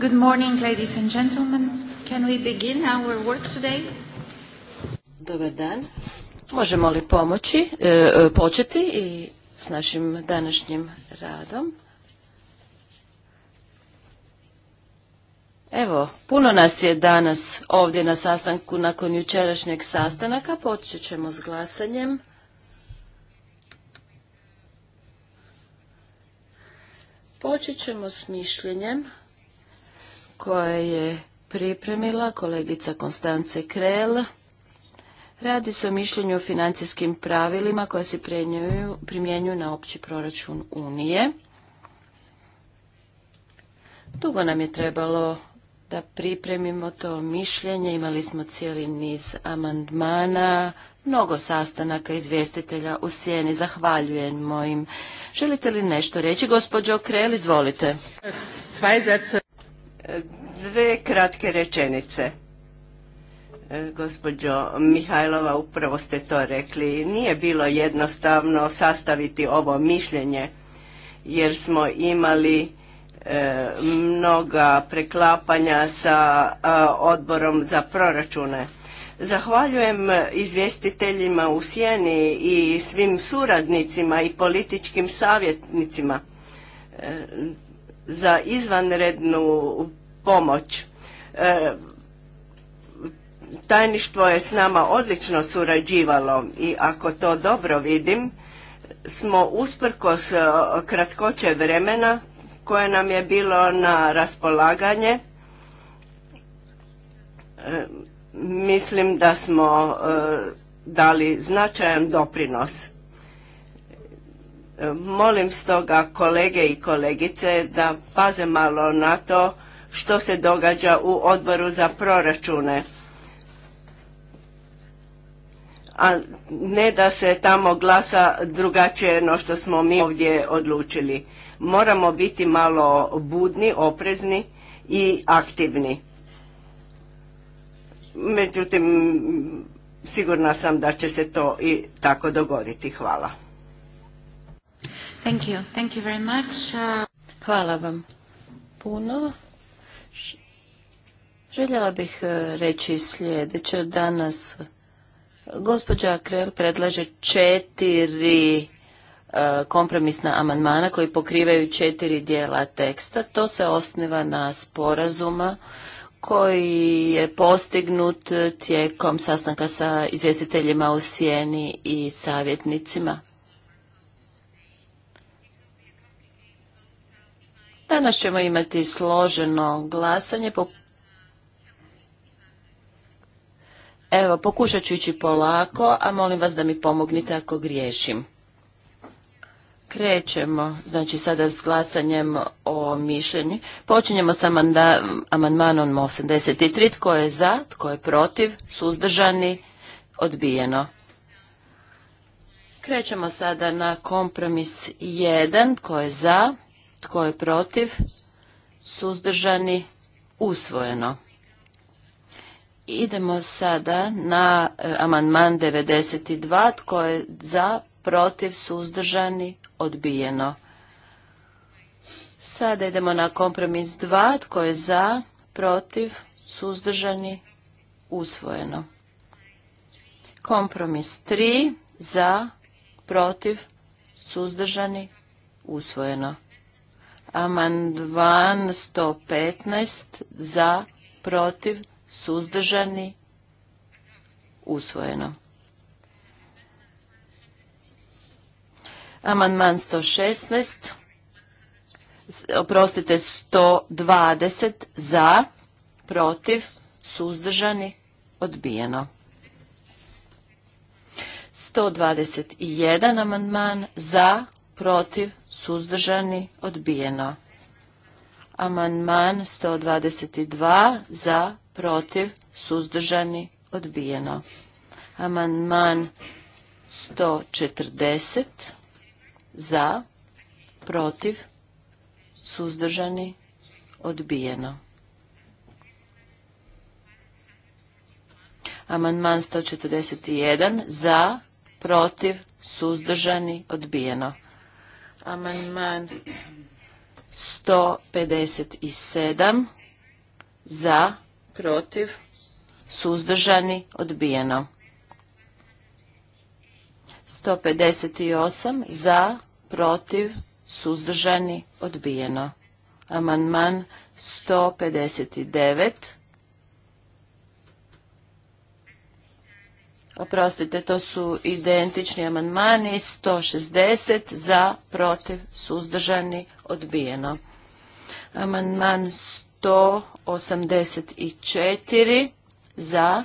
Good morning, ladies and gentlemen. Can we begin our work today? Dobar dan. Možemo li pomoći, e, e, početi i s našim današnjim radom? Evo, puno nas je danas ovdje na sastanku nakon jučerašnjeg sastanaka. Počet ćemo s glasanjem. Počet ćemo s mišljenjem koje je pripremila kolegica Konstance Krell. Radi se o mišljenju o financijskim pravilima koja se primjenjuju na opći proračun Unije. Dugo nam je trebalo da pripremimo to mišljenje, imali smo cijeli niz amandmana, mnogo sastanaka izvjestitelja u sjeni. Zahvaljujem mojim. Želite li nešto reći? Gospođo Krel, izvolite. Dve kratke rečenice. E, gospođo Mihajlova, upravo ste to rekli. Nije bilo jednostavno sastaviti ovo mišljenje jer smo imali e, mnoga preklapanja sa odborom za proračune Zahvaljujem izvjestiteljima u Sjeni i svim suradnicima i političkim savjetnicima e, za izvanrednu pomoć. E, tajništvo je s nama odlično surađivalo i ako to dobro vidim, smo usprkos e, kratkoće vremena koje nam je bilo na raspolaganje Mislim da smo e, dali značajan doprinos. E, molim stoga kolege i kolegice da paze malo na to što se događa u odboru za proračune. A ne da se tamo glasa drugačije no što smo mi ovdje odlučili. Moramo biti malo budni, oprezni i aktivni međutim sigurna sam da će se to i tako dogoditi. Hvala. Thank you. Thank you very much. Hvala vam puno. Željela bih e, reći sljedeće danas. Gospođa Krel predlaže četiri e, kompromisna amandmana koji pokrivaju četiri dijela teksta. To se osniva na sporazuma koji je postignut tijekom sastanka sa izvjestiteljima u Sijeni i savjetnicima. Danas ćemo imati složeno glasanje. Evo, pokušat ću ići polako, a molim vas da mi pomognite ako griješim. Krećemo, znači sada s glasanjem o mišljenju. Počinjemo sa amandmanom 83. Tko je za, tko je protiv, suzdržani, odbijeno. Krećemo sada na kompromis 1. Tko je za, tko je protiv, suzdržani, usvojeno. Idemo sada na eh, amandman 92. Tko je za, protiv, suzdržani, odbijeno. Sada idemo na kompromis 2, tko je za, protiv, suzdržani, usvojeno. Kompromis 3, za, protiv, suzdržani, usvojeno. Amandman 115, za, protiv, suzdržani, usvojeno. Amandman 116, oprostite 120 za, protiv, suzdržani, odbijeno. 121 amandman za, protiv, suzdržani, odbijeno. Amandman 122 za, protiv, suzdržani, odbijeno. Amandman 140 za, protiv, suzdržani, odbijeno. Amandman 141 za, protiv, suzdržani, odbijeno. Amandman 157 za, protiv, suzdržani, odbijeno. 158 za, protiv, suzdržani, odbijeno. Amandman 159. Oprostite, to su identični amandmani 160 za, protiv, suzdržani, odbijeno. Amandman 184 za,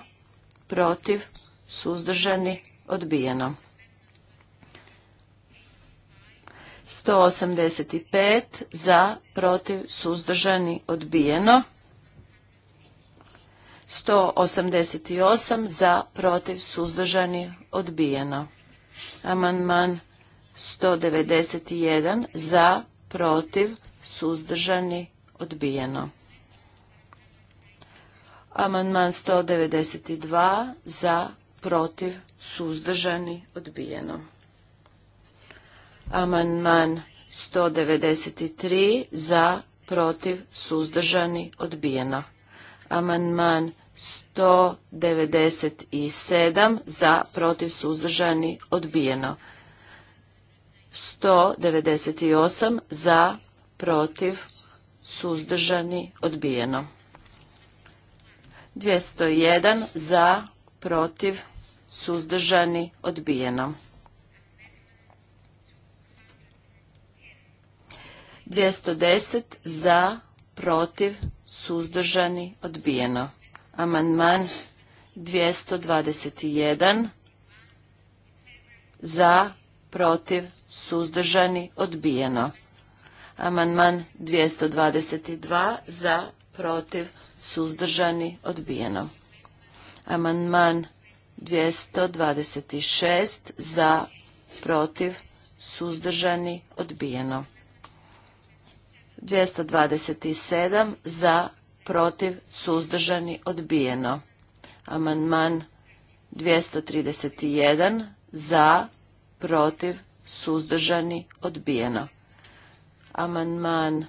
protiv, suzdržani, odbijeno. 185 za, protiv, suzdržani, odbijeno. 188 za, protiv, suzdržani, odbijeno. Amandman 191 za, protiv, suzdržani, odbijeno. Amandman 192 za, protiv, suzdržani, odbijeno. Amandman 193 za, protiv, suzdržani, odbijeno. Amandman 197 za, protiv, suzdržani, odbijeno. 198 za, protiv, suzdržani, odbijeno. 201 za, protiv, suzdržani, odbijeno. 210 za, protiv, suzdržani, odbijeno. Amandman 221 za, protiv, suzdržani, odbijeno. Amandman 222 za, protiv, suzdržani, odbijeno. Amandman 226 za, protiv, suzdržani, odbijeno. 227 za, protiv, suzdržani, odbijeno. Amandman 231 za, protiv, suzdržani, odbijeno. Amandman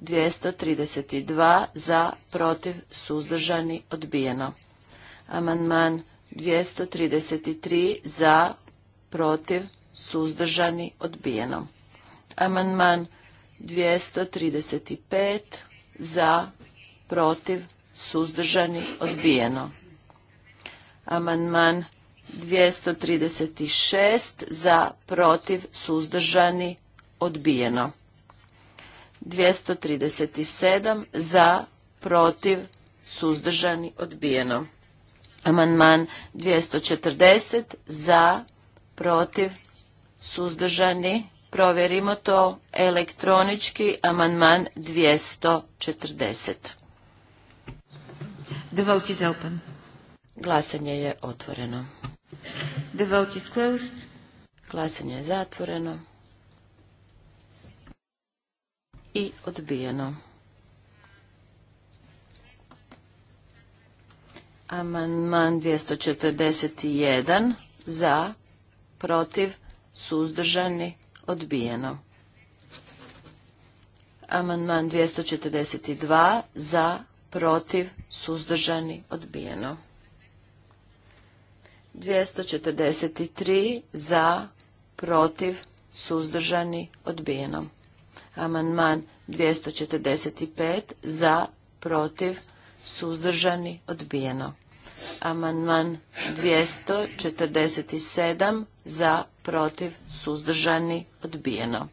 232 za, protiv, suzdržani, odbijeno. Amandman 233 za, protiv, suzdržani, odbijeno. Amandman 235 za, protiv, suzdržani, odbijeno. Amandman 236 za, protiv, suzdržani, odbijeno. 237 za, protiv, suzdržani, odbijeno. Amandman 240 za, protiv, suzdržani, Provjerimo to elektronički amandman 240. The Glasanje je otvoreno. The is closed. Glasanje je zatvoreno. I odbijeno. Amandman 241 za, protiv, suzdržani, odbijeno. Amandman 242 za, protiv, suzdržani, odbijeno. 243 za, protiv, suzdržani, odbijeno. Amandman 245 za, protiv, suzdržani, odbijeno. Amandman 247 za protiv suzdržani odbijeno.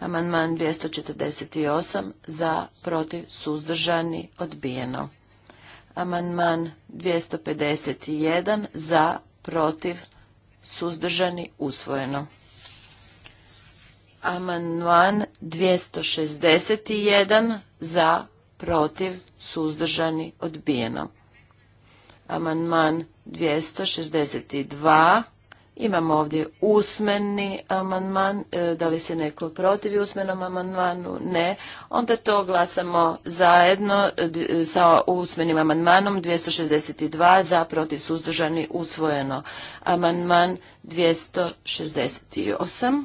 Amandman 248 za protiv suzdržani odbijeno. Amandman 251 za protiv suzdržani usvojeno. Amandman 261 za protiv, suzdržani, odbijeno. Amandman 262. Imamo ovdje usmeni amandman. E, da li se neko protivi usmenom amandmanu? Ne. Onda to glasamo zajedno e, e, sa usmenim amandmanom 262 za protiv suzdržani usvojeno. Amandman 268.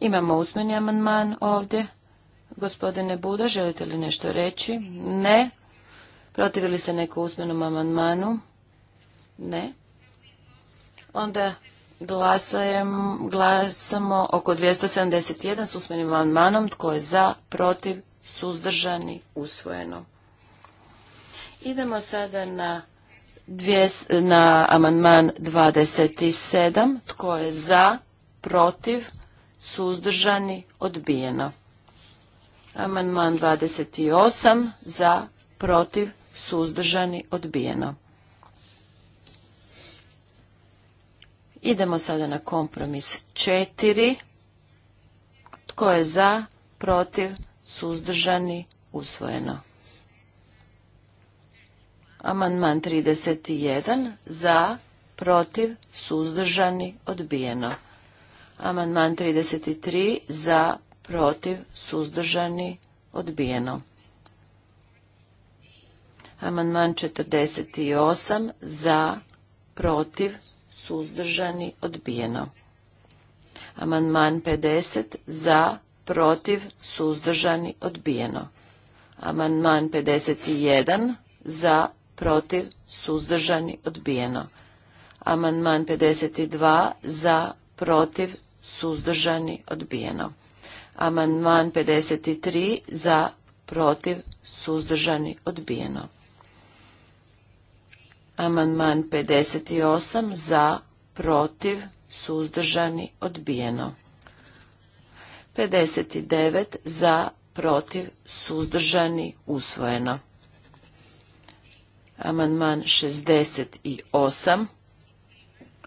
Imamo usmeni amandman ovdje. Gospodine Buda, želite li nešto reći? Ne. Protivi li se neko usmenom amandmanu? Ne. Onda glasamo oko 271 s usmenim amandmanom. Tko je za, protiv, suzdržani, usvojeno. Idemo sada na, na amandman 27. Tko je za, protiv, suzdržani, odbijeno. Amandman 28 za, protiv, suzdržani, odbijeno. Idemo sada na kompromis 4. Tko je za, protiv, suzdržani, usvojeno. Amandman 31 za, protiv, suzdržani, odbijeno. Amandman 33 za, protiv, suzdržani, odbijeno. Amandman 48 za, protiv, suzdržani, odbijeno. Amandman 50 za, protiv, suzdržani, odbijeno. Amandman 51 za, protiv, suzdržani, odbijeno. Amandman 52 za, protiv, suzdržani, odbijeno. Amandman 53 za, protiv, suzdržani, odbijeno. Amandman 58 za, protiv, suzdržani, odbijeno. 59 za, protiv, suzdržani, usvojeno. Amandman 68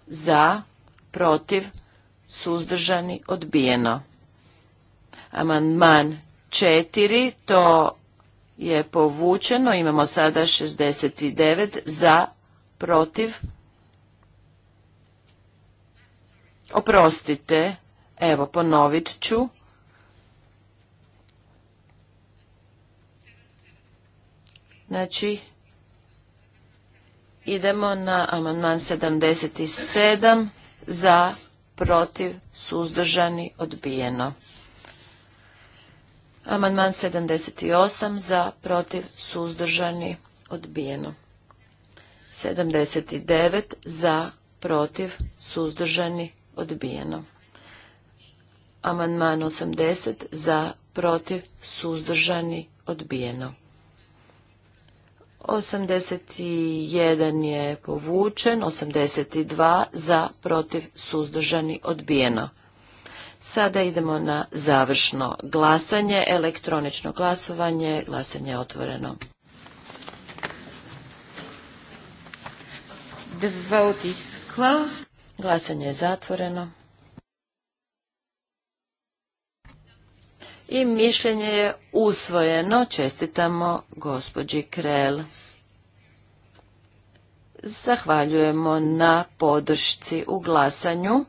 za, protiv, suzdržani, odbijeno. Amandman 4, to je povučeno, imamo sada 69 za, protiv. Oprostite, evo ponovit ću. Znači, idemo na amandman 77 za, protiv, suzdržani, odbijeno. Amandman 78 za, protiv, suzdržani, odbijeno. 79 za, protiv, suzdržani, odbijeno. Amandman 80 za, protiv, suzdržani, odbijeno. 81 je povučen, 82 za, protiv, suzdržani, odbijeno. Sada idemo na završno glasanje, elektronično glasovanje, glasanje je otvoreno. Glasanje je zatvoreno. i mišljenje je usvojeno. Čestitamo gospođi Krel. Zahvaljujemo na podršci u glasanju.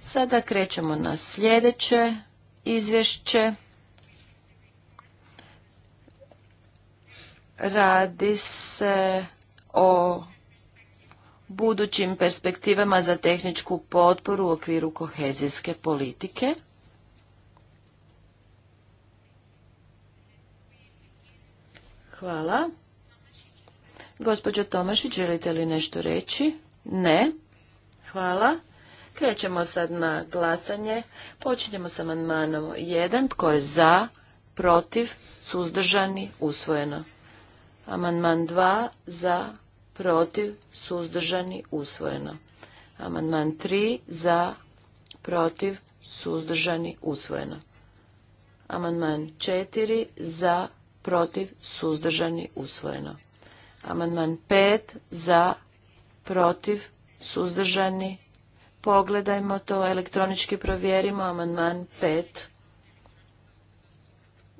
Sada krećemo na sljedeće izvješće. Radi se o budućim perspektivama za tehničku potporu u okviru kohezijske politike. Hvala. Gospođo Tomašić, želite li nešto reći? Ne. Hvala. Krećemo sad na glasanje. Počinjemo sa amandmanom 1. Tko je za, protiv, suzdržani, usvojeno. Amandman 2. Za, protiv, suzdržani, usvojeno. Amandman 3. Za, protiv, suzdržani, usvojeno. Amandman 4. Za, protiv, suzdržani, usvojeno. Amandman 5 za, protiv, suzdržani, pogledajmo to, elektronički provjerimo, amandman 5.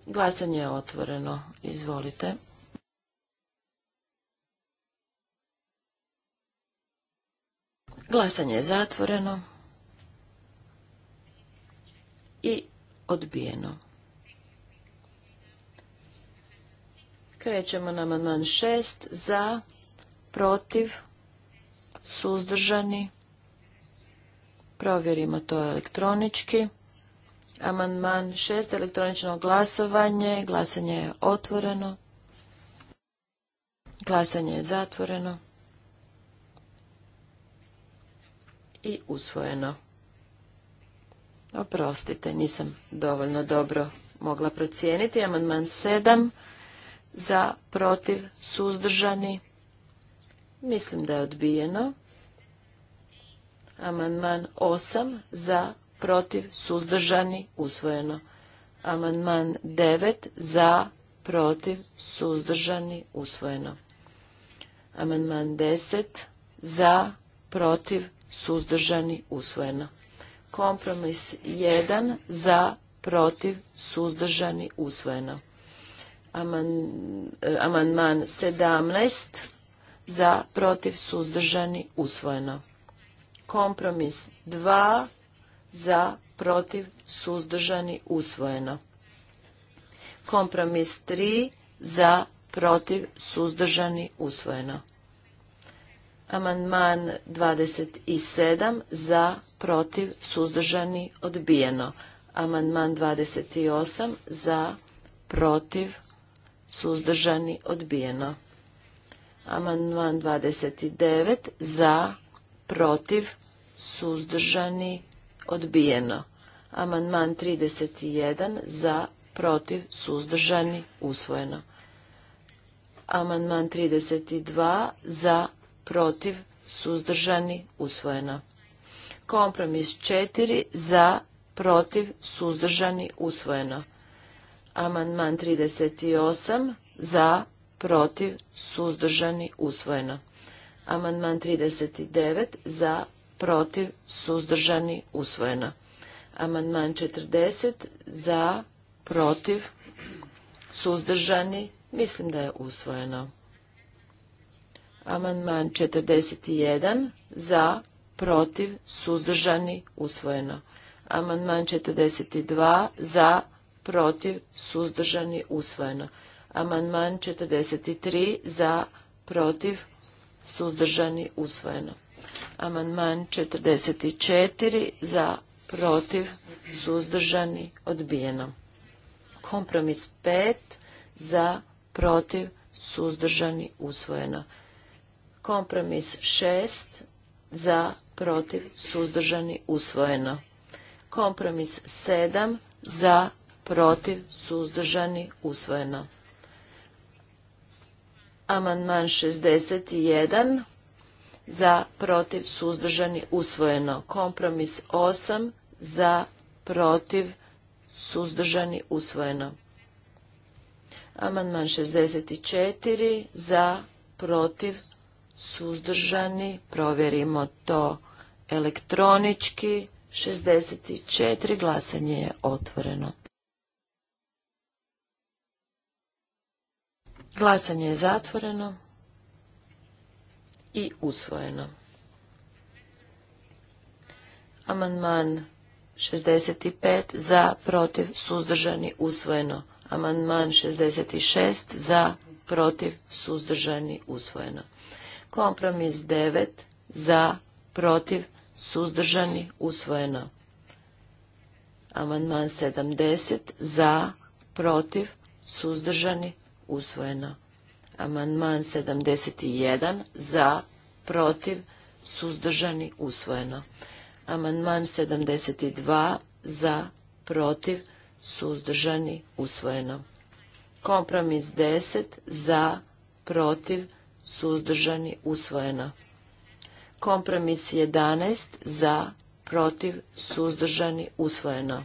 Glasanje je otvoreno, izvolite. Glasanje je zatvoreno i odbijeno. Krećemo na amandman 6 za, protiv, suzdržani. Provjerimo to elektronički. Amandman 6 elektronično glasovanje, glasanje je otvoreno. Glasanje je zatvoreno. I usvojeno. Oprostite, nisam dovoljno dobro mogla procijeniti. Amandman 7 za, protiv, suzdržani. Mislim da je odbijeno. Amandman 8 za, protiv, suzdržani, usvojeno. Amandman 9 za, protiv, suzdržani, usvojeno. Amandman 10 za, protiv, suzdržani, usvojeno. Kompromis 1 za, protiv, suzdržani, usvojeno. E, amandman 17 za protiv suzdržani usvojeno. Kompromis 2 za protiv suzdržani usvojeno. Kompromis 3 za protiv suzdržani usvojeno. Amandman 27 za protiv suzdržani odbijeno. Amandman 28 za protiv suzdržani, odbijeno. Amandman 29 za, protiv, suzdržani, odbijeno. Amandman 31 za, protiv, suzdržani, usvojeno. Amandman 32 za, protiv, suzdržani, usvojeno. Kompromis 4 za, protiv, suzdržani, usvojeno. Amandman 38 za, protiv, suzdržani, usvojeno. Amandman 39 za, protiv, suzdržani, usvojeno. Amandman 40 za, protiv, suzdržani, mislim da je usvojeno. Amandman 41 za, protiv, suzdržani, usvojeno. Amandman 42 za, protiv, suzdržani, usvojeno. Amandman 43 za, protiv, suzdržani, usvojeno. Amandman 44 za, protiv, suzdržani, odbijeno. Kompromis 5 za, protiv, suzdržani, usvojeno. Kompromis 6 za, protiv, suzdržani, usvojeno. Kompromis 7 za, protiv, suzdržani, usvojeno. Amandman 61 za, protiv, suzdržani, usvojeno. Kompromis 8 za, protiv, suzdržani, usvojeno. Amandman 64 za, protiv, suzdržani, provjerimo to elektronički. 64 glasanje je otvoreno. Glasanje je zatvoreno i usvojeno. Amandman 65 za, protiv, suzdržani, usvojeno. Amandman 66 za, protiv, suzdržani, usvojeno. Kompromis 9 za, protiv, suzdržani, usvojeno. Amandman 70 za, protiv, suzdržani, usvojeno. Amandman 71 za, protiv, suzdržani, usvojeno. Amandman 72 za, protiv, suzdržani, usvojeno. Kompromis 10 za, protiv, suzdržani, usvojeno. Kompromis 11 za, protiv, suzdržani, usvojeno.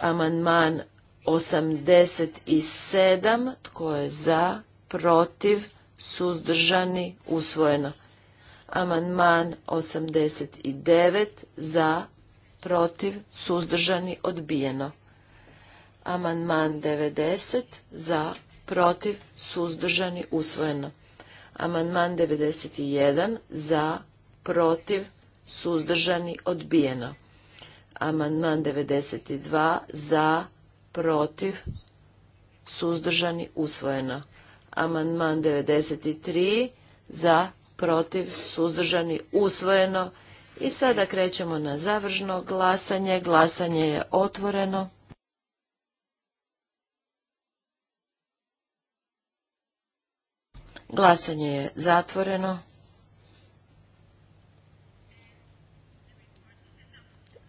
Amandman 87. Tko je za? Protiv? Suzdržani? Usvojeno. Amandman 89. Za? Protiv? Suzdržani? Odbijeno. Amandman 90. Za? Protiv? Suzdržani? Usvojeno. Amandman 91. Za? Protiv? Suzdržani? Odbijeno. Amandman 92. Za? protiv, suzdržani, usvojeno. Amandman 93 za, protiv, suzdržani, usvojeno. I sada krećemo na završno glasanje. Glasanje je otvoreno. Glasanje je zatvoreno.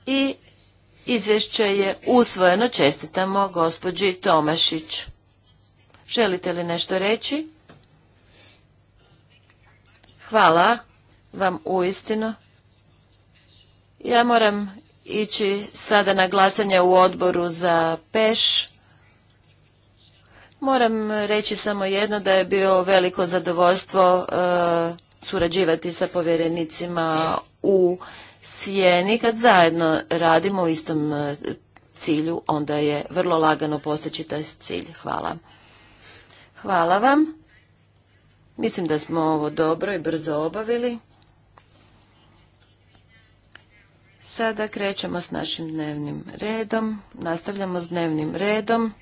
I Izvješće je usvojeno. Čestitamo gospođi Tomašić. Želite li nešto reći? Hvala vam uistinu. Ja moram ići sada na glasanje u odboru za peš. Moram reći samo jedno da je bio veliko zadovoljstvo e, surađivati sa povjerenicima u sjeni, kad zajedno radimo u istom e, cilju, onda je vrlo lagano postići taj cilj. Hvala. Hvala vam. Mislim da smo ovo dobro i brzo obavili. Sada krećemo s našim dnevnim redom. Nastavljamo s dnevnim redom.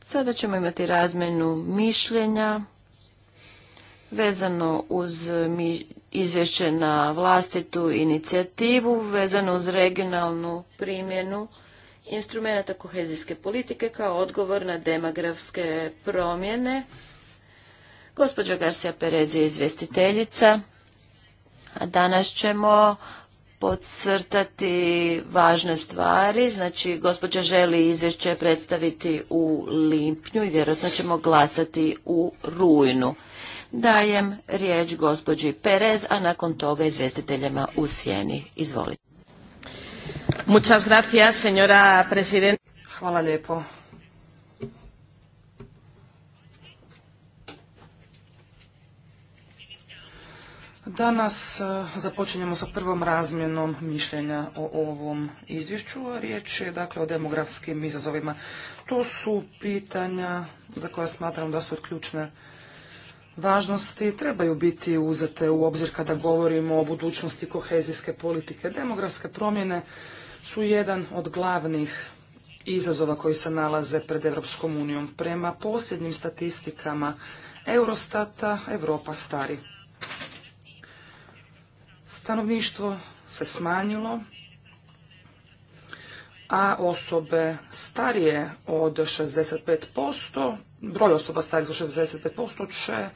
Sada ćemo imati razmenu mišljenja vezano uz mi izvješće na vlastitu inicijativu vezano uz regionalnu primjenu instrumenta kohezijske politike kao odgovor na demografske promjene. Gospođa Garcia Perez je izvjestiteljica, a danas ćemo podsrtati važne stvari. Znači, gospođa želi izvješće predstaviti u limpnju i vjerojatno ćemo glasati u rujnu. Dajem riječ gospođi Perez, a nakon toga izvjestiteljima u sjeni. Izvolite. Muchas gracias, señora Hvala lijepo. Danas eh, započinjemo sa prvom razmjenom mišljenja o ovom izvješću, riječ je dakle o demografskim izazovima. To su pitanja za koja smatram da su od važnosti trebaju biti uzete u obzir kada govorimo o budućnosti kohezijske politike. Demografske promjene su jedan od glavnih izazova koji se nalaze pred Europskom unijom. Prema posljednjim statistikama Eurostata, Europa stari. Stanovništvo se smanjilo, a osobe starije od 65%, broj osoba starijih od 65% će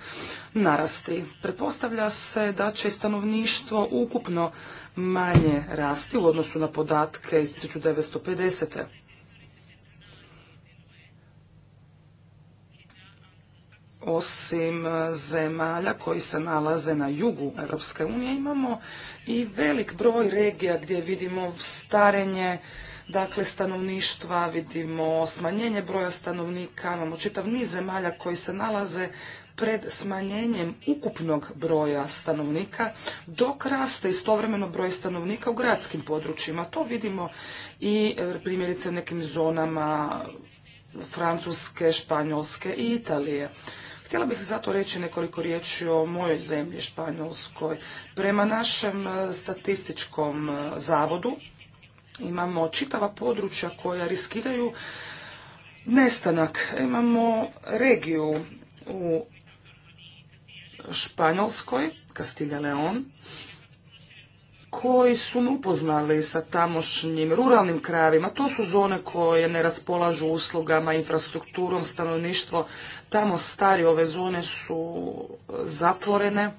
narasti. Pretpostavlja se da će stanovništvo ukupno manje rasti u odnosu na podatke iz 1950. Osim zemalja koji se nalaze na jugu Europske unije imamo i velik broj regija gdje vidimo starenje dakle stanovništva, vidimo smanjenje broja stanovnika, imamo čitav niz zemalja koji se nalaze pred smanjenjem ukupnog broja stanovnika, dok raste istovremeno broj stanovnika u gradskim područjima. To vidimo i e, primjerice u nekim zonama Francuske, Španjolske i Italije. Htjela bih zato reći nekoliko riječi o mojoj zemlji Španjolskoj. Prema našem e, statističkom e, zavodu Imamo čitava područja koja riskiraju nestanak. Imamo regiju u Španjolskoj, Kastilja Leon, koji su upoznali sa tamošnjim ruralnim krajevima. To su zone koje ne raspolažu uslugama, infrastrukturom, stanovništvo. Tamo stari ove zone su zatvorene,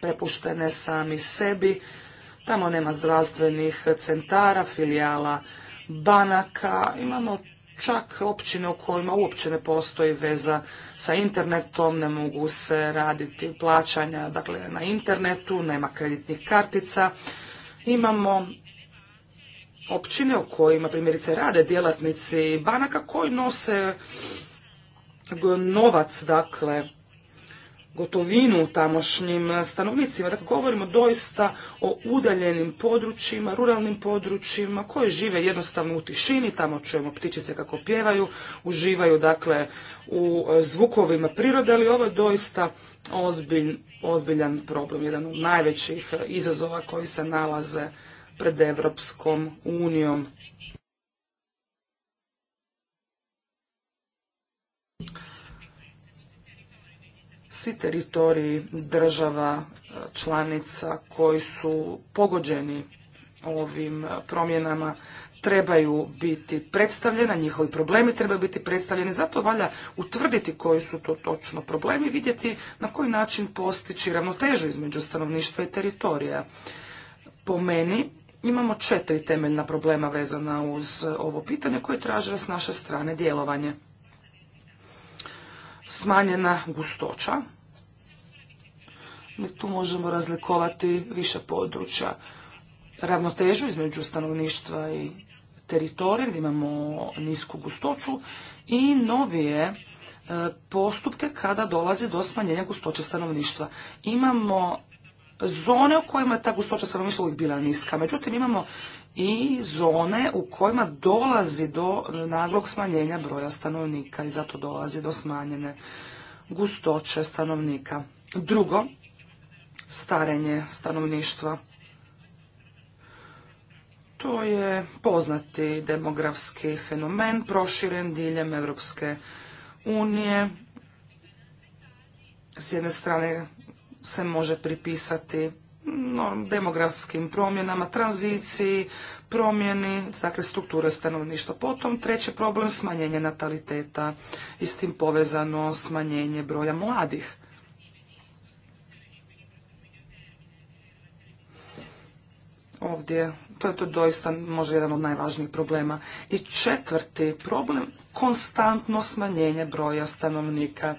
prepuštene sami sebi Tamo nema zdravstvenih centara, filijala banaka, imamo čak općine u kojima uopće ne postoji veza sa internetom, ne mogu se raditi plaćanja dakle, na internetu, nema kreditnih kartica. Imamo općine u kojima primjerice rade djelatnici banaka koji nose novac dakle gotovinu tamošnjim e, stanovnicima. Dakle, govorimo doista o udaljenim područjima, ruralnim područjima koji žive jednostavno u tišini, tamo čujemo ptičice kako pjevaju, uživaju dakle u e, zvukovima prirode, ali ovo je doista ozbiljan problem, jedan od najvećih e, izazova koji se nalaze pred Evropskom unijom. svi teritoriji država e, članica koji su pogođeni ovim promjenama trebaju biti predstavljena, njihovi problemi trebaju biti predstavljeni, zato valja utvrditi koji su to točno problemi, vidjeti na koji način postići ravnotežu između stanovništva i teritorija. Po meni imamo četiri temeljna problema vezana uz ovo pitanje koje traže s naše strane djelovanje smanjena gustoća. Mi tu možemo razlikovati više područja. Ravnotežu između stanovništva i teritorija gdje imamo nisku gustoću i novije e, postupke kada dolazi do smanjenja gustoće stanovništva. Imamo zone u kojima je ta gustoća stanovništva uvijek bila niska. Međutim, imamo i zone u kojima dolazi do naglog smanjenja broja stanovnika i zato dolazi do smanjene gustoće stanovnika. Drugo, starenje stanovništva. To je poznati demografski fenomen proširen diljem Evropske unije. S jedne strane se može pripisati mm, demografskim promjenama, tranziciji, promjeni, dakle strukture stanovništva. Potom treći problem smanjenje nataliteta i s tim povezano smanjenje broja mladih. Ovdje, to je to doista možda jedan od najvažnijih problema. I četvrti problem, konstantno smanjenje broja stanovnika.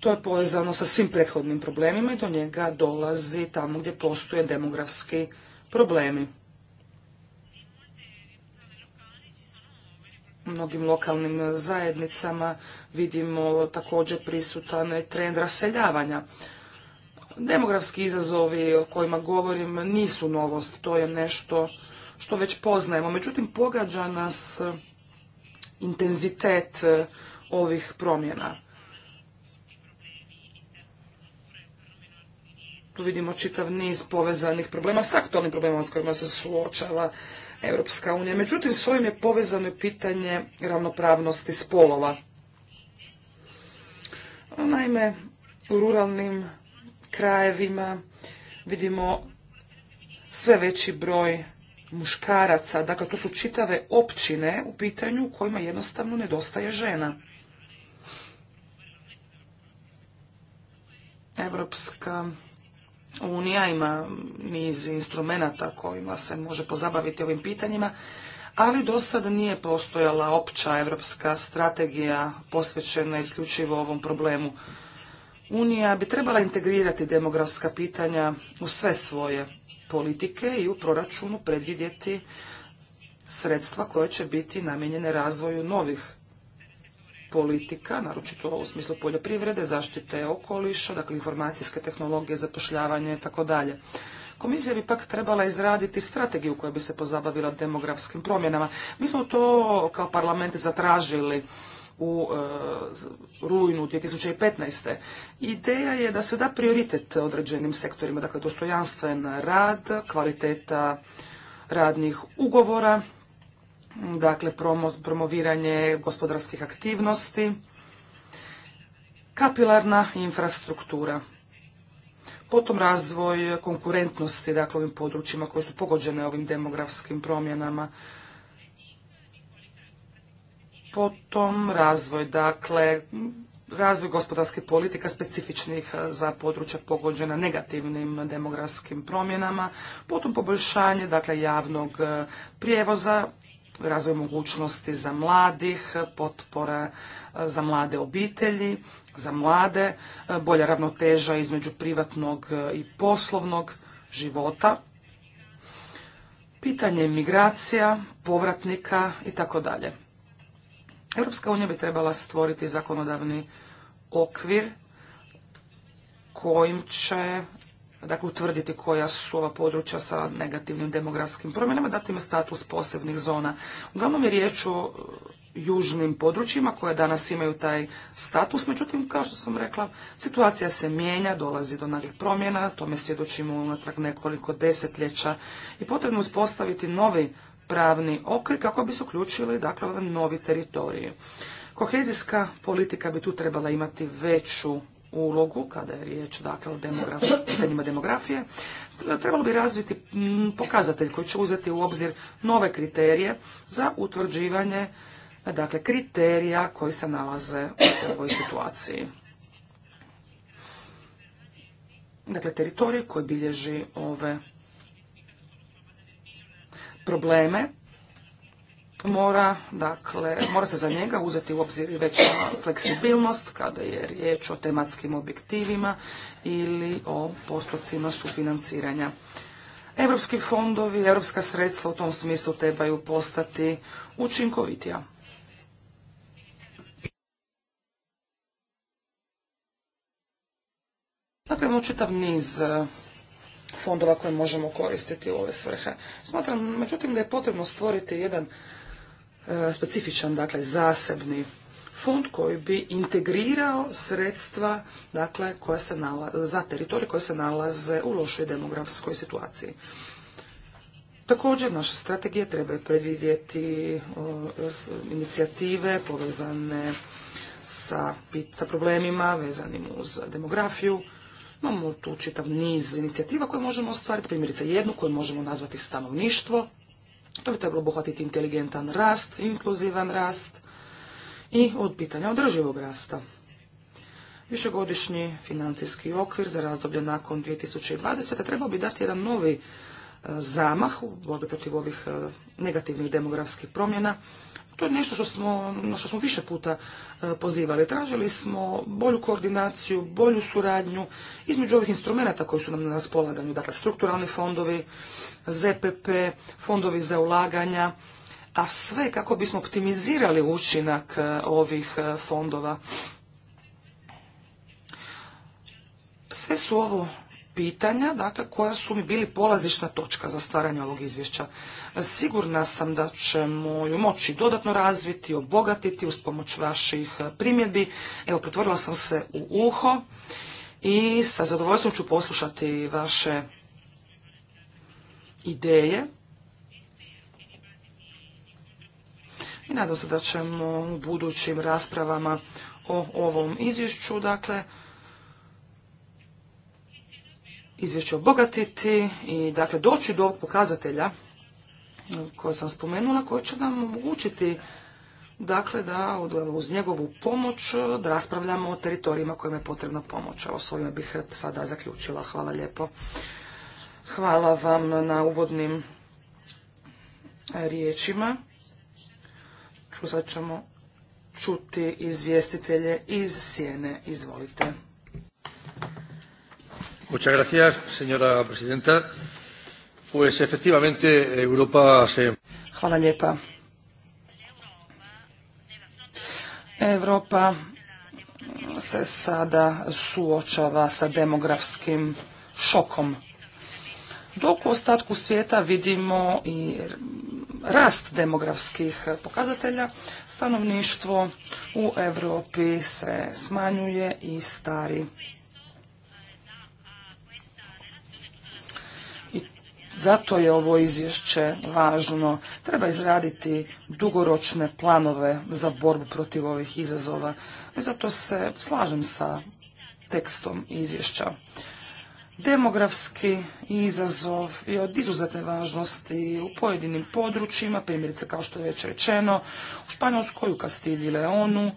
To je povezano sa svim prethodnim problemima i do njega dolazi tamo gdje postoje demografski problemi. U mnogim lokalnim zajednicama vidimo također prisutan trend raseljavanja. Demografski izazovi o kojima govorim nisu novost, to je nešto što već poznajemo. Međutim, pogađa nas intenzitet ovih promjena. vidimo čitav niz povezanih problema s aktualnim problemom s kojima se suočava Europska unija. Međutim, s ovim je povezano i pitanje ravnopravnosti spolova. Naime, u ruralnim krajevima vidimo sve veći broj muškaraca, dakle to su čitave općine u pitanju u kojima jednostavno nedostaje žena. Europska Unija ima niz instrumenata kojima se može pozabaviti ovim pitanjima, ali do sada nije postojala opća evropska strategija posvećena isključivo ovom problemu. Unija bi trebala integrirati demografska pitanja u sve svoje politike i u proračunu predvidjeti sredstva koje će biti namijenjene razvoju novih politika, naročito u smislu poljoprivrede, zaštite okoliša, dakle informacijske tehnologije, zapošljavanje i tako dalje. Komisija bi pak trebala izraditi strategiju koja bi se pozabavila demografskim promjenama. Mi smo to kao parlament zatražili u e, rujnu 2015. Ideja je da se da prioritet određenim sektorima, dakle dostojanstven rad, kvaliteta radnih ugovora, dakle promoviranje gospodarskih aktivnosti, kapilarna infrastruktura, potom razvoj konkurentnosti dakle ovim područjima koje su pogođene ovim demografskim promjenama, potom razvoj dakle razvoj gospodarskih politika specifičnih e, za područja pogođena negativnim demografskim promjenama, potom poboljšanje dakle javnog e, prijevoza, razvoj mogućnosti za mladih, potpora e, za mlade obitelji, za mlade, e, bolja ravnoteža između privatnog e, i poslovnog života, pitanje migracija, povratnika i tako dalje. Europska unija bi trebala stvoriti zakonodavni okvir kojim će dakle, utvrditi koja su ova područja sa negativnim demografskim promjenama, dati im status posebnih zona. Uglavnom je riječ o e, južnim područjima koja danas imaju taj status, međutim, kao što sam rekla, situacija se mijenja, dolazi do nagih promjena, tome svjedočimo unatrag nekoliko desetljeća i potrebno je uspostaviti novi pravni okvir kako bi se uključili dakle, ove novi teritorije. Kohezijska politika bi tu trebala imati veću ulogu kada je riječ dakle, o pitanjima demografije, trebalo bi razviti pokazatelj koji će uzeti u obzir nove kriterije za utvrđivanje dakle, kriterija koji se nalaze u ovoj situaciji. Dakle, teritorij koji bilježi ove probleme mora, dakle, mora se za njega uzeti u obzir veća fleksibilnost kada je riječ o tematskim objektivima ili o postocima sufinanciranja. Europski fondovi, europska sredstva u tom smislu trebaju postati učinkovitija. Dakle, imamo čitav niz e, fondova koje možemo koristiti u ove svrhe. Smatram, međutim, da je potrebno stvoriti jedan specifičan, dakle zasebni fond koji bi integrirao sredstva dakle, koja se nalaze, za teritorij koje se nalaze u lošoj demografskoj situaciji. Također, naša strategija treba predvidjeti inicijative povezane sa, sa problemima vezanim uz demografiju. Imamo tu čitav niz inicijativa koje možemo ostvariti, primjerice jednu koju možemo nazvati stanovništvo, to bi trebalo obuhvatiti inteligentan rast, inkluzivan rast i od pitanja održivog rasta. Višegodišnji financijski okvir za razdoblje nakon 2020. trebao bi dati jedan novi e, zamah u borbi protiv ovih e, negativnih demografskih promjena to je nešto što smo, što smo više puta e, pozivali. Tražili smo bolju koordinaciju, bolju suradnju između ovih instrumenta koji su nam na raspolaganju, dakle strukturalni fondovi, ZPP, fondovi za ulaganja, a sve kako bismo optimizirali učinak e, ovih e, fondova. Sve su ovo pitanja, dakle, koja su mi bili polazišna točka za stvaranje ovog izvješća. Sigurna sam da ćemo ju moći dodatno razviti, obogatiti uz pomoć vaših primjedbi. Evo, pretvorila sam se u uho i sa zadovoljstvom ću poslušati vaše ideje. I nadam se da ćemo u budućim raspravama o ovom izvješću, dakle, izvješće obogatiti i dakle doći do ovog pokazatelja koje sam spomenula, koje će nam omogućiti dakle da uz njegovu pomoć eh, da raspravljamo o teritorijima kojima je potrebna pomoć. Evo s ovime bih eh, sada zaključila. Hvala lijepo. Hvala vam na uvodnim eh, riječima. Sad ćemo čuti izvjestitelje iz Sjene. Izvolite. Muchas gracias, Europa se... Hvala Europa se sada suočava sa demografskim šokom. Dok u ostatku svijeta vidimo i rast demografskih pokazatelja, stanovništvo u Europi se smanjuje i stari. Zato je ovo izvješće važno. Treba izraditi dugoročne planove za borbu protiv ovih izazova. I zato se slažem sa tekstom izvješća. Demografski izazov je od izuzetne važnosti u pojedinim područjima, primjerice kao što je već rečeno, u Španjolskoj, u Kastilji, Leonu,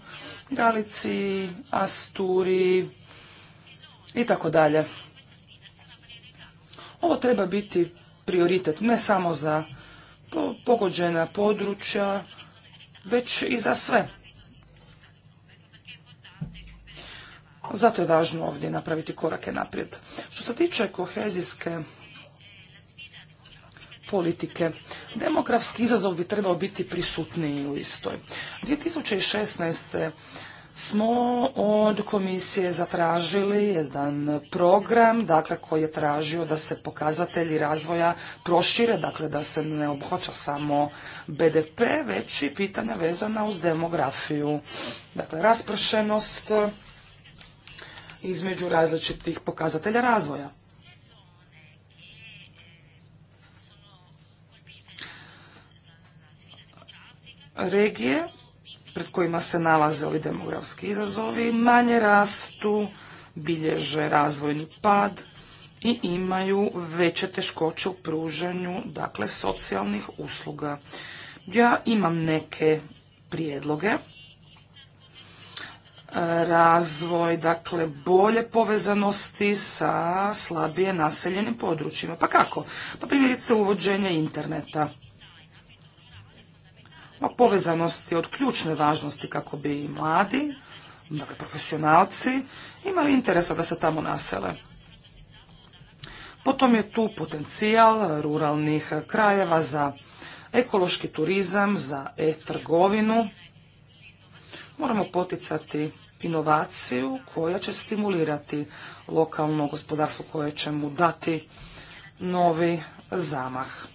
Galiciji, Asturi i tako dalje. Ovo treba biti prioritet ne samo za pogođena područja, već i za sve. Zato je važno ovdje napraviti korake naprijed. Što se tiče kohezijske politike, demografski izazov bi trebao biti prisutniji u istoj. 2016 smo od komisije zatražili jedan program dakle, koji je tražio da se pokazatelji razvoja prošire, dakle da se ne obhoća samo BDP, već i pitanja vezana uz demografiju. Dakle, raspršenost između različitih pokazatelja razvoja. Regije pred kojima se nalaze ovi demografski izazovi, manje rastu, bilježe razvojni pad i imaju veće teškoće u pružanju dakle, socijalnih usluga. Ja imam neke prijedloge. E, razvoj, dakle, bolje povezanosti sa slabije naseljenim područjima. Pa kako? Pa primjerice uvođenje interneta a povezanost od ključne važnosti kako bi i mladi, dakle profesionalci, imali interesa da se tamo nasele. Potom je tu potencijal ruralnih krajeva za ekološki turizam, za e-trgovinu. Moramo poticati inovaciju koja će stimulirati lokalno gospodarstvo koje će mu dati novi zamah.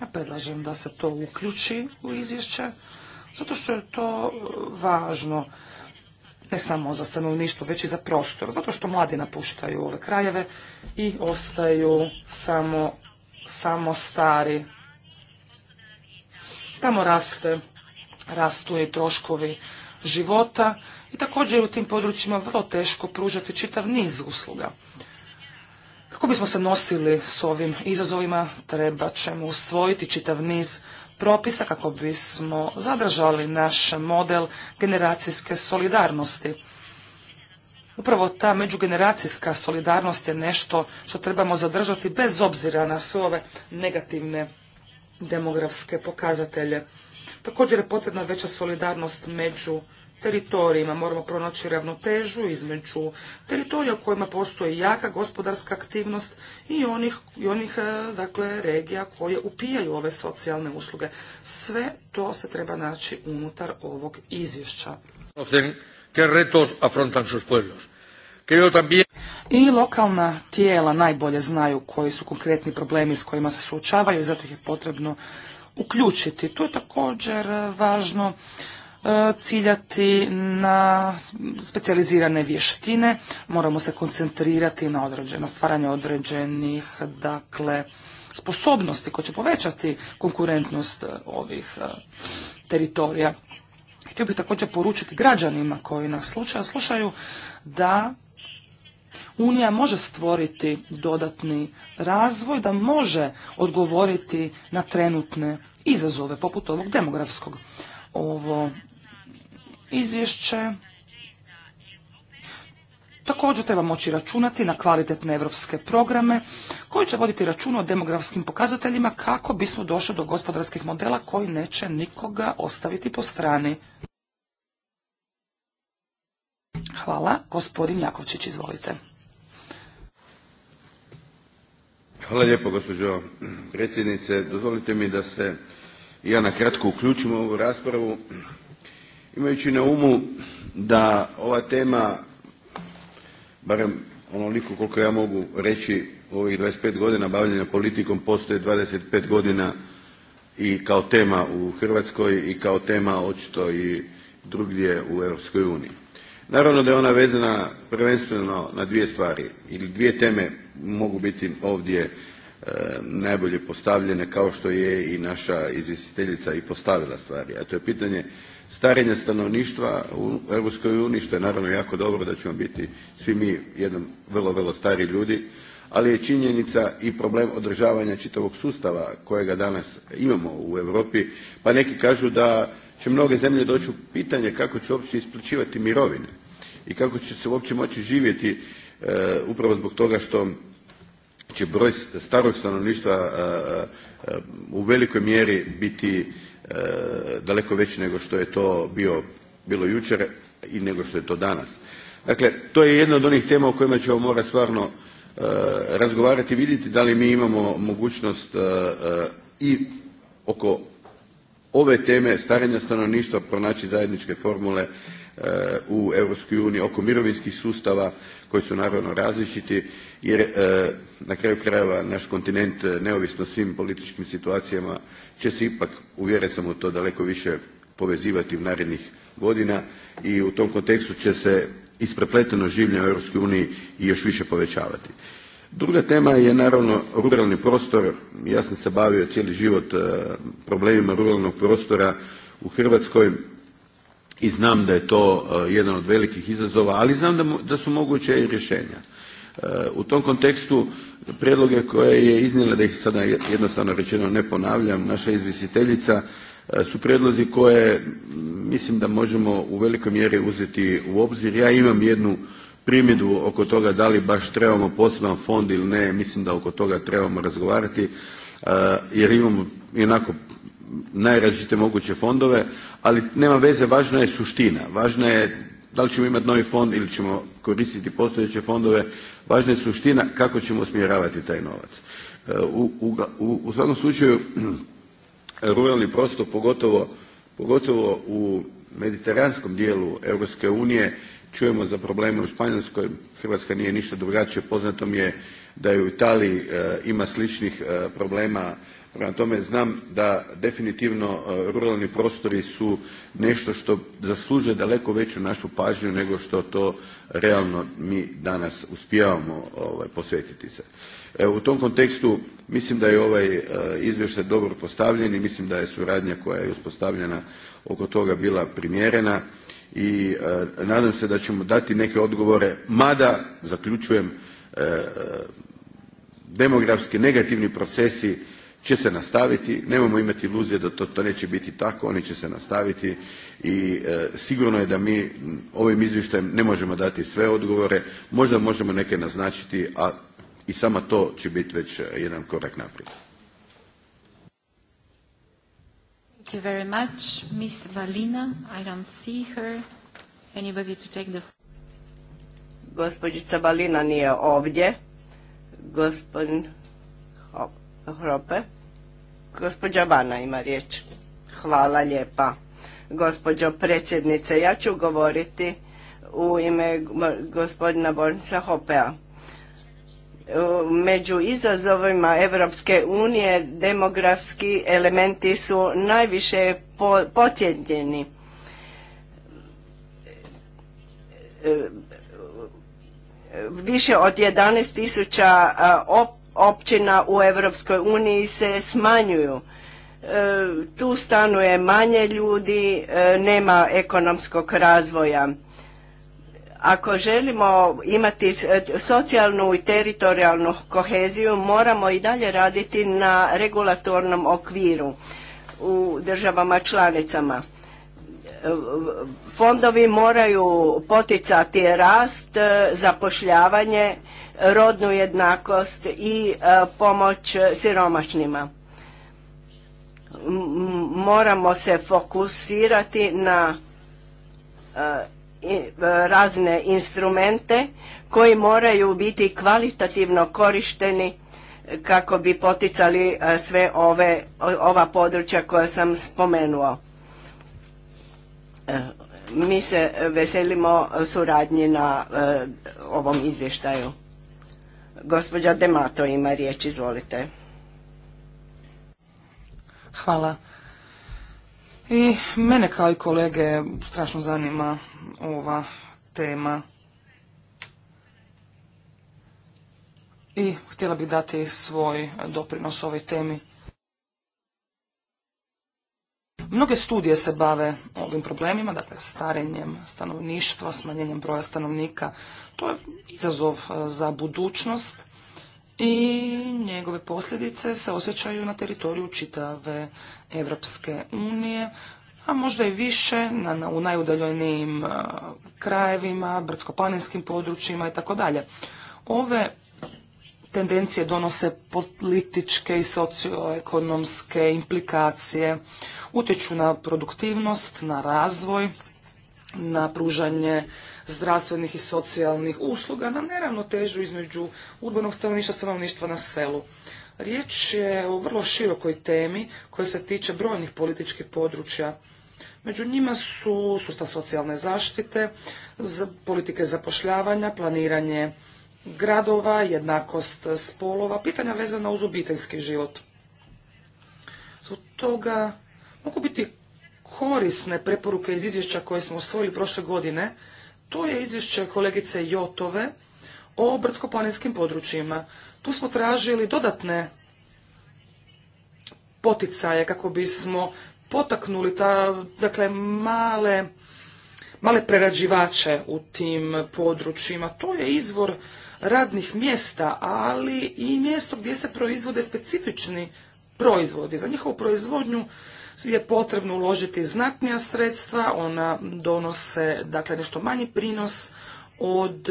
Ja predlažem da se to uključi u izvješće, zato što je to e, važno ne samo za stanovništvo, već i za prostor, zato što mladi napuštaju ove krajeve i ostaju samo, samo stari. Tamo raste, rastu i troškovi života i također u tim područjima vrlo teško pružati čitav niz usluga. Kako bismo se nosili s ovim izazovima, treba ćemo usvojiti čitav niz propisa kako bismo zadržali naš model generacijske solidarnosti. Upravo ta međugeneracijska solidarnost je nešto što trebamo zadržati bez obzira na sve ove negativne demografske pokazatelje. Također je potrebna veća solidarnost među teritorijima. Moramo pronaći ravnotežu između teritorija u kojima postoji jaka gospodarska aktivnost i onih, i onih e, dakle, regija koje upijaju ove socijalne usluge. Sve to se treba naći unutar ovog izvješća. I lokalna tijela najbolje znaju koji su konkretni problemi s kojima se suočavaju i zato ih je potrebno uključiti. To je također e, važno E, ciljati na specijalizirane vještine, moramo se koncentrirati na određeno stvaranje određenih dakle sposobnosti koje će povećati konkurentnost e, ovih e, teritorija. Htio bih također poručiti građanima koji nas slučaju, slušaju da Unija može stvoriti dodatni razvoj, da može odgovoriti na trenutne izazove poput ovog demografskog. Ovo izvješće Također treba moći računati na kvalitetne evropske programe koji će voditi račun o demografskim pokazateljima kako bismo došli do gospodarskih modela koji neće nikoga ostaviti po strani. Hvala. Gospodin Jakovčić, izvolite. Hvala lijepo, gospođo predsjednice. Dozvolite mi da se ja na kratko uključim u ovu raspravu Imajući na umu da ova tema, barem onoliko koliko ja mogu reći u ovih 25 godina bavljenja politikom postoji 25 godina i kao tema u Hrvatskoj i kao tema očito i drugdje u Europskoj uniji. Naravno da je ona vezana prvenstveno na dvije stvari ili dvije teme mogu biti ovdje e, najbolje postavljene kao što je i naša izvjestiteljica i postavila stvari, a to je pitanje starenja stanovništva u Europskoj uniji, što je naravno jako dobro da ćemo biti svi mi jednom vrlo, vrlo stari ljudi, ali je činjenica i problem održavanja čitavog sustava kojega danas imamo u Europi, pa neki kažu da će mnoge zemlje doći u pitanje kako će uopće isplaćivati mirovine i kako će se uopće moći živjeti e, upravo zbog toga što će broj starog stanovništva e, e, u velikoj mjeri biti E, daleko veći nego što je to bilo jučer i nego što je to danas. Dakle, to je jedna od onih tema o kojima ćemo morati stvarno e, razgovarati i vidjeti da li mi imamo mogućnost e, i oko ove teme starenja stanovništva pronaći zajedničke formule u Europskoj uniji oko mirovinskih sustava koji su naravno različiti jer e, na kraju krajeva naš kontinent e, neovisno o svim političkim situacijama će se ipak uvjeren sam u to daleko više povezivati u narednih godina i u tom kontekstu će se isprepleteno življenje u europskoj uniji i još više povećavati. Druga tema je naravno ruralni prostor. Ja sam se bavio cijeli život e, problemima ruralnog prostora u Hrvatskoj i znam da je to e, jedan od velikih izazova, ali znam da su moguće i rješenja. E, u tom kontekstu prijedloge koje je iznijela, da ih sada jednostavno rečeno ne ponavljam, naša izvisiteljica e, su prijedlozi koje mislim da možemo u velikoj mjeri uzeti u obzir. Ja imam jednu primjedbu oko toga da li baš trebamo poseban fond ili ne, mislim da oko toga trebamo razgovarati jer imamo jednako najrazličite moguće fondove, ali nema veze, važna je suština, važna je da li ćemo imati novi fond ili ćemo koristiti postojeće fondove, važna je suština kako ćemo usmjeravati taj novac. E, u, u, u svakom slučaju ruralni prostor pogotovo, pogotovo u mediteranskom dijelu Europske unije čujemo za probleme u Španjolskoj, Hrvatska nije ništa drugačije, poznato mi je da je u Italiji e, ima sličnih e, problema. Prema tome, znam da definitivno e, ruralni prostori su nešto što zaslužuje daleko veću našu pažnju nego što to realno mi danas uspijevamo ovaj, posvetiti se. u tom kontekstu mislim da je ovaj izvještaj dobro postavljen i mislim da je suradnja koja je uspostavljena oko toga bila primjerena i e, nadam se da ćemo dati neke odgovore mada zaključujem e, e, demografski negativni procesi će se nastaviti nemojmo imati iluzije da to, neće biti tako oni će se nastaviti i sigurno je da mi ovim izvještajem ne možemo dati sve odgovore možda možemo neke naznačiti a i samo to će biti već jedan korak naprijed. Thank you very much. Miss Valina, I don't see her. Anybody to take the... Gospođica Valina nije ovdje. Gospodin Hrope. Gospođa Vana ima riječ. Hvala lijepa. Gospođo predsjednice, ja ću govoriti u ime gospodina Bornica Hopea među izazovima Evropske unije demografski elementi su najviše potjednjeni. E, više od 11 tisuća općina u Evropskoj uniji se smanjuju. E, tu stanuje manje ljudi, e, nema ekonomskog razvoja ako želimo imati e, socijalnu i teritorijalnu koheziju, moramo i dalje raditi na regulatornom okviru u državama članicama. E, fondovi moraju poticati rast, e, zapošljavanje, rodnu jednakost i pomoć siromašnima. Moramo se fokusirati na E, razne instrumente koji moraju biti kvalitativno korišteni kako bi poticali e, sve ove, ova područja koja sam spomenuo. E, mi se veselimo suradnji na ovom izvještaju. Gospođa Demato ima riječ, izvolite. Hvala. I mene kao i kolege strašno zanima ova tema. I htjela bih dati svoj doprinos ovoj temi. Mnoge studije se bave ovim problemima, dakle starenjem stanovništva, smanjenjem broja stanovnika. To je izazov e, za budućnost i njegove posljedice se osjećaju na teritoriju čitave Evropske unije, a možda i više u najudaljenijim krajevima, brdsko-planinskim područjima i tako dalje. Ove tendencije donose političke i socioekonomske implikacije, utječu na produktivnost, na razvoj, na pružanje zdravstvenih i socijalnih usluga, na neravnotežu između urbanog stanovništva i stanovništva na selu. Riječ je o vrlo širokoj temi koja se tiče brojnih političkih područja Među njima su sustav socijalne zaštite, politike zapošljavanja, planiranje gradova, jednakost spolova, pitanja vezana uz obiteljski život. Zbog toga mogu biti korisne preporuke iz izvješća koje smo osvojili prošle godine. To je izvješće kolegice Jotove o brdsko-planinskim područjima. Tu smo tražili dodatne poticaje kako bismo potaknuli ta, dakle, male, male prerađivače u tim područjima. To je izvor radnih mjesta, ali i mjesto gdje se proizvode specifični proizvodi. Za njihovu proizvodnju je potrebno uložiti znatnija sredstva, ona donose dakle nešto manji prinos od,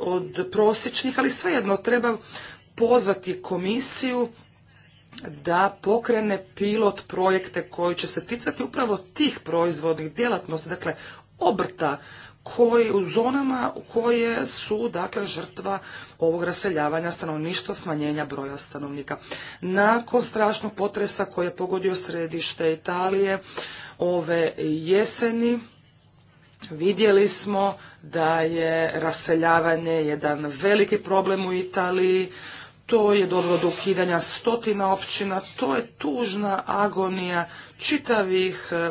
od prosječnih, ali svejedno treba pozvati komisiju da pokrene pilot projekte koji će se ticati upravo tih proizvodnih djelatnosti, dakle obrta koji u zonama koje su dakle žrtva ovog raseljavanja stanovništva, smanjenja broja stanovnika. Nakon strašnog potresa koji je pogodio središte Italije ove jeseni vidjeli smo da je raseljavanje jedan veliki problem u Italiji to je dovelo do ukidanja stotina općina, to je tužna agonija čitavih eh,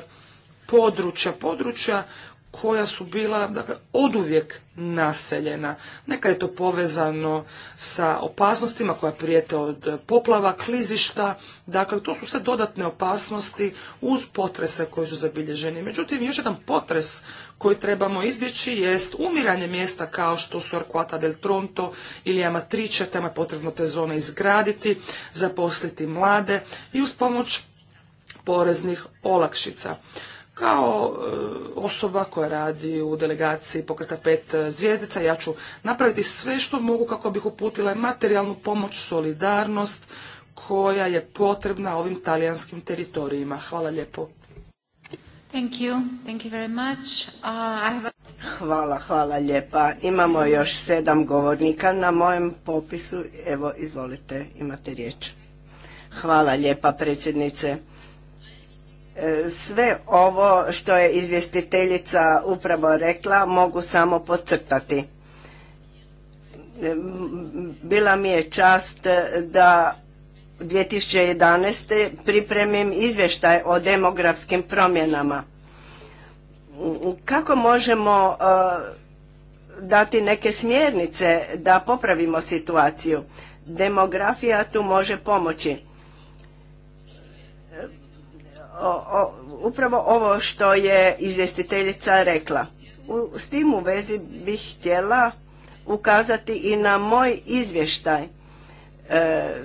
područja, područja koja su bila dakle, oduvijek naseljena. Nekad je to povezano sa opasnostima koja prijete od poplava, klizišta, dakle to su sve dodatne opasnosti uz potrese koji su zabilježeni. Međutim, još jedan potres koji trebamo izbjeći jest umiranje mjesta kao što su Arquata del Tronto ili Amatriče, tamo je potrebno te zone izgraditi, zaposliti mlade i uz pomoć poreznih olakšica kao e, osoba koja radi u delegaciji pokreta pet e, zvijezdica, ja ću napraviti sve što mogu kako bih uputila materijalnu pomoć, solidarnost koja je potrebna ovim talijanskim teritorijima. Hvala lijepo. Thank uh, Hvala, hvala lijepa. Imamo još sedam govornika na mojem popisu. Evo, izvolite, imate riječ. Hvala lijepa, predsjednice. Sve ovo što je izvjestiteljica upravo rekla mogu samo podcrtati. Bila mi je čast da 2011. pripremim izvještaj o demografskim promjenama. Kako možemo e, dati neke smjernice da popravimo situaciju? Demografija tu može pomoći upravo ovo što je izvjestiteljica rekla. U, s tim u vezi bih htjela ukazati i na moj izvještaj e,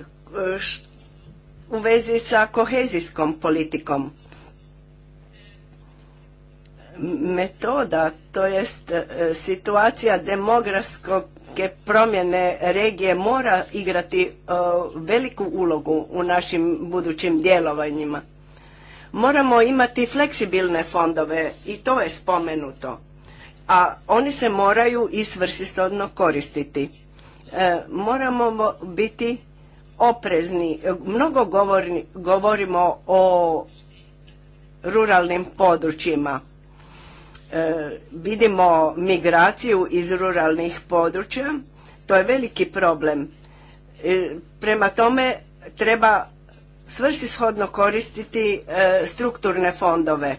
u vezi sa kohezijskom politikom. Metoda, to jest e, situacija demografske promjene regije mora igrati e, veliku ulogu u našim budućim djelovanjima. Moramo imati fleksibilne fondove i to je spomenuto. A oni se moraju i svrsistodno koristiti. E, moramo biti oprezni. E, mnogo govorimo o ruralnim područjima. E, vidimo migraciju iz ruralnih područja. To je veliki problem. prema tome treba svrsishodno koristiti e, strukturne fondove.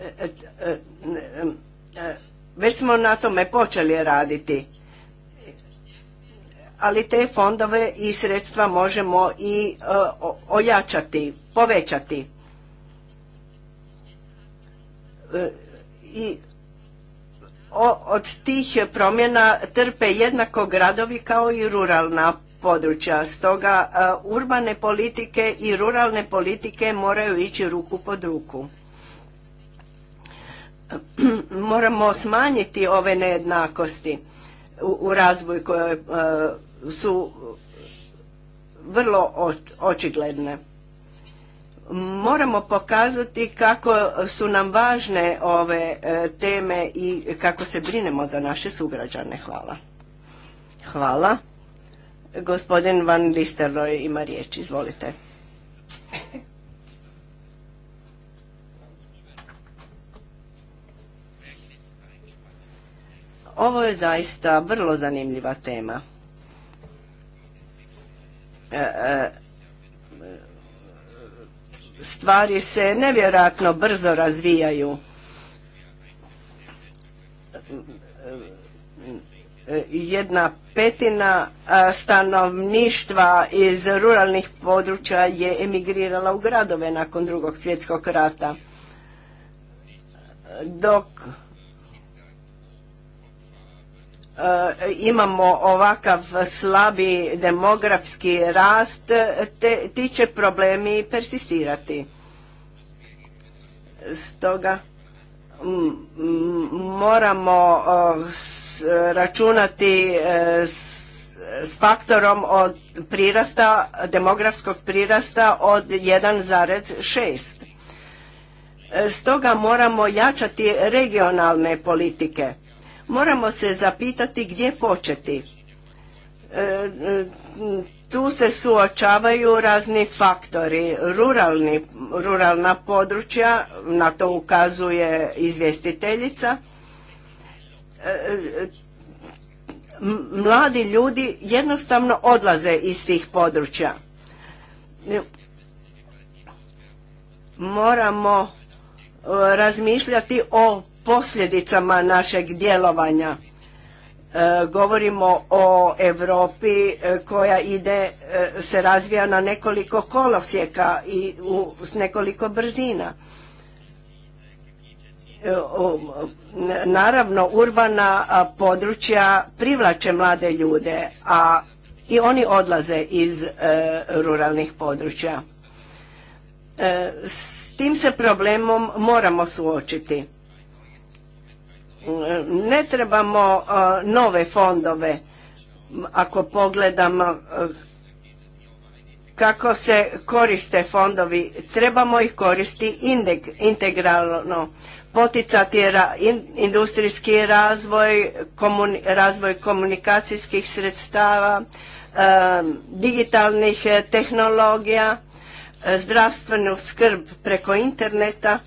E, e, već smo na tome počeli raditi, ali te fondove i sredstva možemo i ojačati, povećati. I od tih promjena trpe jednako gradovi kao i ruralna područja. Stoga e, urbane politike i ruralne politike moraju ići ruku pod ruku. Moramo smanjiti ove nejednakosti u, razvoju koje e, su vrlo očigledne. Moramo pokazati kako su nam važne ove e, teme i kako se brinemo za naše sugrađane. Hvala. Hvala. Gospodin Van Listerloj ima riječ, izvolite. Ovo je zaista vrlo zanimljiva tema. E, e, stvari se nevjerojatno brzo razvijaju E, jedna petina stanovništva iz ruralnih područja je emigrirala u gradove nakon drugog svjetskog rata. Dok e, imamo ovakav slabi demografski rast, ti će problemi persistirati. Stoga moramo računati e, s, faktorom od prirasta, demografskog prirasta od 1,6. E, stoga moramo jačati regionalne politike. Moramo se zapitati gdje početi. E, tu se suočavaju razni faktori. Ruralni, ruralna područja, na to ukazuje izvjestiteljica, e, mladi ljudi jednostavno odlaze iz tih područja. Moramo e, razmišljati o posljedicama našeg djelovanja E, govorimo o Europi e, koja ide, e, se razvija na nekoliko kolosjeka i s nekoliko brzina. Naravno, urbana područja privlače mlade ljude, a i oni odlaze iz ruralnih područja. S tim se problemom moramo suočiti ne trebamo e, nove fondove ako pogledamo e, kako se koriste fondovi, trebamo ih koristi integralno, poticati industrijski razvoj, razvoj komunikacijskih sredstava, e, digitalnih tehnologija, zdravstvenu skrb preko interneta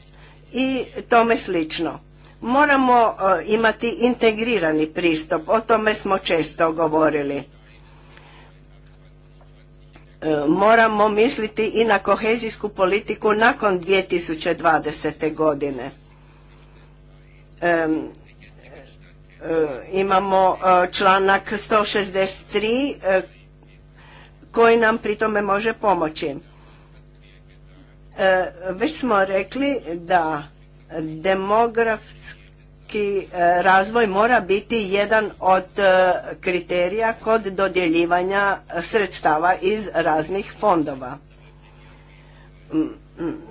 i tome slično. Moramo e, imati integrirani pristup, o tome smo često govorili. E, moramo misliti i na kohezijsku politiku nakon 2020. godine. E, imamo članak 163 koji nam pri tome može pomoći. Već smo rekli da Demografski e, razvoj mora biti jedan od e, kriterija kod dodjeljivanja sredstava iz raznih fondova.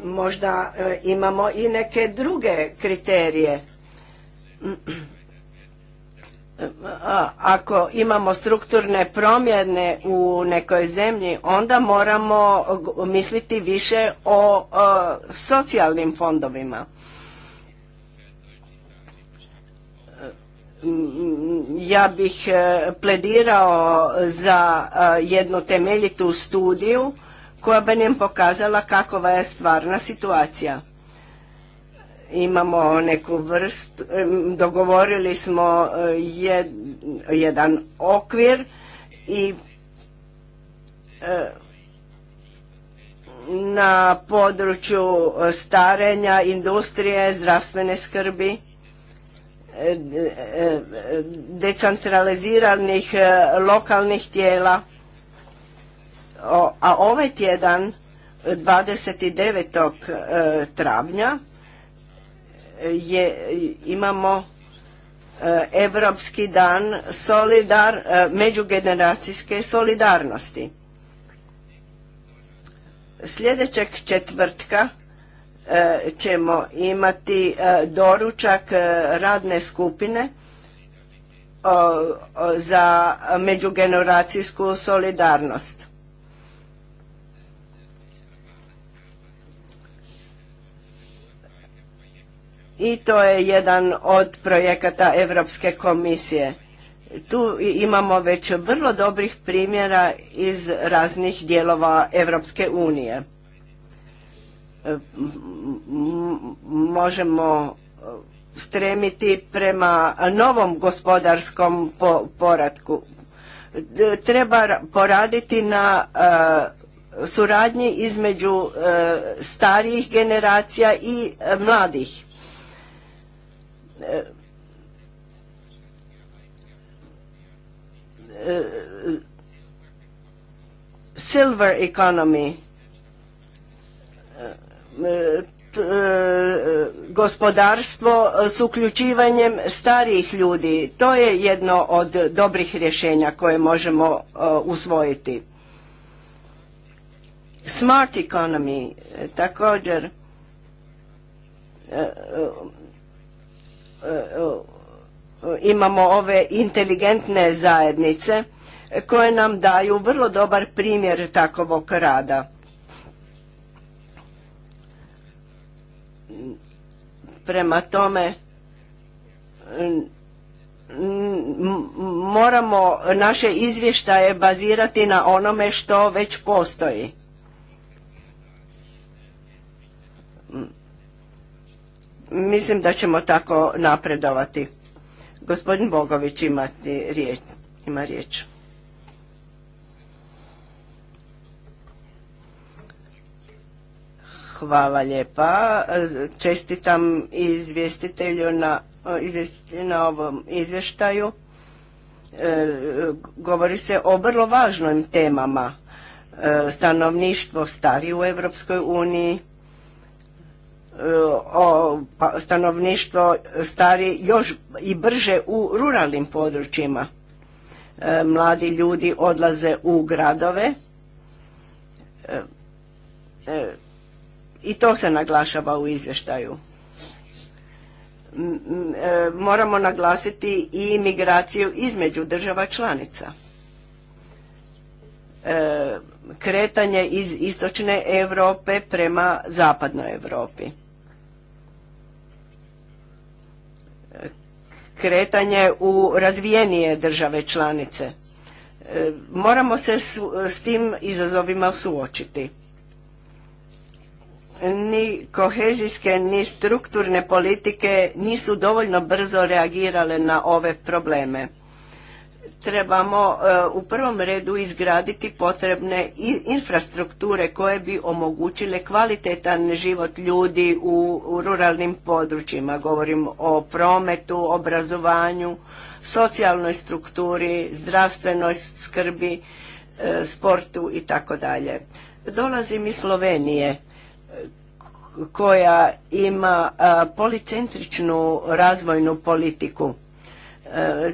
Možda e, imamo i neke druge kriterije. Ako imamo strukturne promjene u nekoj zemlji, onda moramo misliti više o, socijalnim fondovima. Mm, ja bih e, pledirao za e, jednu temeljitu studiju koja bi nam pokazala kakova je stvarna situacija. Imamo neku vrstu, dogovorili smo e, jedan okvir i na području starenja, industrije, zdravstvene skrbi decentraliziranih eh, lokalnih tijela, a ovaj tjedan 29. Eh, travnja je, imamo eh, Europski dan solidar, međugeneracijske solidarnosti. Sljedećeg četvrtka E, ćemo imati e, doručak e, radne skupine za međugeneracijsku solidarnost. I to je jedan od projekata Europske komisije. Tu imamo već vrlo dobrih primjera iz raznih dijelova Europske unije možemo eh, stremiti prema novom gospodarskom poradku. Eh, treba poraditi na eh, suradnji između starijih generacija i mladih. Silver economy E, gospodarstvo s uključivanjem starijih ljudi. To je jedno od dobrih rješenja koje možemo e, usvojiti. Smart economy e, također imamo ove inteligentne zajednice koje nam daju vrlo dobar primjer takovog rada Prema tome, moramo naše izvještaje bazirati na onome što već postoji. Mislim da ćemo tako napredovati. Gospodin Bogović ima riječ. Hvala lijepa. Čestitam izvjestitelju na, na ovom izvještaju. E, govori se o vrlo važnim temama. E, stanovništvo stari u Europskoj uniji, e, o pa, stanovništvo stari još i brže u ruralnim područjima. mladi ljudi odlaze u gradove. I to se naglašava u izvještaju. E, moramo naglasiti i migraciju između država članica. E, kretanje iz istočne Europe prema zapadnoj Europi. E, kretanje u razvijenije države članice. Moramo se s, s tim izazovima suočiti ni kohezijske ni strukturne politike nisu dovoljno brzo reagirale na ove probleme. Trebamo e, u prvom redu izgraditi potrebne infrastrukture koje bi omogućile kvalitetan život ljudi u, ruralnim područjima. Govorim o prometu, obrazovanju, socijalnoj strukturi, zdravstvenoj skrbi, e, sportu i tako dalje. Dolazim iz Slovenije koja ima policentričnu razvojnu politiku. E,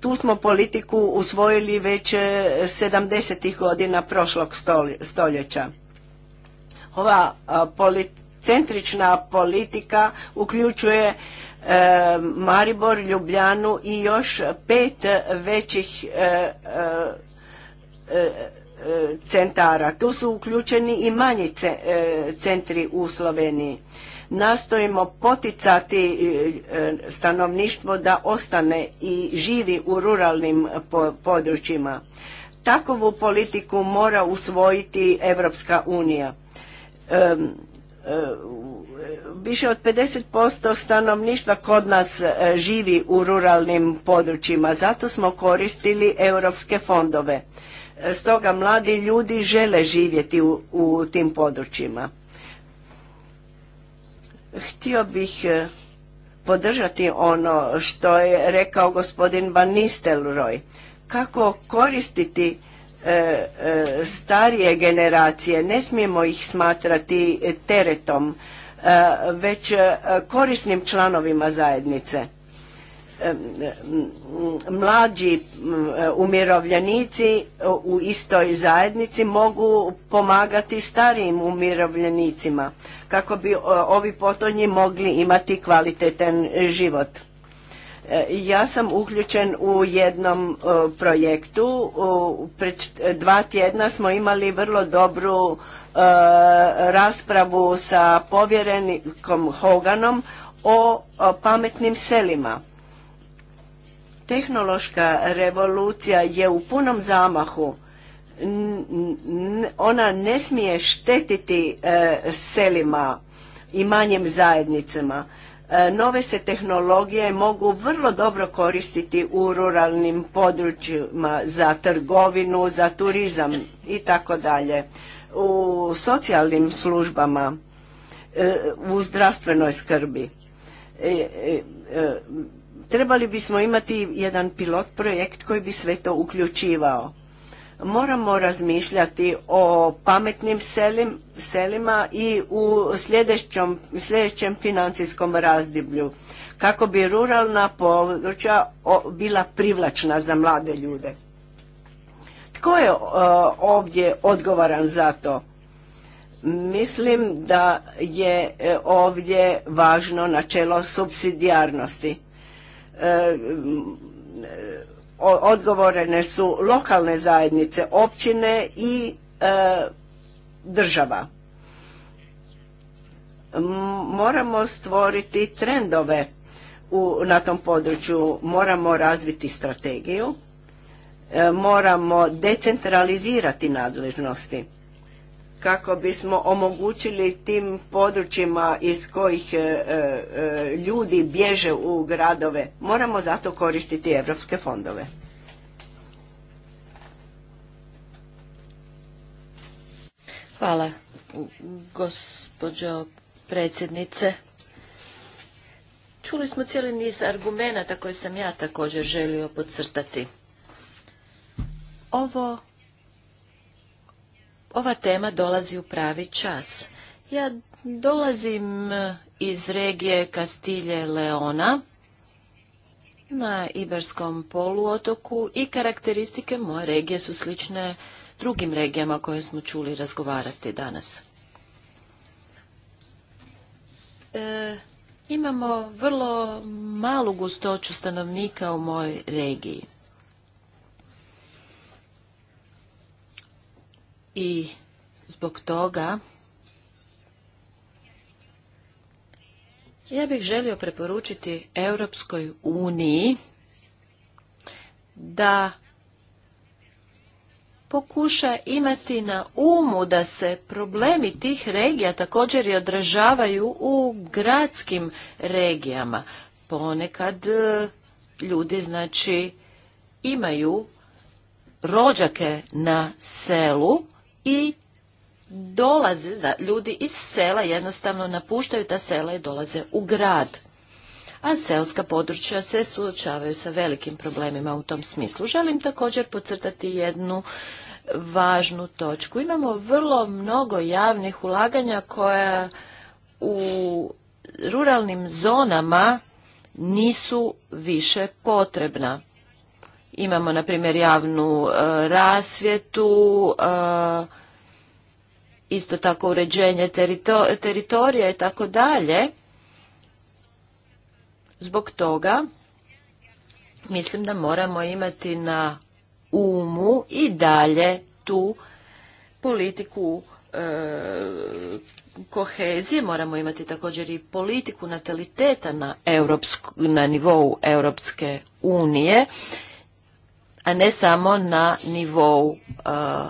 tu smo politiku usvojili već 70. E, godina prošlog stoljeća. Ova policentrična politika uključuje e, Maribor, Ljubljanu i još pet većih centara. Tu su uključeni i manji e, centri u Sloveniji. Nastojimo poticati e, e, stanovništvo da ostane i živi u ruralnim područjima. Takovu politiku mora usvojiti Evropska unija. Više od 50% stanovništva kod nas živi u ruralnim područjima, zato smo koristili europske fondove. Stoga mladi ljudi žele živjeti u, tim područjima. Htio bih e, podržati ono što je rekao gospodin Van Nistelroj. Kako koristiti e, e, starije generacije, ne smijemo ih smatrati teretom, već korisnim članovima zajednice mlađi umirovljenici u istoj zajednici mogu pomagati starijim umirovljenicima kako bi ovi potonji mogli imati kvalitetan život. E, ja sam uključen u jednom projektu. Pred dva tjedna smo imali vrlo dobru raspravu sa povjerenikom Hoganom o pametnim selima tehnološka revolucija je u punom zamahu ona ne smije štetiti e, selima i manjim zajednicama e, nove se tehnologije mogu vrlo dobro koristiti u ruralnim područjima za trgovinu za turizam i tako dalje u socijalnim službama e, u zdravstvenoj skrbi Trebali bismo imati jedan pilot projekt koji bi sve to uključivao. Moramo razmišljati o pametnim selima i u sljedećem, sljedećem financijskom razdiblju, kako bi ruralna područja bila privlačna za mlade ljude. Tko je ovdje odgovoran za to? Mislim da je e, ovdje važno načelo subsidijarnosti odgovorene su lokalne zajednice, općine i e, država. Moramo stvoriti trendove na tom području, moramo razviti strategiju, e, moramo decentralizirati nadležnosti kako bismo omogućili tim područjima iz kojih e, e, ljudi bježe u gradove. Moramo zato koristiti evropske fondove. Hvala, gospođo predsjednice. Čuli smo cijeli niz argumenata koje sam ja također želio podcrtati. Ovo ova tema dolazi u pravi čas. Ja dolazim eh, iz regije Kastilje Leona na Iberskom poluotoku i karakteristike moje regije su slične drugim regijama koje smo čuli razgovarati danas. Eh, imamo vrlo malu gustoću stanovnika u mojoj regiji. I zbog toga ja bih želio preporučiti Europskoj uniji da pokuša imati na umu da se problemi tih regija također i odražavaju u gradskim regijama. Ponekad e, ljudi znači imaju rođake na selu i dolaze, ljudi iz sela jednostavno napuštaju ta sela i dolaze u grad. A seoska područja se suočavaju sa velikim problemima u tom smislu. Želim također pocrtati jednu važnu točku. Imamo vrlo mnogo javnih ulaganja koja u ruralnim zonama nisu više potrebna. Imamo, na primjer, javnu e, rasvjetu, e, isto tako uređenje teritorija i tako dalje. Zbog toga mislim da moramo imati na umu i dalje tu politiku e, kohezije, moramo imati također i politiku nataliteta na, na nivou Europske unije a ne samo na nivou e,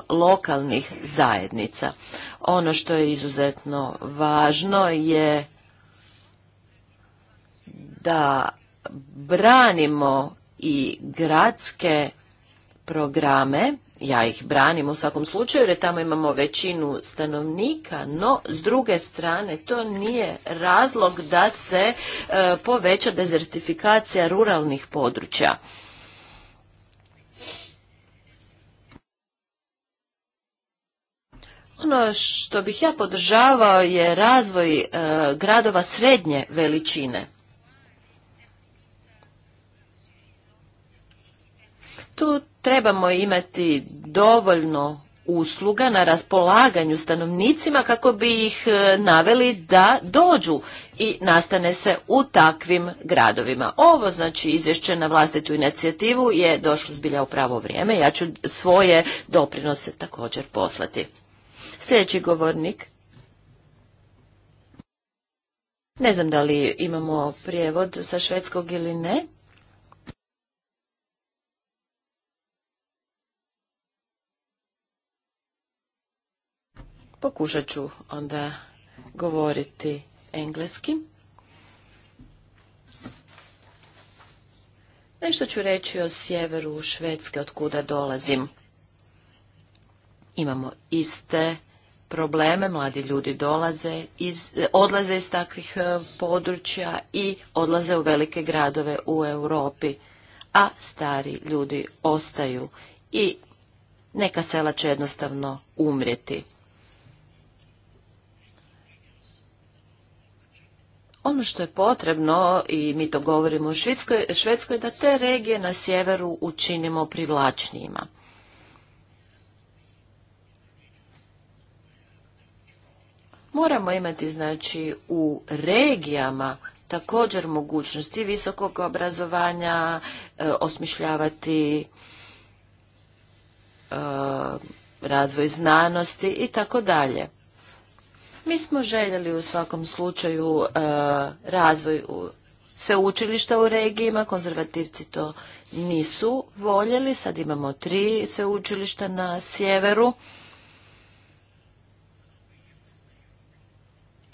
lokalnih zajednica. Ono što je izuzetno važno je da branimo i gradske programe, ja ih branim u svakom slučaju jer tamo imamo većinu stanovnika, no s druge strane to nije razlog da se e, poveća dezertifikacija ruralnih područja. Ono što bih ja podržavao je razvoj e, gradova srednje veličine. Tu trebamo imati dovoljno usluga na raspolaganju stanovnicima kako bi ih e, naveli da dođu i nastane se u takvim gradovima. Ovo znači izvješće na vlastitu inicijativu je došlo zbilja u pravo vrijeme. Ja ću svoje doprinose također poslati. Sljedeći govornik. Ne znam da li imamo prijevod sa švedskog ili ne. Pokušat ću onda govoriti engleski. Nešto ću reći o sjeveru Švedske, od kuda dolazim. Imamo iste probleme, mladi ljudi dolaze iz, odlaze iz takvih e, područja i odlaze u velike gradove u Europi, a stari ljudi ostaju i neka sela će jednostavno umrijeti. Ono što je potrebno, i mi to govorimo u Švedskoj, Švedskoj da te regije na sjeveru učinimo privlačnijima. Moramo imati znači u regijama također mogućnosti visokog obrazovanja, e, osmišljavati e, razvoj znanosti i tako dalje. Mi smo željeli u svakom slučaju e, razvoj u sveučilišta u regijima, konzervativci to nisu voljeli, sad imamo tri sveučilišta na sjeveru.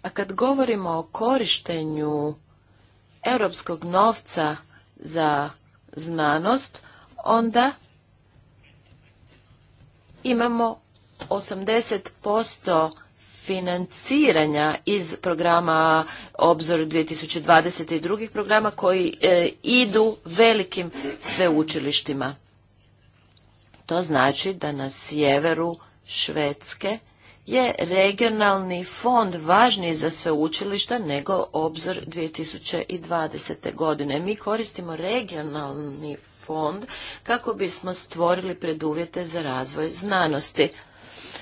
A kad govorimo o korištenju europskog novca za znanost, onda imamo 80% financiranja iz programa Obzor 2020 i drugih programa koji e, idu velikim sveučilištima. To znači da na sjeveru Švedske je regionalni fond važniji za sve učilišta nego obzor 2020. godine. Mi koristimo regionalni fond kako bismo stvorili preduvjete za razvoj znanosti.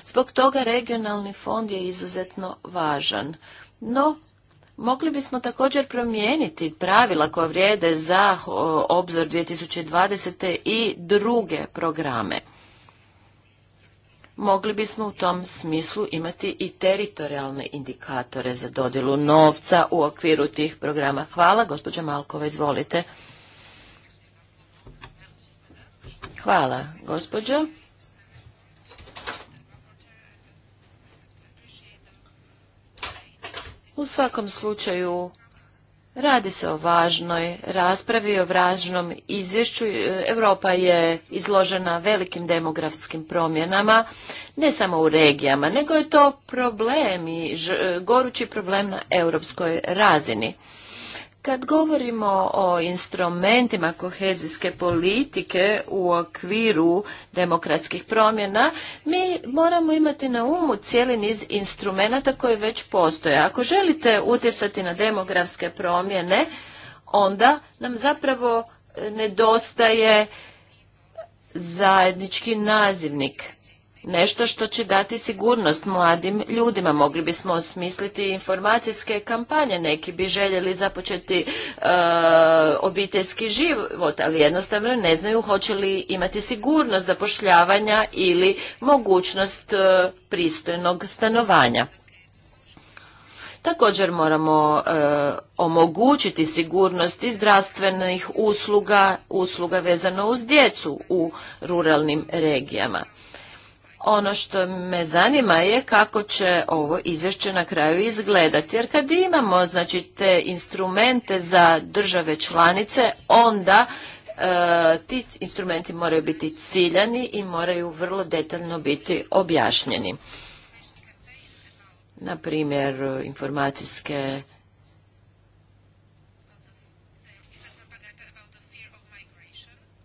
Zbog toga regionalni fond je izuzetno važan. No, Mogli bismo također promijeniti pravila koja vrijede za obzor 2020. i druge programe mogli bismo u tom smislu imati i teritorijalne indikatore za dodjelu novca u okviru tih programa. Hvala. Gospođa Malkova, izvolite. Hvala, gospođo. U svakom slučaju Radi se o važnoj raspravi, o vražnom izvješću. E, Europa je izložena velikim demografskim promjenama, ne samo u regijama, nego je to problem i e, gorući problem na europskoj razini. Kad govorimo o instrumentima kohezijske politike u okviru demokratskih promjena, mi moramo imati na umu cijeli niz instrumenata koji već postoje. Ako želite utjecati na demografske promjene, onda nam zapravo nedostaje zajednički nazivnik nešto što će dati sigurnost mladim ljudima. Mogli bismo osmisliti informacijske kampanje, neki bi željeli započeti e, obiteljski život, ali jednostavno ne znaju hoće li imati sigurnost zapošljavanja ili mogućnost e, pristojnog stanovanja. Također moramo e, omogućiti sigurnost i zdravstvenih usluga, usluga vezano uz djecu u ruralnim regijama. Ono što me zanima je kako će ovo izvješće na kraju izgledati. Jer kad imamo znači, te instrumente za države članice, onda e, ti instrumenti moraju biti ciljani i moraju vrlo detaljno biti objašnjeni. Na primjer, informacijske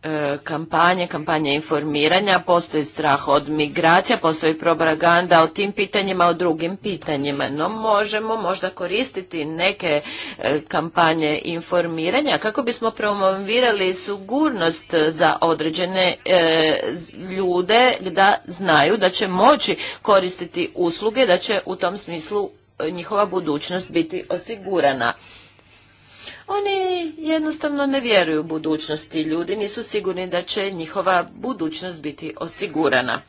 E, kampanje, kampanje informiranja, postoji strah od migracija, postoji propaganda o tim pitanjima, o drugim pitanjima. No možemo možda koristiti neke e, kampanje informiranja kako bismo promovirali sigurnost za određene e, ljude da znaju da će moći koristiti usluge, da će u tom smislu njihova budućnost biti osigurana. Oni jednostavno ne vjeruju budućnosti ljudi, nisu sigurni da će njihova budućnost biti osigurana.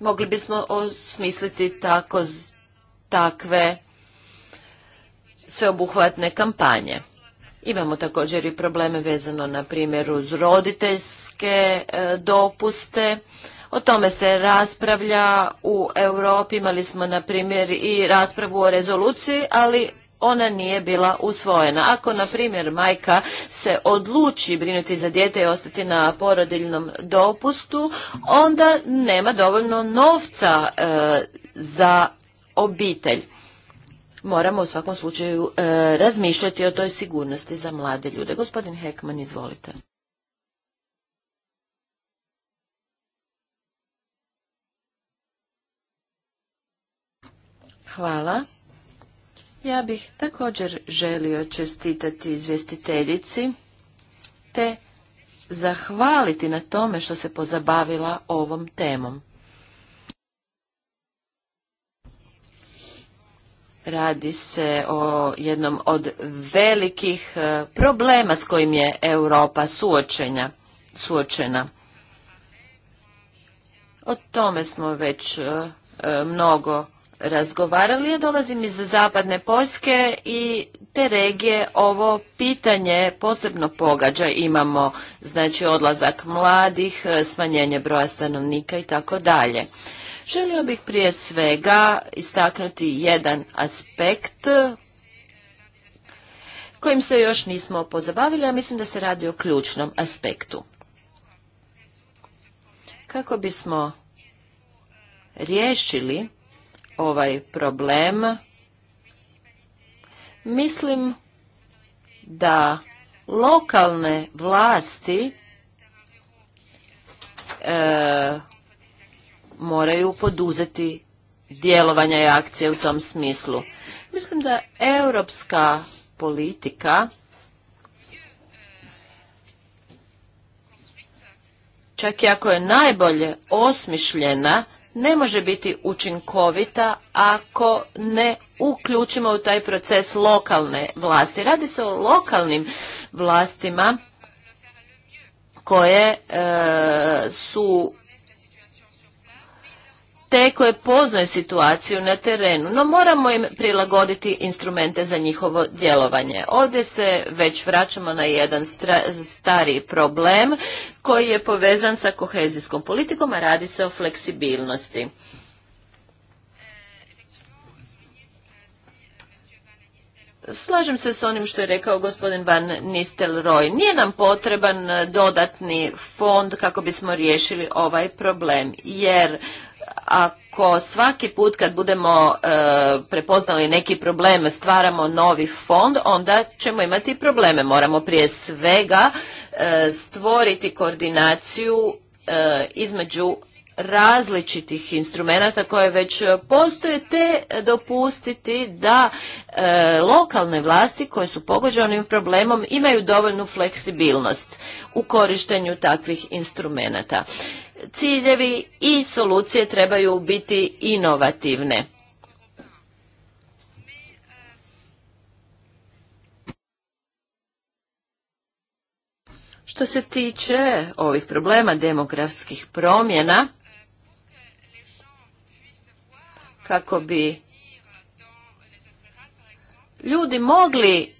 Mogli bismo osmisliti tako, takve sveobuhvatne kampanje. Imamo također i probleme vezano na primjer uz roditeljske e, dopuste. O tome se raspravlja u Europi, imali smo na primjer i raspravu o rezoluciji, ali ona nije bila usvojena. Ako, na primjer, majka se odluči brinuti za dijete i ostati na porodiljnom dopustu, onda nema dovoljno novca e, za obitelj. Moramo u svakom slučaju e, razmišljati o toj sigurnosti za mlade ljude. Gospodin Hekman, izvolite. Hvala. Ja bih također želio čestitati izvjestiteljici te zahvaliti na tome što se pozabavila ovom temom. Radi se o jednom od velikih e, problema s kojim je Europa suočena. O tome smo već e, e, mnogo razgovarali. Ja dolazim iz zapadne Poljske i te regije ovo pitanje posebno pogađa. Imamo znači odlazak mladih, e, smanjenje broja stanovnika i tako dalje. Želio bih prije svega istaknuti jedan aspekt kojim se još nismo pozabavili, a mislim da se radi o ključnom aspektu. Kako bismo riješili ovaj problem, mislim da lokalne vlasti e, moraju poduzeti djelovanja i akcije u tom smislu. Mislim da europska politika čak i ako je najbolje osmišljena ne može biti učinkovita ako ne uključimo u taj proces lokalne vlasti. Radi se o lokalnim vlastima koje e, su te koje poznaju situaciju na terenu, no moramo im prilagoditi instrumente za njihovo djelovanje. Ovdje se već vraćamo na jedan stari problem koji je povezan sa kohezijskom politikom, a radi se o fleksibilnosti. Slažem se s onim što je rekao gospodin Van Nistelrooy. Nije nam potreban dodatni fond kako bismo riješili ovaj problem, jer ako svaki put kad budemo e, prepoznali neki problem stvaramo novi fond, onda ćemo imati probleme. Moramo prije svega e, stvoriti koordinaciju e, između različitih instrumenata koje već postoje te dopustiti da lokalne vlasti koje su pogođene problemom imaju dovoljnu fleksibilnost u korištenju takvih instrumenata ciljevi i solucije trebaju biti inovativne. Što se tiče ovih problema demografskih promjena, kako bi ljudi mogli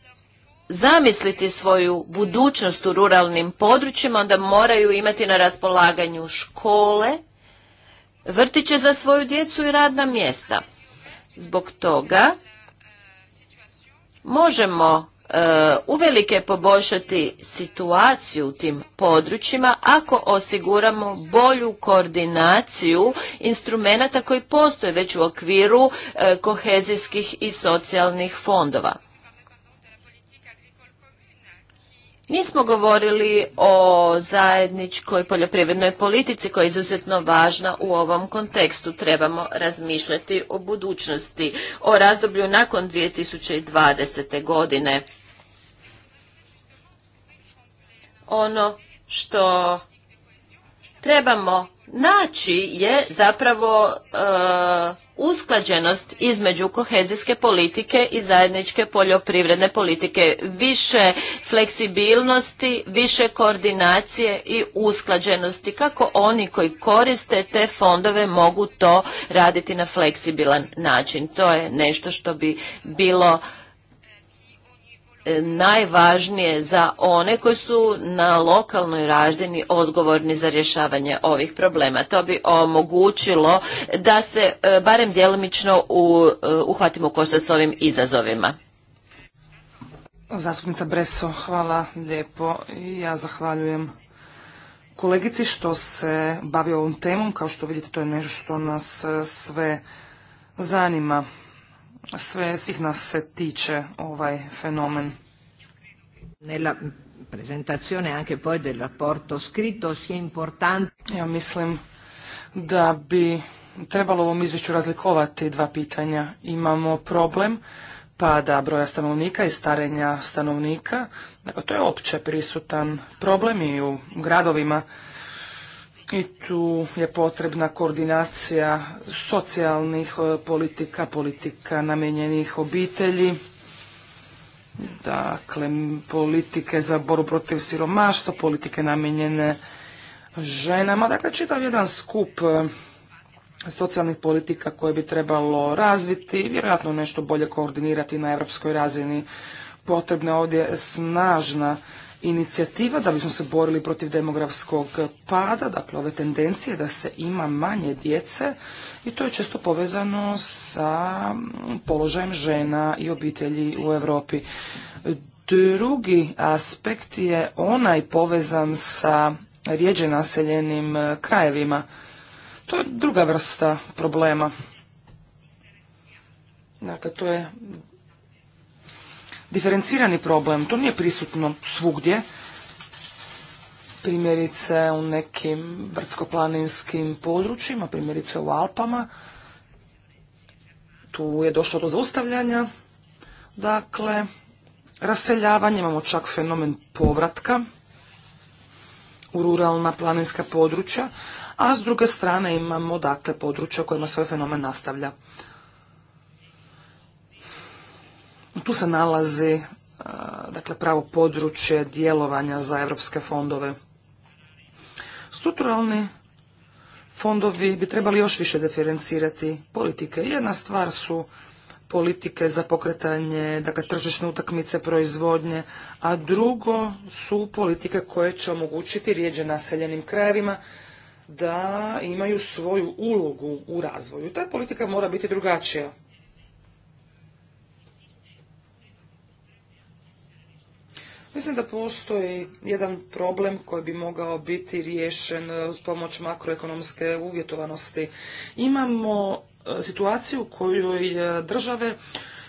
zamisliti svoju budućnost u ruralnim područjima, onda moraju imati na raspolaganju škole, vrtiće za svoju djecu i radna mjesta. Zbog toga možemo e, uvelike poboljšati situaciju u tim područjima ako osiguramo bolju koordinaciju instrumenata koji postoje već u okviru e, kohezijskih i socijalnih fondova. Nismo govorili o zajedničkoj poljoprivrednoj politici koja je izuzetno važna u ovom kontekstu. Trebamo razmišljati o budućnosti, o razdoblju nakon 2020. godine. Ono što trebamo naći je zapravo e, usklađenost između kohezijske politike i zajedničke poljoprivredne politike. Više fleksibilnosti, više koordinacije i usklađenosti kako oni koji koriste te fondove mogu to raditi na fleksibilan način. To je nešto što bi bilo E, najvažnije za one koji su na lokalnoj razini odgovorni za rješavanje ovih problema. To bi omogućilo da se e, barem djelomično e, uhvatimo košta s ovim izazovima. Zastupnica Breso, hvala lijepo. Ja zahvaljujem kolegici što se bavi ovom temom. Kao što vidite, to je nešto što nas sve zanima sve, svih nas se tiče ovaj fenomen. Nella presentazione anche poi del rapporto scritto importante. Ja mislim da bi trebalo ovom izvješću razlikovati dva pitanja. Imamo problem pada broja stanovnika i starenja stanovnika. Dakle, to je opće prisutan problem i u gradovima i tu je potrebna koordinacija socijalnih e, politika, politika namenjenih obitelji, dakle politike za boru protiv siromaštva, politike namenjene ženama, dakle čitav jedan skup e, socijalnih politika koje bi trebalo razviti i vjerojatno nešto bolje koordinirati na europskoj razini. Potrebna ovdje snažna inicijativa da bismo se borili protiv demografskog pada, dakle ove tendencije da se ima manje djece i to je često povezano sa položajem žena i obitelji u Europi. Drugi aspekt je onaj povezan sa rijeđe naseljenim krajevima. To je druga vrsta problema. Dakle, to je diferencirani problem. To nije prisutno svugdje. Primjerice u nekim vrtsko planinskim područjima, primjerice u Alpama. Tu je došlo do zaustavljanja. Dakle, raseljavanje, imamo čak fenomen povratka u ruralna planinska područja, a s druge strane imamo dakle područja kojima svoj ovaj fenomen nastavlja. Tu se nalazi e, dakle, pravo područje djelovanja za europske fondove. Strukturalni fondovi bi trebali još više diferencirati politike. Jedna stvar su politike za pokretanje dakle, tržišne utakmice, proizvodnje, a drugo su politike koje će omogućiti rijeđe naseljenim krajevima da imaju svoju ulogu u razvoju. Ta politika mora biti drugačija. Mislim da postoji jedan problem koji bi mogao biti riješen e, uz pomoć makroekonomske uvjetovanosti. Imamo e, situaciju u kojoj e, države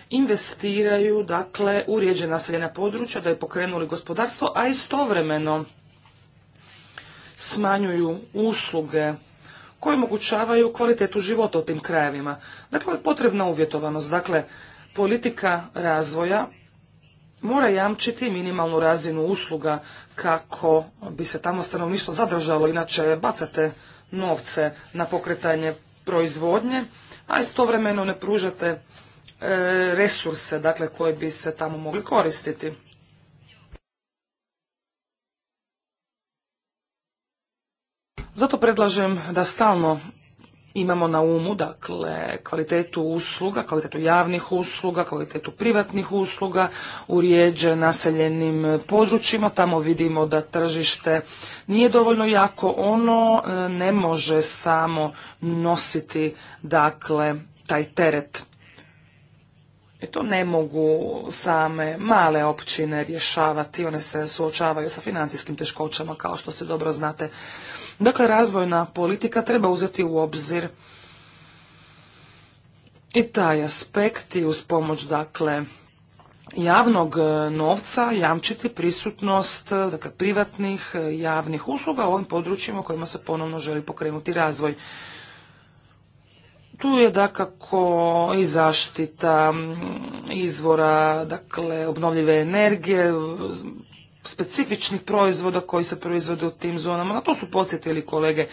investiraju dakle u rijeđe naseljena područja da je pokrenuli gospodarstvo, a istovremeno smanjuju usluge koje omogućavaju kvalitetu života u tim krajevima. Dakle, potrebna uvjetovanost. Dakle, politika razvoja mora jamčiti minimalnu razinu usluga kako bi se tamo stanovništvo zadržalo, inače bacate novce na pokretanje proizvodnje, a istovremeno ne pružate e, resurse dakle, koje bi se tamo mogli koristiti. Zato predlažem da stalno imamo na umu dakle kvalitetu usluga, kvalitetu javnih usluga, kvalitetu privatnih usluga u rijeđe naseljenim područjima. Tamo vidimo da tržište nije dovoljno jako, ono e, ne može samo nositi dakle taj teret. I e, to ne mogu same male općine rješavati, one se suočavaju sa financijskim teškoćama kao što se dobro znate. Dakle, razvojna politika treba uzeti u obzir i taj aspekt i uz pomoć, dakle, javnog e, novca jamčiti prisutnost e, dakle, privatnih e, javnih usluga u ovim područjima u kojima se ponovno želi pokrenuti razvoj. Tu je dakako i zaštita izvora, dakle, obnovljive energije, specifičnih proizvoda koji se proizvode u tim zonama. Na to su podsjetili kolege.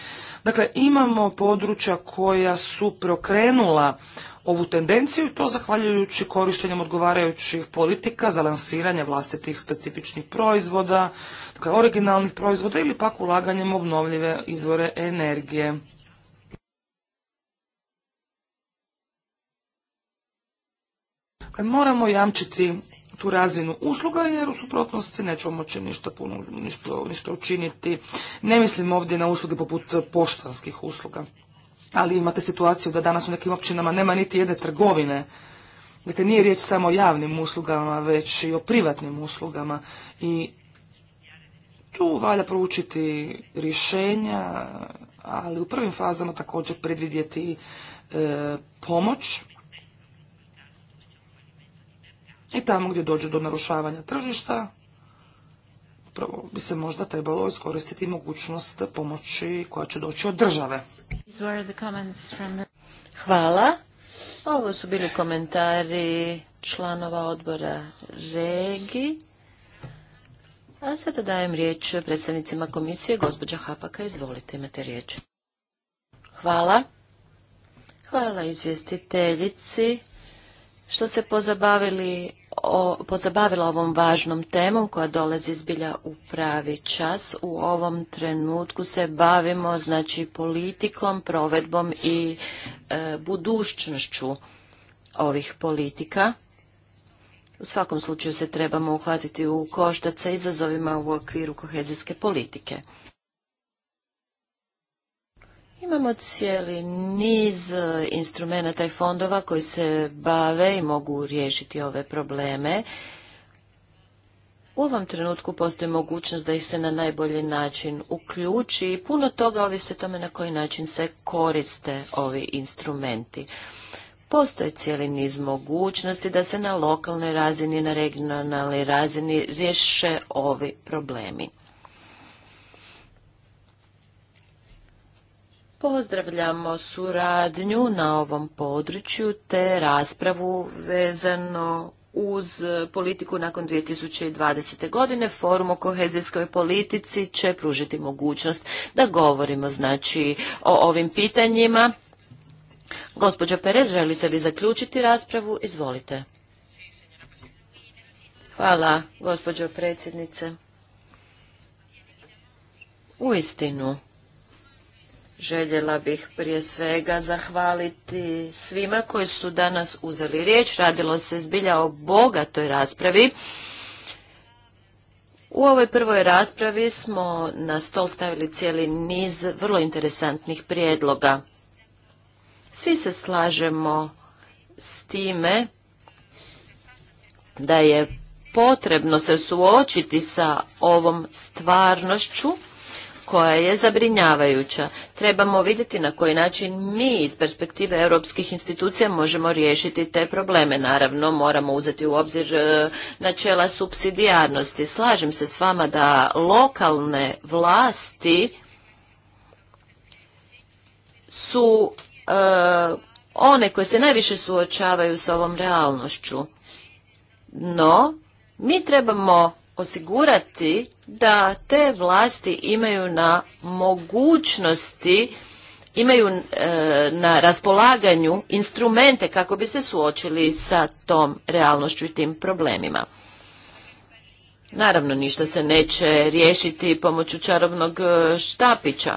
Dakle, imamo područja koja su prokrenula ovu tendenciju i to zahvaljujući korištenjem odgovarajućih politika za lansiranje vlastitih specifičnih proizvoda, dakle originalnih proizvoda ili pak ulaganjem obnovljive izvore energije. Dakle, moramo jamčiti tu razinu usluga jer u suprotnosti nećemo moći ništa puno ništa, učiniti. Ne mislim ovdje na usluge poput poštanskih usluga. Ali imate situaciju da danas u nekim općinama nema niti jedne trgovine. Dakle, nije riječ samo o javnim uslugama, već i o privatnim uslugama. I tu valja proučiti rješenja, ali u prvim fazama također predvidjeti e, pomoć i tamo gdje dođe do narušavanja tržišta, prvo bi se možda trebalo iskoristiti mogućnost pomoći koja će doći od države. Hvala. Ovo su bili komentari članova odbora Regi. A sada dajem riječ predstavnicima komisije. Gospođa Hapaka, izvolite, imate riječ. Hvala. Hvala izvjestiteljici što se pozabavili pozabavila ovom važnom temom koja dolazi zbilja u pravi čas. U ovom trenutku se bavimo znači politikom, provedbom i e, budućnošću ovih politika. U svakom slučaju se trebamo uhvatiti u koštac sa izazovima u okviru kohezijske politike. Imamo cijeli niz e, instrumenta i fondova koji se bave i mogu riješiti ove probleme. U ovom trenutku postoji mogućnost da ih se na najbolji način uključi i puno toga ovisi o tome na koji način se koriste ovi instrumenti. Postoje cijeli niz mogućnosti da se na lokalnoj razini, na regionalnoj razini riješe ovi problemi. Pozdravljamo suradnju na ovom području te raspravu vezano uz politiku nakon 2020. godine. Forum o kohezijskoj politici će pružiti mogućnost da govorimo znači o ovim pitanjima. Gospođo Perez, želite li zaključiti raspravu? Izvolite. Hvala, gospođo predsjednice. U istinu. Željela bih prije svega zahvaliti svima koji su danas uzeli riječ. Radilo se zbilja o bogatoj raspravi. U ovoj prvoj raspravi smo na stol stavili cijeli niz vrlo interesantnih prijedloga. Svi se slažemo s time da je potrebno se suočiti sa ovom stvarnošću koja je zabrinjavajuća. Trebamo vidjeti na koji način mi iz perspektive europskih institucija možemo riješiti te probleme. Naravno, moramo uzeti u obzir e, načela subsidijarnosti. Slažem se s vama da lokalne vlasti su e, one koje se najviše suočavaju s ovom realnošću. No, mi trebamo osigurati da te vlasti imaju na mogućnosti imaju e, na raspolaganju instrumente kako bi se suočili sa tom realnošću i tim problemima. Naravno, ništa se neće riješiti pomoću čarobnog e, štapića.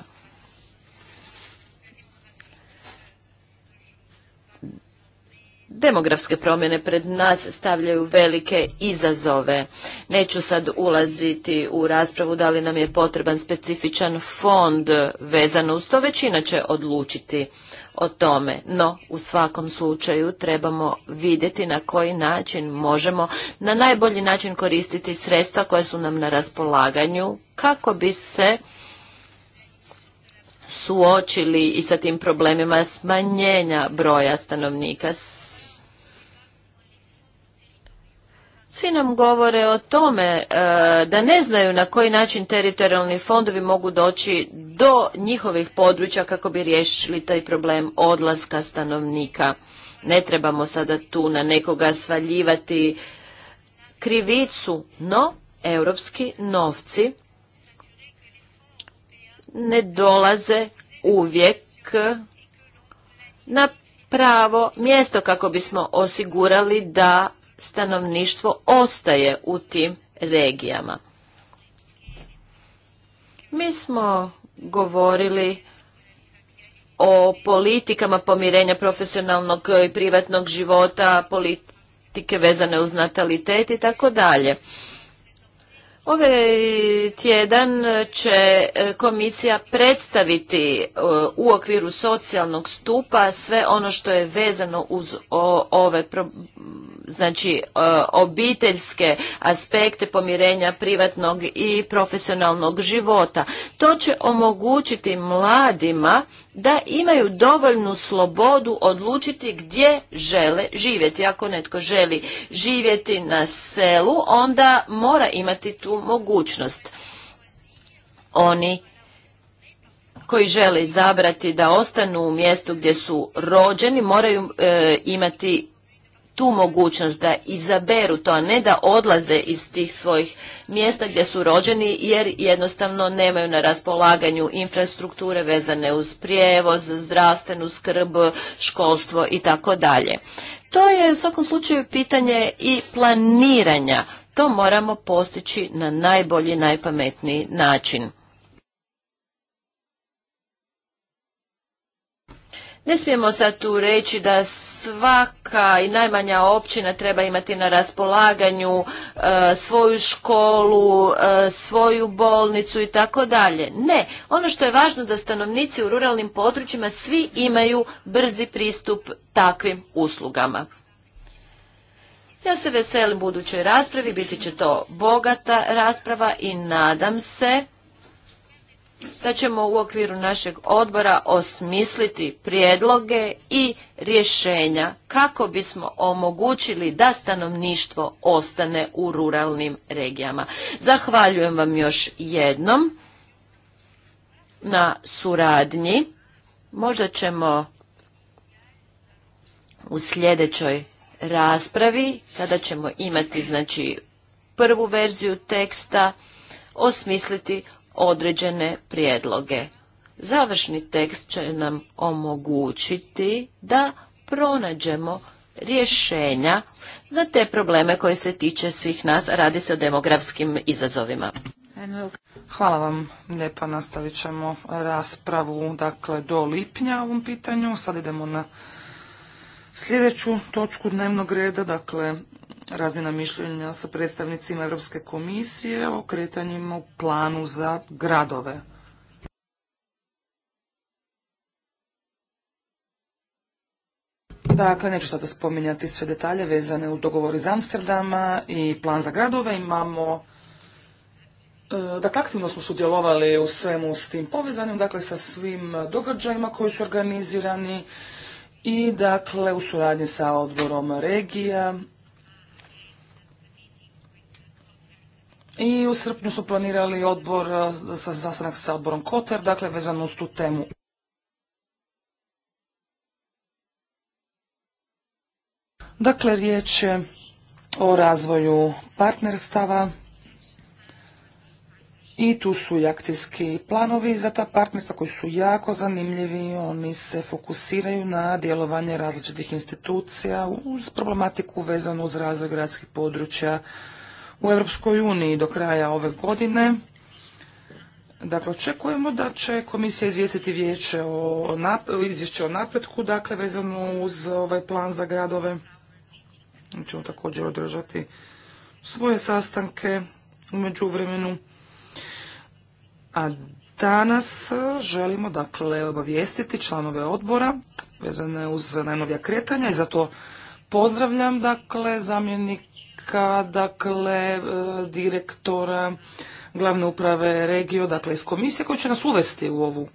demografske promjene pred nas stavljaju velike izazove. Neću sad ulaziti u raspravu da li nam je potreban specifičan fond vezano uz to, većina će odlučiti o tome, no u svakom slučaju trebamo vidjeti na koji način možemo na najbolji način koristiti sredstva koja su nam na raspolaganju kako bi se suočili i sa tim problemima smanjenja broja stanovnika svi nam govore o tome e, da ne znaju na koji način teritorijalni fondovi mogu doći do njihovih područja kako bi riješili taj problem odlaska stanovnika. Ne trebamo sada tu na nekoga svaljivati krivicu, no europski novci ne dolaze uvijek na pravo mjesto kako bismo osigurali da stanovništvo ostaje u tim regijama. Mi smo govorili o politikama pomirenja profesionalnog i privatnog života, politike vezane uz natalitet i tako dalje. Ove ovaj tjedan će e, komisija predstaviti e, u okviru socijalnog stupa sve ono što je vezano uz ove znači e, obiteljske aspekte pomirenja privatnog i profesionalnog života. To će omogućiti mladima da imaju dovoljnu slobodu odlučiti gdje žele živjeti. Ako netko želi živjeti na selu, onda mora imati tu mogućnost. Oni koji žele izabrati da ostanu u mjestu gdje su rođeni moraju e, imati tu mogućnost da izaberu to, a ne da odlaze iz tih svojih mjesta gdje su rođeni jer jednostavno nemaju na raspolaganju infrastrukture vezane uz prijevoz, zdravstvenu skrb, školstvo i tako dalje. To je u svakom slučaju pitanje i planiranja. To moramo postići na najbolji, najpametniji način. Ne smijemo sad tu reći da svaka i najmanja općina treba imati na raspolaganju e, svoju školu, e, svoju bolnicu i tako dalje. Ne, ono što je važno da stanovnici u ruralnim područjima svi imaju brzi pristup takvim uslugama. Ja se veselim budućoj raspravi, biti će to bogata rasprava i nadam se da ćemo u okviru našeg odbora osmisliti prijedloge i rješenja kako bismo omogućili da stanovništvo ostane u ruralnim regijama. Zahvaljujem vam još jednom na suradnji. Možda ćemo u sljedećoj raspravi, kada ćemo imati znači prvu verziju teksta, osmisliti određene prijedloge. Završni tekst će nam omogućiti da pronađemo rješenja za te probleme koje se tiče svih nas, a radi se o demografskim izazovima. Hvala vam lijepa, nastavit ćemo raspravu dakle, do lipnja u ovom pitanju. Sad idemo na sljedeću točku dnevnog reda, dakle razmjena mišljenja sa predstavnicima Europske komisije o kretanjima u planu za gradove. Dakle, neću sada spominjati sve detalje vezane u dogovor iz Amsterdama i plan za gradove. Imamo, dakle, aktivno smo sudjelovali u svemu s tim povezanim, dakle, sa svim događajima koji su organizirani i, dakle, u suradnji sa odborom regija i u srpnju su planirali odbor, eh, sa sastanak sa odborom Koter, dakle vezano uz tu temu. Dakle, riječ je o razvoju partnerstava i tu su i akcijski planovi za ta partnerstva koji su jako zanimljivi. Oni se fokusiraju na djelovanje različitih institucija uz problematiku vezanu uz razvoj gradskih područja, u Europskoj uniji do kraja ove godine. Dakle, očekujemo da će komisija izvijestiti vijeće o izvješće o napretku, dakle, vezano uz ovaj plan za gradove. Mi ćemo također održati svoje sastanke u međuvremenu. A danas želimo, dakle, obavijestiti članove odbora vezane uz najnovija kretanja i zato pozdravljam, dakle, zamjenik dakle, e, direktora glavne uprave regio, dakle, iz komisije koji će nas uvesti u ovu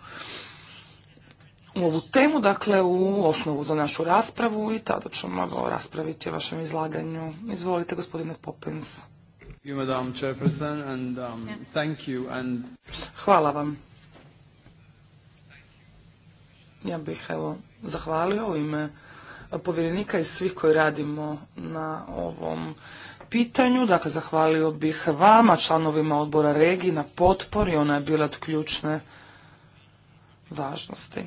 u ovu temu, dakle u osnovu za našu raspravu i tada ćemo raspraviti o vašem izlaganju. Izvolite gospodine Popens. Hvala vam. Ja bih evo zahvalio u ime povjerenika i svih koji radimo na ovom pitanju. Dakle, zahvalio bih vama, članovima odbora Regi, na potpori. Ona je bila od ključne važnosti.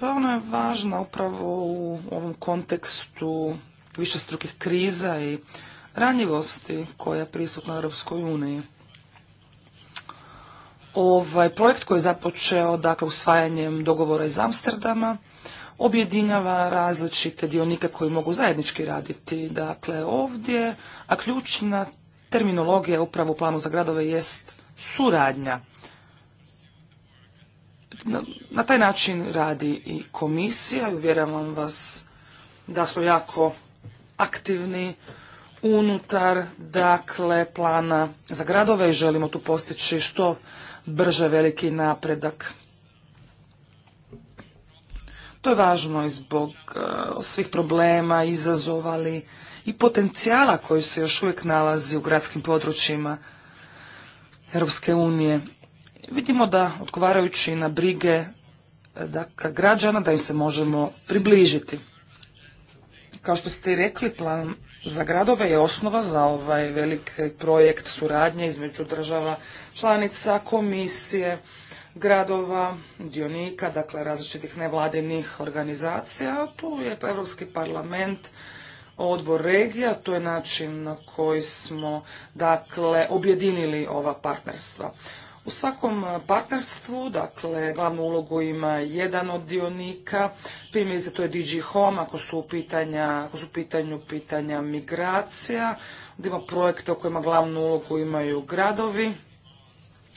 Pa ona je važna upravo u ovom kontekstu višestrukih kriza i ranjivosti koja je prisutna u Europskoj uniji. Ovaj projekt koji je započeo dakle, usvajanjem dogovora iz Amsterdama objedinjava različite dionike koji mogu zajednički raditi. Dakle, ovdje, a ključna terminologija upravo u planu za gradove jest suradnja. Na, taj način radi i komisija i uvjeravam vas da smo jako aktivni unutar dakle plana za gradove i želimo tu postići što brže veliki napredak. To je važno i zbog e, svih problema, izazovali i potencijala koji se još uvijek nalazi u gradskim područjima Europske unije. Vidimo da odgovarajući na brige e, građana da im se možemo približiti. Kao što ste i rekli, plan za gradove je osnova za ovaj velik projekt suradnje između država, članica, komisije, gradova, dionika, dakle različitih nevladinih organizacija. Tu je pa Europski parlament, odbor regija, to je način na koji smo dakle objedinili ova partnerstva. U svakom partnerstvu, dakle, glavnu ulogu ima jedan od dionika, primjerice to je DG Home, ako su u, pitanja, ako su u pitanju pitanja migracija, onda ima projekte u kojima glavnu ulogu imaju gradovi,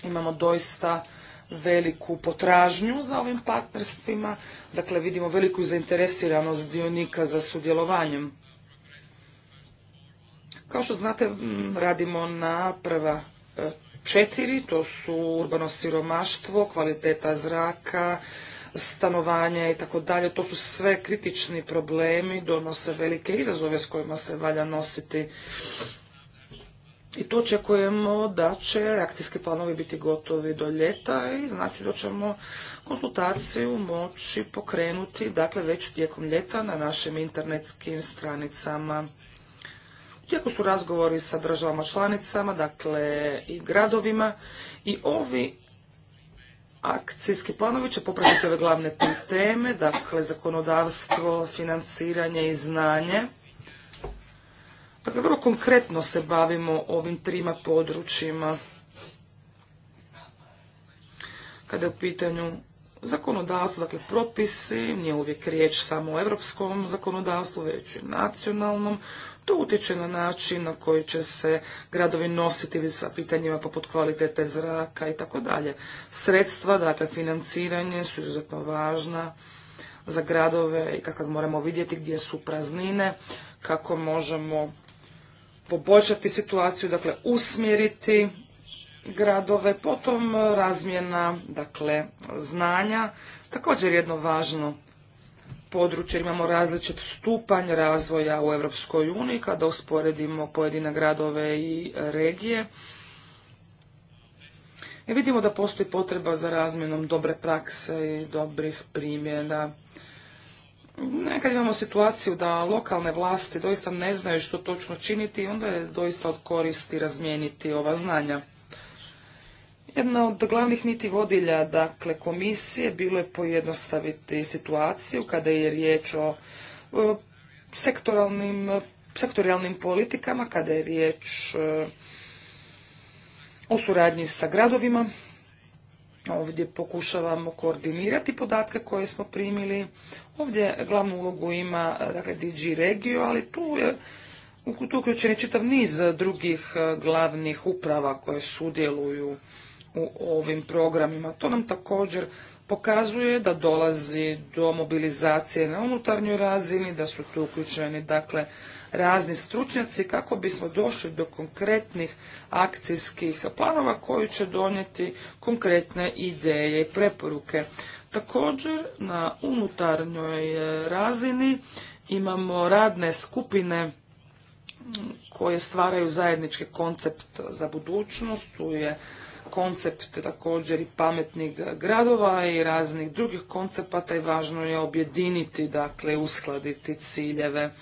imamo doista veliku potražnju za ovim partnerstvima, dakle vidimo veliku zainteresiranost dionika za sudjelovanjem. Kao što znate, radimo na prva e, četiri, to su urbano siromaštvo, kvaliteta zraka, stanovanje i tako dalje. To su sve kritični problemi, donose velike izazove s kojima se valja nositi. I to očekujemo da će akcijski planovi biti gotovi do ljeta i znači da ćemo konsultaciju moći pokrenuti dakle već tijekom ljeta na našim internetskim stranicama. U su razgovori sa državama članicama, dakle i gradovima i ovi akcijski planovi će popraviti ove glavne teme, dakle zakonodavstvo, financiranje i znanje Dakle, vrlo konkretno se bavimo ovim trima područjima. Kada je u pitanju zakonodavstvo, dakle propisi, nije uvijek riječ samo o europskom zakonodavstvu, već i nacionalnom. To utječe na način na koji će se gradovi nositi sa pitanjima poput kvalitete zraka i tako dalje. Sredstva, dakle financiranje su izuzetno važna za gradove i kakav moramo vidjeti gdje su praznine, kako možemo poboljšati situaciju, dakle usmjeriti gradove, potom razmjena dakle znanja, također jedno važno područje, imamo različit stupanj razvoja u Europskoj uniji kada usporedimo pojedine gradove i regije. I vidimo da postoji potreba za razmjenom dobre prakse i dobrih primjera. Nekad imamo situaciju da lokalne vlasti doista ne znaju što točno činiti i onda je doista od koristi razmijeniti ova znanja. Jedna od glavnih niti vodilja dakle, komisije bilo je pojednostaviti situaciju kada je riječ o sektoralnim, sektorijalnim politikama, kada je riječ e, o suradnji sa gradovima, Ovdje pokušavamo koordinirati podatke koje smo primili. Ovdje glavnu ulogu ima e, DG dakle, Regio, ali tu je tu uključen čitav niz drugih e, glavnih uprava koje sudjeluju u ovim programima. To nam također pokazuje da dolazi do mobilizacije na unutarnjoj razini, da su tu uključeni dakle razni stručnjaci kako bismo došli do konkretnih akcijskih planova koji će donijeti konkretne ideje i preporuke. Također na unutarnjoj e, razini imamo radne skupine koje stvaraju zajednički koncept za budućnost, tu je koncept također i pametnih gradova i raznih drugih koncepata i važno je objediniti, dakle uskladiti ciljeve.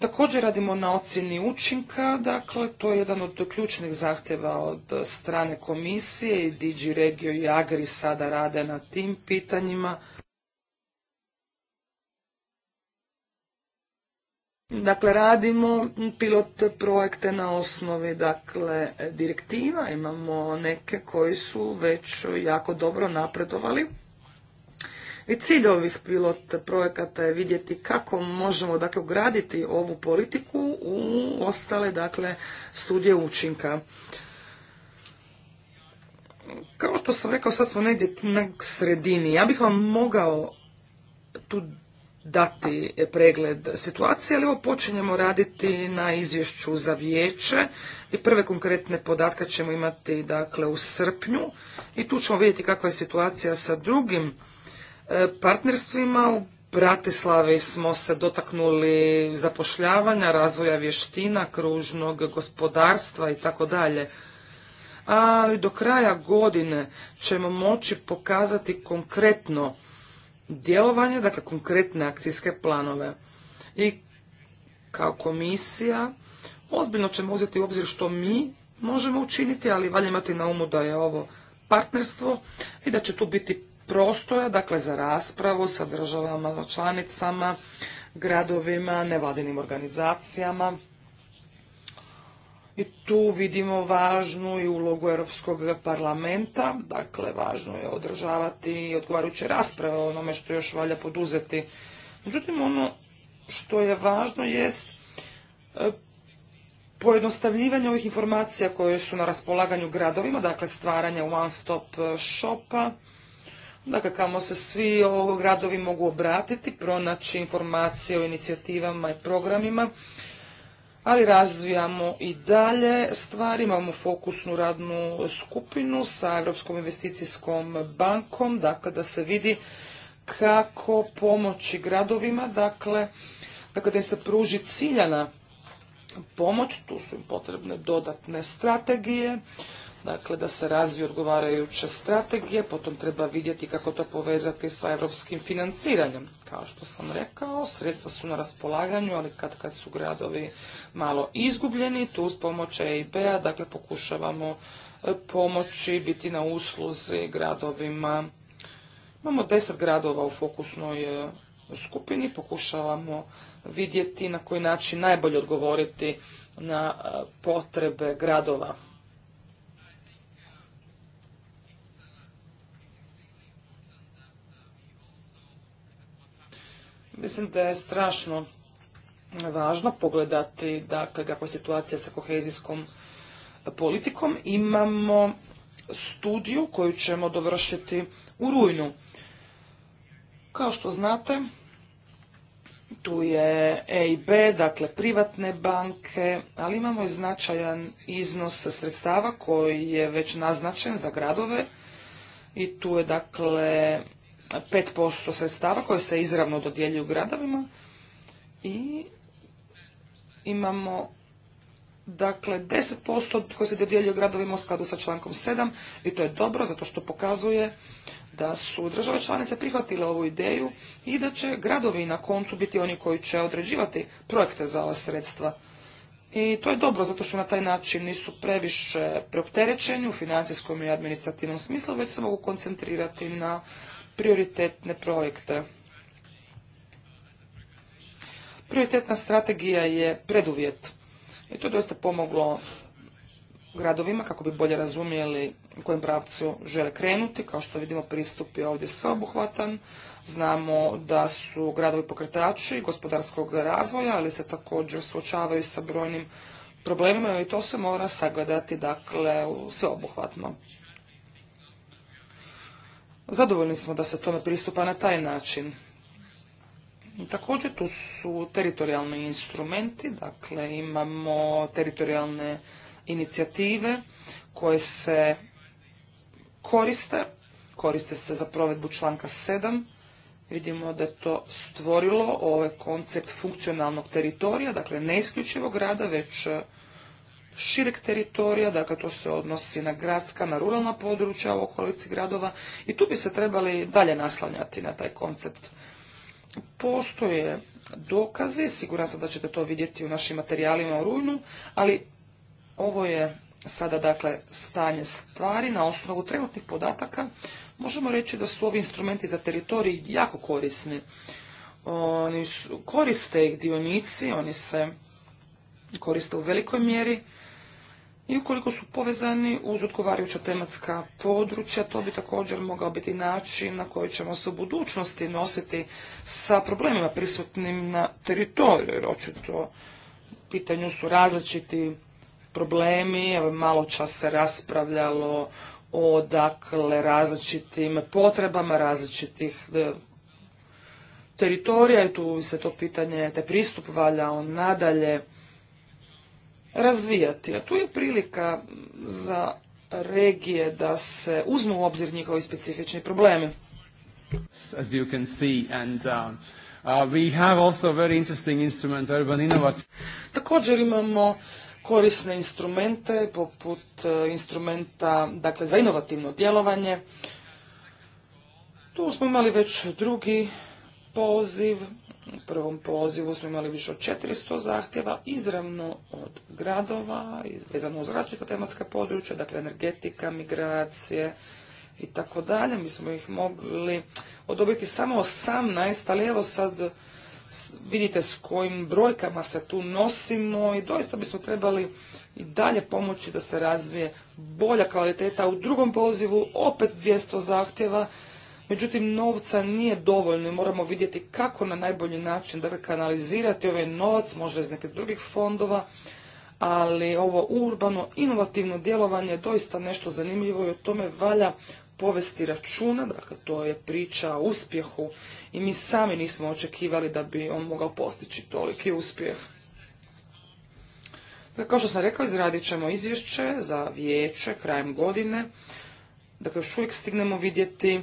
Također radimo na ocjeni učinka, dakle to je jedan od ključnih zahtjeva od strane komisije i DG Regio i Agri sada rade na tim pitanjima. Dakle, radimo pilot projekte na osnovi dakle, direktiva, imamo neke koji su već jako dobro napredovali. I cilj ovih pilot projekata je vidjeti kako možemo dakle ugraditi ovu politiku u ostale dakle studije učinka. Kao što sam rekao, sad smo negdje na sredini. Ja bih vam mogao tu dati pregled situacije, ali ovo počinjemo raditi na izvješću za vijeće i prve konkretne podatke ćemo imati dakle u srpnju i tu ćemo vidjeti kakva je situacija sa drugim E, partnerstvima. U Bratislavi smo se dotaknuli zapošljavanja, razvoja vještina, kružnog gospodarstva i tako dalje. Ali do kraja godine ćemo moći pokazati konkretno djelovanje, dakle konkretne akcijske planove. I kao komisija ozbiljno ćemo uzeti u obzir što mi možemo učiniti, ali valja imati na umu da je ovo partnerstvo i da će tu biti prostora, dakle za raspravu sa državama, članicama, gradovima, nevladinim organizacijama. I tu vidimo važnu i ulogu Europskog parlamenta, dakle važno je održavati i odgovarajuće rasprave o onome što još valja poduzeti. Međutim, ono što je važno jest e, pojednostavljivanje ovih informacija koje su na raspolaganju gradovima, dakle stvaranje one stop shopa, dakle kamo se svi gradovi mogu obratiti, pronaći informacije o inicijativama i programima, ali razvijamo i dalje stvari, imamo fokusnu radnu skupinu sa Europskom investicijskom bankom, dakle da se vidi kako pomoći gradovima, dakle, dakle da im se pruži ciljana pomoć, tu su im potrebne dodatne strategije, dakle da se razviju odgovarajuće strategije, potom treba vidjeti kako to povezati sa europskim financiranjem. Kao što sam rekao, sredstva su na raspolaganju, ali kad, kad su gradovi malo izgubljeni, tu s pomoć EIB-a, p-a, dakle pokušavamo e, pomoći, biti na usluzi gradovima. Imamo deset gradova u fokusnoj e, skupini, pokušavamo vidjeti na koji način najbolje odgovoriti na e, potrebe gradova. Mislim da je strašno važno pogledati dakle, kako je situacija sa kohezijskom politikom. Imamo studiju koju ćemo dovršiti u rujnu. Kao što znate, tu je EIB, dakle privatne banke, ali imamo i značajan iznos sredstava koji je već naznačen za gradove i tu je dakle 5% sredstava koje se izravno dodjeljuju gradovima i imamo dakle 10% koje se dodjeljuje gradovima u skladu sa člankom 7 i to je dobro zato što pokazuje da su države članice prihvatile ovu ideju i da će gradovi na koncu biti oni koji će određivati projekte za ova sredstva. I to je dobro zato što na taj način nisu previše preopterećeni u financijskom i administrativnom smislu, već se mogu koncentrirati na prioritetne projekte. Prioritetna strategija je preduvjet i to je dosta pomoglo gradovima kako bi bolje razumjeli u kojem pravcu žele krenuti. Kao što vidimo pristup je ovdje sveobuhvatan. Znamo da su gradovi pokretači gospodarskog razvoja, ali se također suočavaju sa brojnim problemima i to se mora sagledati dakle sveobuhvatno. Zadovoljni smo da se tome pristupa na taj način. Također tu su teritorijalni instrumenti, dakle imamo teritorijalne inicijative koje se koriste, koriste se za provedbu članka 7. Vidimo da je to stvorilo ovaj koncept funkcionalnog teritorija, dakle ne isključivog rada, već šireg teritorija, dakle to se odnosi na gradska, na ruralna područja u okolici gradova i tu bi se trebali dalje naslanjati na taj koncept. Postoje dokazi, siguran sam da ćete to vidjeti u našim materijalima u rujnu, ali ovo je sada dakle stanje stvari na osnovu trenutnih podataka. Možemo reći da su ovi instrumenti za teritorij jako korisni. Oni su, koriste ih dionici, oni se koriste u velikoj mjeri i ukoliko su povezani uz odgovarajuća tematska područja, to bi također mogao biti način na koji ćemo se u budućnosti nositi sa problemima prisutnim na teritoriju, jer očito u pitanju su različiti problemi, evo malo čas se raspravljalo o dakle različitim potrebama različitih e, teritorija i tu se to pitanje, te pristup valja on nadalje razvijati. A tu je prilika za regije da se uzmu u obzir njihovi specifični problemi. instrument Također imamo korisne instrumente poput uh, instrumenta dakle za inovativno djelovanje. Tu smo imali već drugi poziv u prvom pozivu smo imali više od 400 zahtjeva izravno od gradova, vezano uz različita tematska područja, dakle energetika, migracije i tako dalje. Mi smo ih mogli odobiti samo 18, ali evo sad vidite s kojim brojkama se tu nosimo i doista bismo trebali i dalje pomoći da se razvije bolja kvaliteta. U drugom pozivu opet 200 zahtjeva međutim novca nije dovoljno i moramo vidjeti kako na najbolji način da kanalizirati ovaj novac, možda iz nekih drugih fondova, ali ovo urbano, inovativno djelovanje je doista nešto zanimljivo i o tome valja povesti računa, dakle to je priča o uspjehu i mi sami nismo očekivali da bi on mogao postići toliki uspjeh. Dakle, kao što sam rekao, izradit ćemo izvješće za vijeće krajem godine. Dakle, još uvijek stignemo vidjeti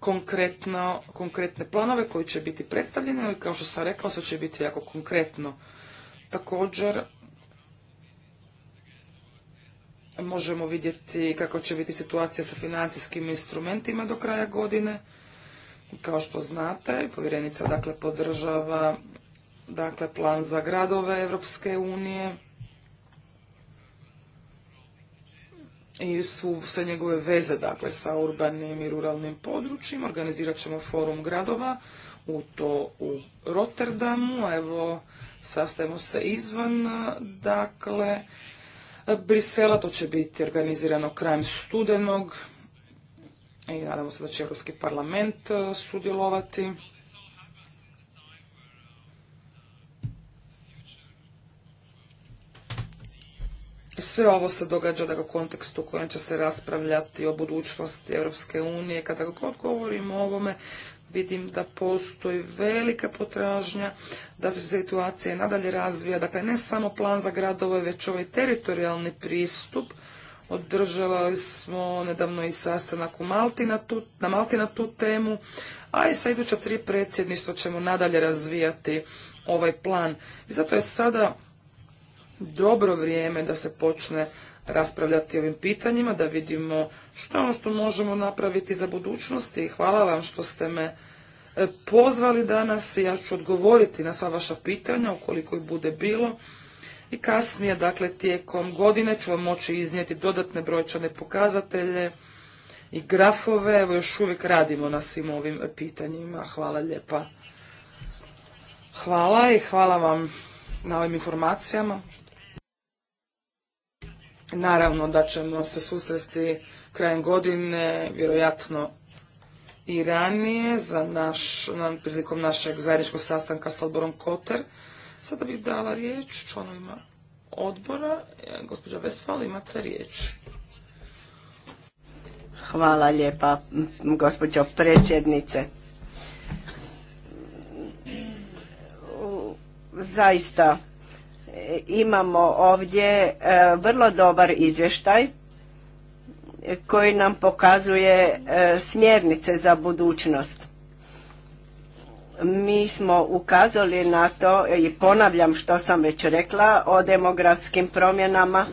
konkretno, konkretne planove koji će biti predstavljeni, ali kao što sam rekao, sve će biti jako konkretno. Također, možemo vidjeti kako će biti situacija sa financijskim instrumentima do kraja godine. Kao što znate, povjerenica dakle podržava dakle plan za gradove Europske unije. i su sve njegove veze dakle, sa urbanim i ruralnim područjima. Organizirat ćemo forum gradova u to u Rotterdamu. Evo, sastajemo se izvan, dakle, Brisela. To će biti organizirano krajem studenog. I nadamo se da će Europski parlament e, sudjelovati. sve ovo se događa u kontekstu u kojem će se raspravljati o budućnosti Europske unije. Kada god govorimo o ovome, vidim da postoji velika potražnja, da se situacija nadalje razvija. Dakle, ne samo plan za gradove, već ovaj teritorijalni pristup. održavali smo nedavno i sastanak u Malti na tu, na Malti na tu temu, a i sa iduća tri predsjedništva ćemo nadalje razvijati ovaj plan. I zato je sada dobro vrijeme da se počne raspravljati ovim pitanjima, da vidimo što je ono što možemo napraviti za budućnost i hvala vam što ste me e, pozvali danas i ja ću odgovoriti na sva vaša pitanja ukoliko ih bude bilo i kasnije, dakle tijekom godine ću vam moći iznijeti dodatne brojčane pokazatelje i grafove, evo još uvijek radimo na svim ovim pitanjima, hvala lijepa. Hvala i hvala vam na ovim informacijama. Naravno da ćemo se susresti krajem godine, vjerojatno i ranije, za naš, prilikom našeg zajedničkog sastanka s odborom Koter. Sada bih dala riječ članovima odbora. E, gospođa Westfall, imate riječ. Hvala lijepa, gospođo predsjednice. Zaista, imamo ovdje e, vrlo dobar izvještaj koji nam pokazuje e, smjernice za budućnost. Mi smo ukazali na to i ponavljam što sam već rekla o demografskim promjenama.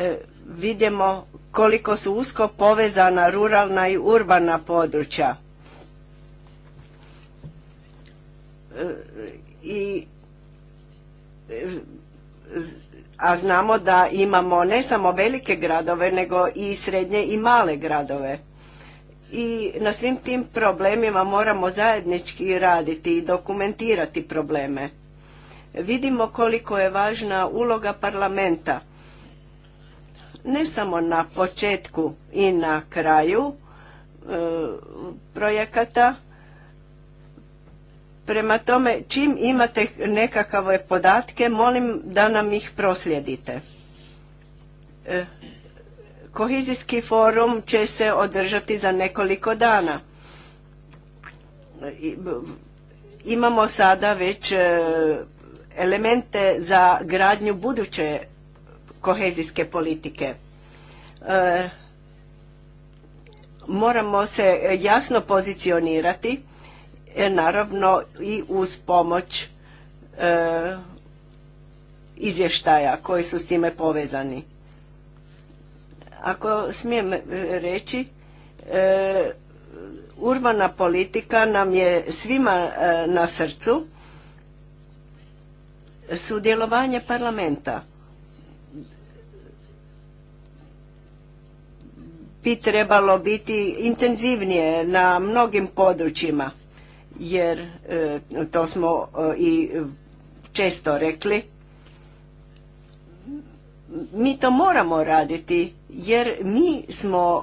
E, vidimo koliko su usko povezana ruralna i urbana područja. I a znamo da imamo ne samo velike gradove nego i srednje i male gradove i na svim tim problemima moramo zajednički raditi i dokumentirati probleme vidimo koliko je važna uloga parlamenta ne samo na početku i na kraju e, projekata Prema tome, čim imate nekakve podatke, molim da nam ih proslijedite. E, kohezijski forum će se održati za nekoliko dana. imamo sada već e, elemente za gradnju buduće kohezijske politike. E, moramo se jasno pozicionirati E, naravno i uz pomoć e, izvještaja koji su s time povezani. Ako smijem e, reći, e, urbana politika nam je svima e, na srcu sudjelovanje parlamenta. bi trebalo biti intenzivnije na mnogim područjima jer e, to smo e, i često rekli mi to moramo raditi jer mi smo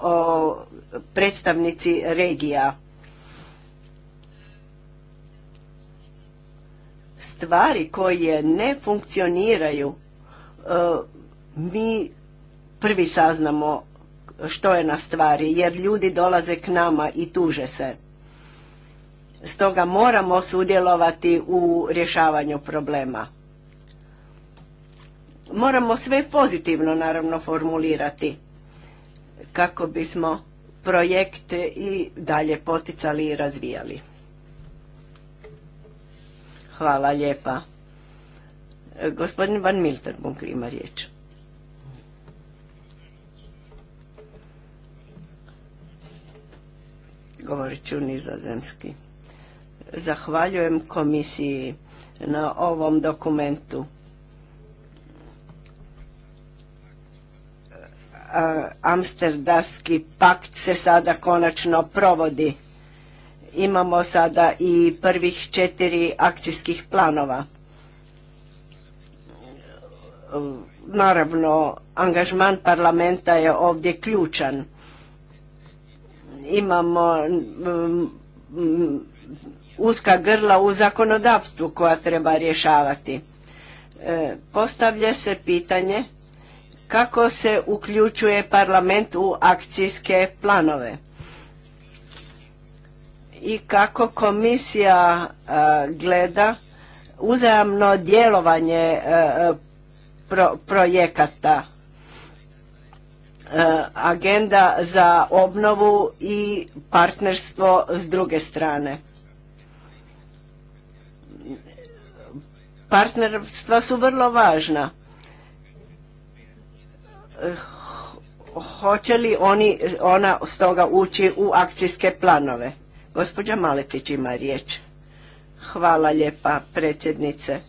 predstavnici regija stvari koje ne funkcioniraju e, mi prvi saznamo što je na stvari jer ljudi dolaze k nama i tuže se Stoga moramo sudjelovati u rješavanju problema. Moramo sve pozitivno naravno formulirati kako bismo projekte i dalje poticali i razvijali. Hvala lijepa. Gospodin Van Milterbunk ima riječ. Govorit ću nizozemski. Zahvaljujem komisiji na ovom dokumentu. Amsterdamski pakt se sada konačno provodi. Imamo sada i prvih četiri akcijskih planova. Naravno, angažman parlamenta je ovdje ključan. Imamo uska grla u zakonodavstvu koja treba rješavati. E, postavlja se pitanje kako se uključuje parlament u akcijske planove i kako komisija e, gleda uzajamno djelovanje e, projekata agenda za obnovu i partnerstvo s druge strane partnerstva su vrlo važna. Hoće li oni, ona stoga ući u akcijske planove? Gospođa Maletić ima riječ. Hvala lijepa predsjednice.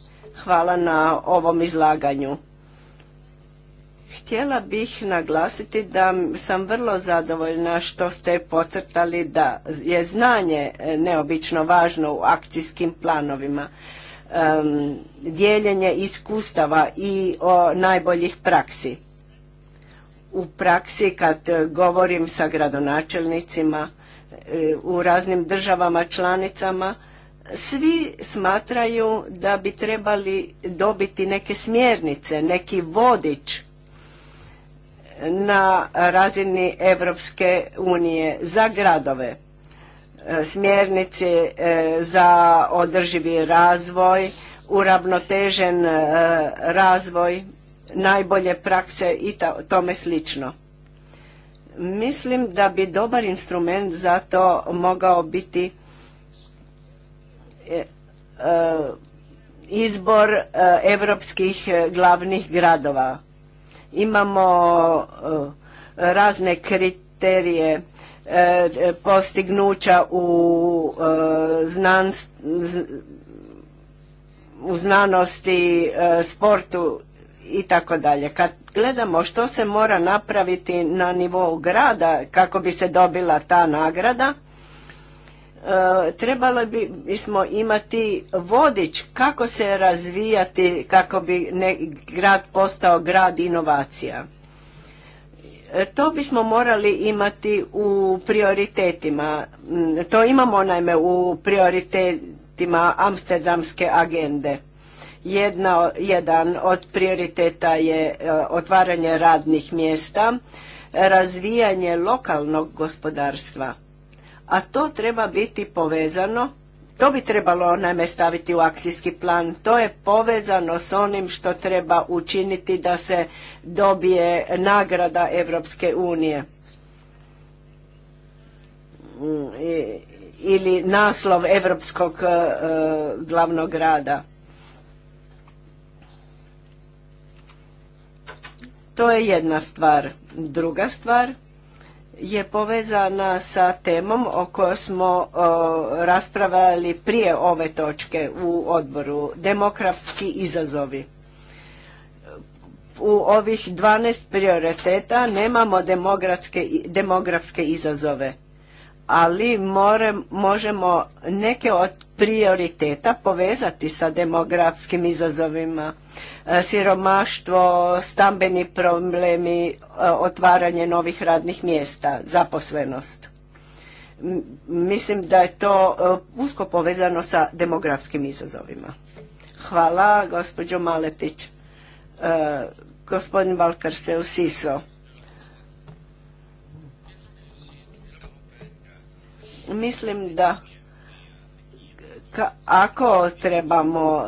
Hvala na ovom izlaganju. Htjela bih naglasiti da sam vrlo zadovoljna što ste pocrtali da je znanje neobično važno u akcijskim planovima um, dijeljenje iskustava i o najboljih praksi. U praksi kad govorim sa gradonačelnicima e, u raznim državama članicama, svi smatraju da bi trebali dobiti neke smjernice, neki vodič na razini Evropske unije za gradove E, smjernici e, za održivi razvoj, uravnotežen e, razvoj, najbolje prakse i tome slično. Mislim da bi dobar instrument za to mogao biti izbor evropskih glavnih gradova. Imamo razne kriterije E, postignuća u, e, u znanosti, e, sportu i tako dalje. Kad gledamo što se mora napraviti na nivou grada kako bi se dobila ta nagrada, trebalo bi bismo imati vodič kako se razvijati kako bi grad postao grad inovacija E, to bismo morali imati u prioritetima. Mm, to imamo naime u prioritetima Amsterdamske agende. Jedna, jedan od prioriteta je e, otvaranje radnih mjesta, razvijanje lokalnog gospodarstva. A to treba biti povezano to bi trebalo naime staviti u akcijski plan. To je povezano s onim što treba učiniti da se dobije nagrada Evropske unije mm, ili naslov Evropskog e, glavnog rada. To je jedna stvar. Druga stvar – je povezana sa temom o kojoj smo raspravljali prije ove točke u odboru, demografski izazovi. U ovih 12 prioriteta nemamo demografske izazove ali more, možemo neke od prioriteta povezati sa demografskim izazovima, e, siromaštvo, stambeni problemi, e, otvaranje novih radnih mjesta, zaposlenost. Mislim da je to e, usko povezano sa demografskim izazovima. Hvala, gospođo Maletić. gospodin Valkar se usiso. Mislim da ako trebamo e,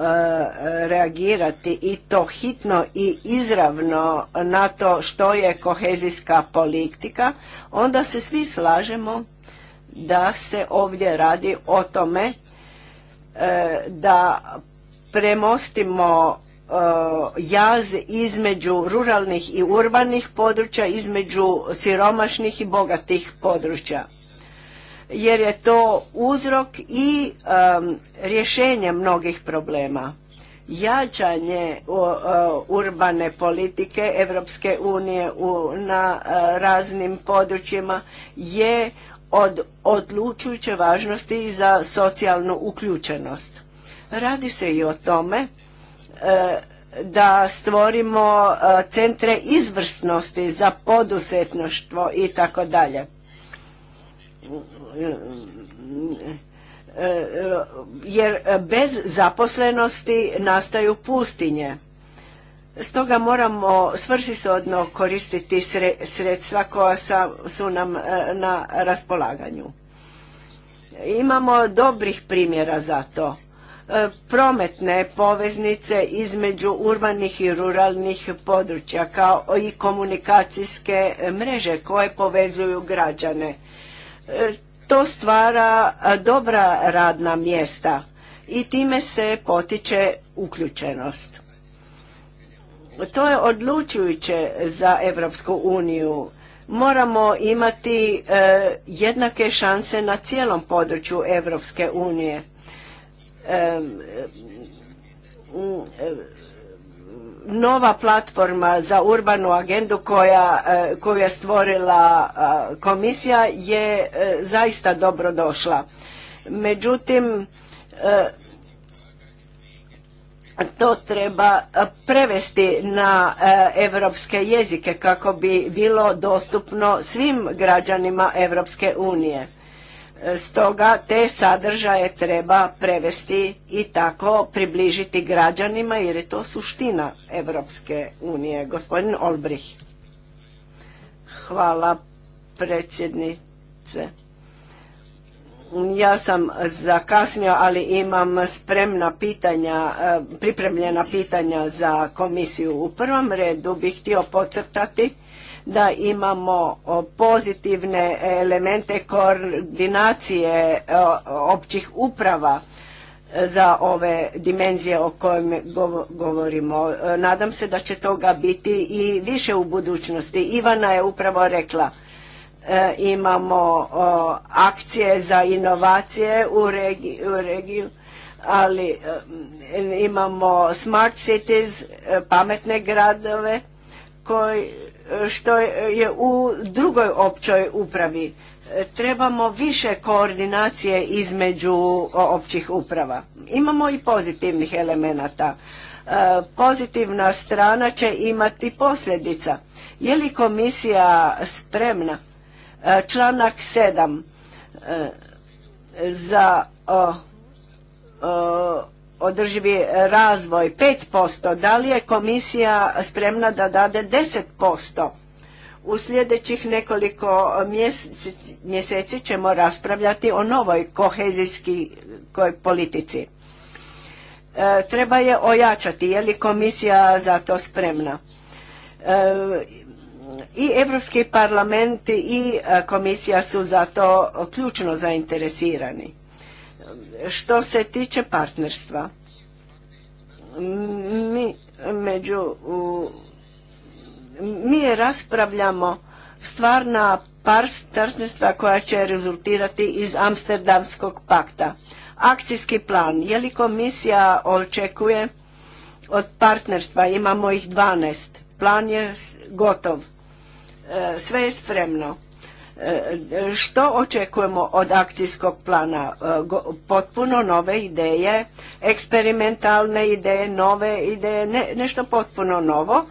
reagirati i to hitno i izravno na to što je kohezijska politika, onda se svi slažemo da se ovdje radi o tome e, da premostimo e, jaz između ruralnih i urbanih područja, između siromašnih i bogatih područja jer je to uzrok i rješenje mnogih problema. Jačanje urbane politike Europske unije na e, raznim područjima je od odlučujuće važnosti za socijalnu uključenost. Radi se i o tome e, da stvorimo e, centre izvrsnosti za poduzetnoštvo i tako dalje jer bez zaposlenosti nastaju pustinje. Stoga moramo svrsisodno koristiti sredstva koja su nam e, na raspolaganju. Imamo dobrih primjera za to. E, prometne poveznice između urbanih i ruralnih područja kao i komunikacijske mreže koje povezuju građane e, to stvara dobra radna mjesta i time se potiče uključenost. To je odlučujuće za Europsku uniju. Moramo imati e, jednake šanse na cijelom području Europske unije nova platforma za urbanu agendu koja, e, koju je stvorila e, komisija je e, zaista dobro došla. Međutim, to treba prevesti na evropske jezike kako bi bilo dostupno svim građanima Evropske unije. Stoga te sadržaje treba prevesti i tako približiti građanima jer je to suština Evropske unije. Gospodin Olbrih. Hvala predsjednice. Ja sam zakasnio, ali imam spremna pitanja, pripremljena pitanja za komisiju. U prvom redu bih htio podcrtati da imamo pozitivne elemente koordinacije općih uprava e, za ove dimenzije o kojim govorimo. E, nadam se da će toga biti i više u budućnosti. Ivana je upravo rekla e, imamo akcije za inovacije u regiju, ali imamo smart cities, pametne gradove koji što je u drugoj općoj upravi. E, trebamo više koordinacije između općih uprava. Imamo i pozitivnih elemenata. E, pozitivna strana će imati posljedica. Je li komisija spremna? E, članak 7 za održivi razvoj 5%, da li je komisija spremna da dade 10%? U sljedećih nekoliko mjeseci, ćemo raspravljati o novoj kohezijskoj politici. E, treba je ojačati, je li komisija za to spremna? E, I Europski parlament i e, komisija su za to ključno zainteresirani. Što se tiče partnerstva, mi među mi raspravljamo stvarna partnerstva koja će rezultirati iz Amsterdamskog pakta. Akcijski plan. Je li komisija očekuje od partnerstva? Imamo ih 12. Plan je gotov. E, sve je spremno što očekujemo od akcijskog plana? E, potpuno nove ideje, eksperimentalne ideje, nove ideje, nešto potpuno novo.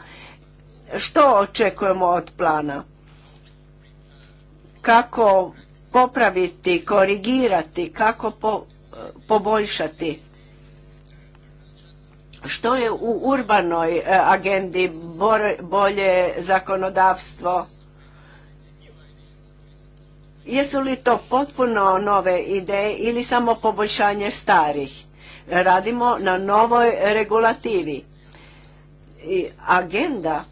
Što očekujemo od plana? Kako popraviti, korigirati, kako poboljšati? Što je u urbanoj e, agendi bolje zakonodavstvo? Jesu li to potpuno nove ideje ili samo poboljšanje starih? Radimo na novoj regulativi. agenda,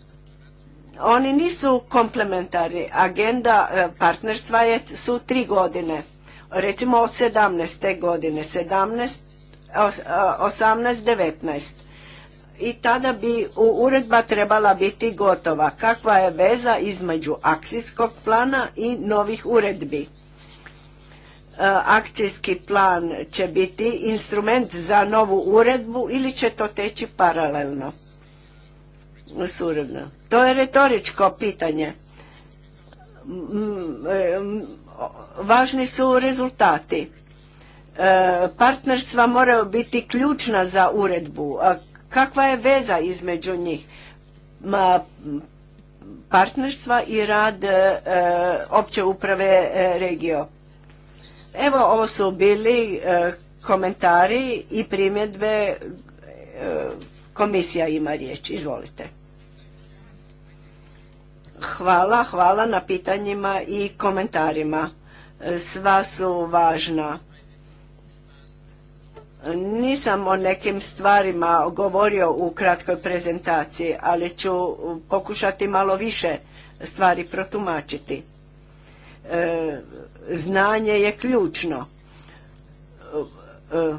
oni nisu komplementari. Agenda e, partnerstva su tri godine. Recimo od 17. godine, 17, 18, 19 i tada bi uredba trebala biti gotova. Kakva je veza između akcijskog plana i novih uredbi? E, akcijski plan će biti instrument za novu uredbu ili će to teći paralelno? Suredno. To je retoričko pitanje. Mm, e, mm, važni su rezultati. E, partnerstva moraju biti ključna za uredbu. Kakva je veza između njih? Ma, partnerstva i rad e, opće uprave e, regio. Evo ovo su bili e, komentari i primjedbe. E, komisija ima riječ. Izvolite. Hvala, hvala na pitanjima i komentarima. Sva su važna. Nisam o nekim stvarima govorio u kratkoj prezentaciji, ali ću pokušati malo više stvari protumačiti. E, znanje je ključno. E, e,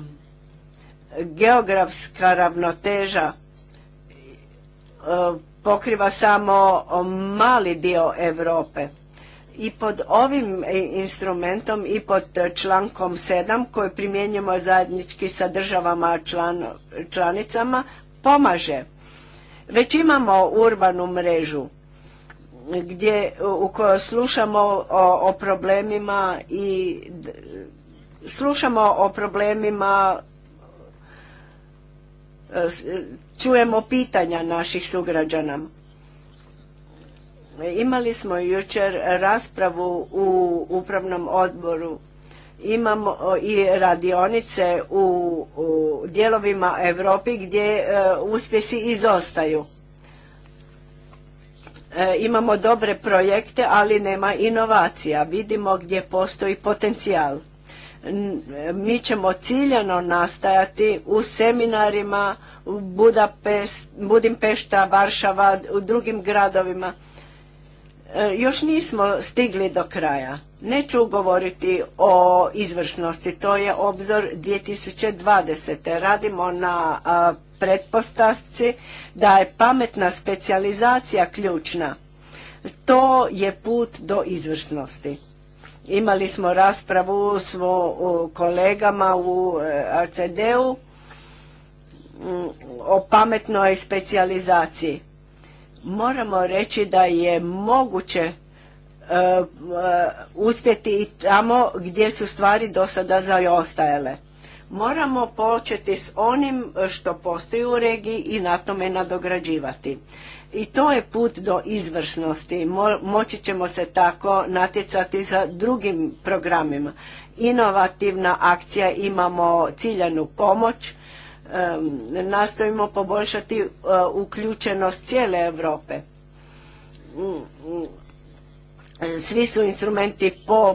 geografska ravnoteža pokriva samo mali dio Europe i pod ovim e, instrumentom i pod e, člankom 7 koje primjenjujemo zajednički sa državama članicama pomaže. Već imamo urbanu mrežu gdje, u kojoj slušamo o, o problemima i slušamo o problemima e, čujemo pitanja naših sugrađana Imali smo jučer raspravu u upravnom odboru. Imamo i radionice u, dijelovima Europi gdje e, uspjesi izostaju. E, imamo dobre projekte, ali nema inovacija. Vidimo gdje postoji potencijal. mi ćemo ciljano nastajati u seminarima u Budimpešta, Varšava, u drugim gradovima E, još nismo stigli do kraja. Neću govoriti o izvrsnosti, to je obzor 2020. Radimo na pretpostavci da je pametna specijalizacija ključna. To je put do izvrsnosti. Imali smo raspravu s kolegama u e, ACD-u mm, o pametnoj specijalizaciji moramo reći da je moguće e, e, uspjeti i tamo gdje su stvari do sada zaostajale. Moramo početi s onim što postoji u regiji i na tome nadograđivati. I to je put do izvrsnosti. moći ćemo se tako natjecati sa drugim programima. Inovativna akcija imamo ciljanu pomoć, nastojimo poboljšati eh, uključenost cijele Europe. Svi su instrumenti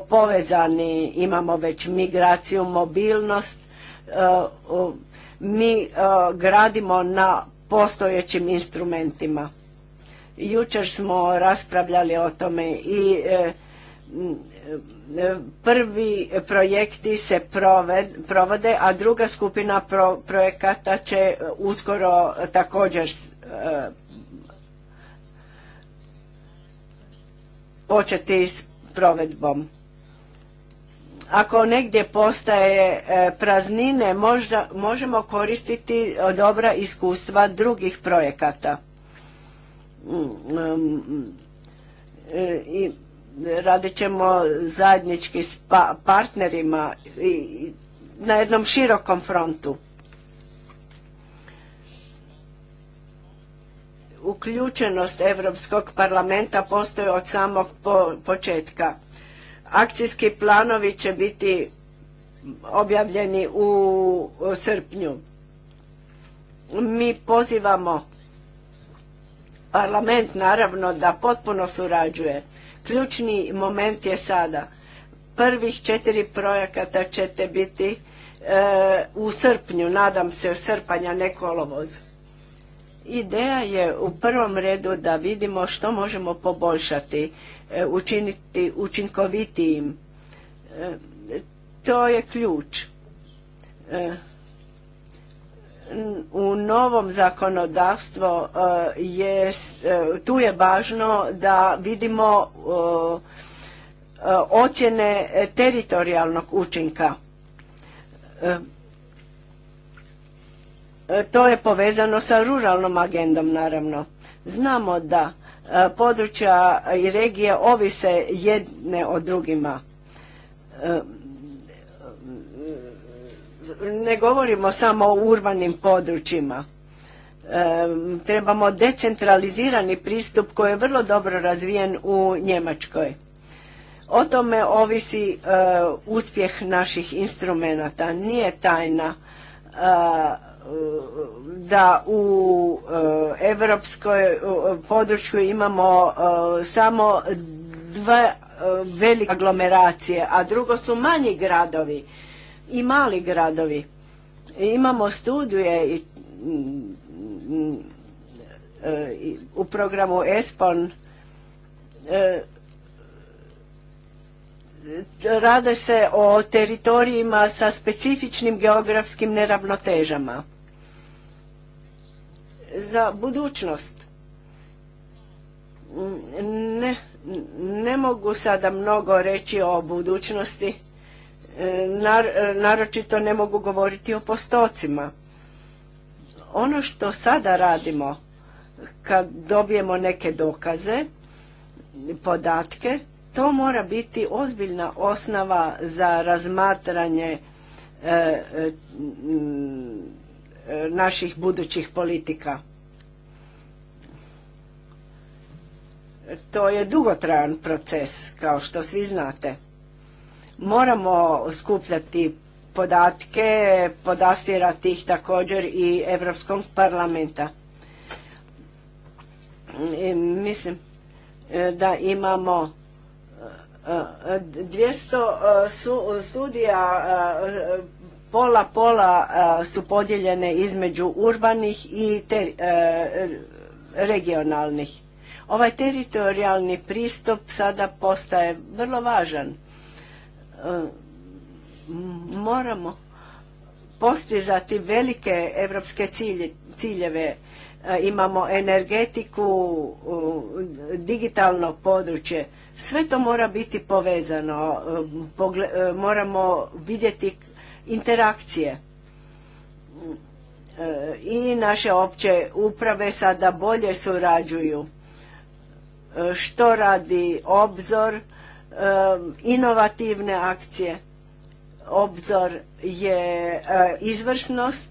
povezani, imamo već migraciju, mobilnost. Eh, mi eh, gradimo na postojećim instrumentima. Jučer smo raspravljali o tome i prvi projekti se provode, a druga skupina projekata će uskoro također e, početi s provedbom. Ako negdje postaje e, praznine, možemo koristiti e, dobra iskustva drugih projekata. Mm, mm, mm, I radit ćemo zajednički s pa, partnerima i na jednom širokom frontu. Uključenost Europskog parlamenta postoji od samog početka. Akcijski planovi će biti objavljeni u srpnju. Mi pozivamo parlament naravno da potpuno surađuje Ključni moment je sada. Prvih četiri projekata ćete biti e, u srpnju, nadam se, srpanja, ne kolovoz. Ideja je u prvom redu da vidimo što možemo poboljšati, e, učiniti učinkovitijim. E, to je ključ u novom zakonodavstvu e, je, e, tu je važno da vidimo e, ocjene teritorijalnog učinka. To je povezano sa ruralnom agendom naravno. Znamo da područja i regije ovise jedne od drugima ne govorimo samo o urbanim područjima. E, trebamo decentralizirani pristup koji je vrlo dobro razvijen u Njemačkoj. O tome ovisi e, uspjeh naših instrumenata. Nije tajna e, da u evropskoj području imamo samo dva velike aglomeracije, a drugo su manji gradovi i mali gradovi. Imamo studije i, mm, e, u programu ESPON e, rade se o teritorijima sa specifičnim geografskim neravnotežama. Za budućnost mm, ne, ne mogu sada mnogo reći o budućnosti E, e, naročito ne mogu govoriti o postocima. Ono što sada radimo kad dobijemo neke dokaze, podatke, to mora biti ozbiljna osnova za razmatranje e, naših budućih politika. To je dugotrajan proces, kao što svi znate. Moramo skupljati podatke, podastirati ih također i Europskog parlamenta. mislim e, da imamo 200 e, e, studija pola pola su podijeljene između urbanih i regionalnih. Ovaj teritorijalni pristup sada postaje vrlo važan moramo postizati velike evropske ciljeve. E, imamo energetiku, digitalno područje. Sve to mora biti povezano. E, e, moramo vidjeti interakcije. I naše opće uprave sada bolje surađuju. Što radi obzor? inovativne akcije. Obzor je e, izvrsnost,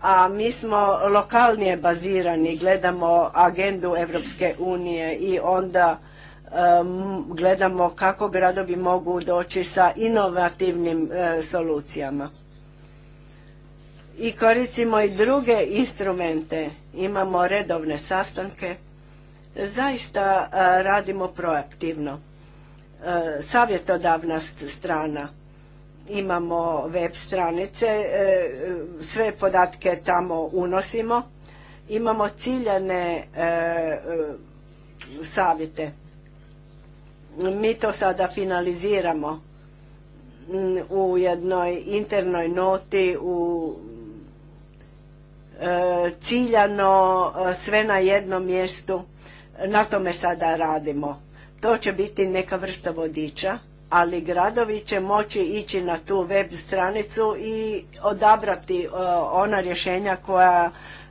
a mi smo lokalnije bazirani, gledamo agendu Europske unije i onda gledamo kako gradovi mogu doći sa inovativnim e, solucijama. I koristimo i druge instrumente, imamo redovne sastanke, zaista e, radimo proaktivno. E, savjetodavna strana. Imamo web stranice, e, sve podatke tamo unosimo. Imamo ciljane e, savjete. Mi to sada finaliziramo mm, u jednoj internoj noti u ciljano sve na jednom mjestu na tome sada radimo to će biti neka vrsta vodiča, ali gradovi će moći ići na tu web stranicu i odabrati e, ona rješenja koja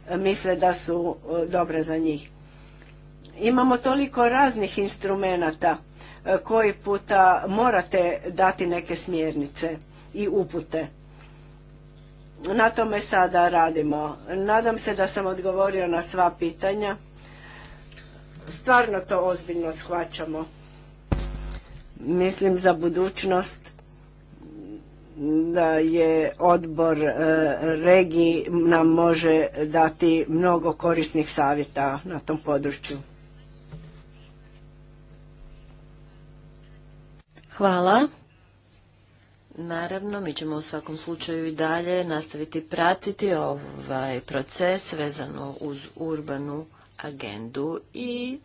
e, misle da su e, dobra za njih. Imamo toliko raznih instrumenata koji puta morate dati neke smjernice i upute. Na tome sada radimo. Nadam se da sam odgovorio na sva pitanja stvarno to ozbiljno shvaćamo. Mislim za budućnost da je odbor e, regiji nam može dati mnogo korisnih savjeta na tom području. Hvala. Naravno, mi ćemo u svakom slučaju i dalje nastaviti pratiti ovaj proces vezano uz urbanu agendu i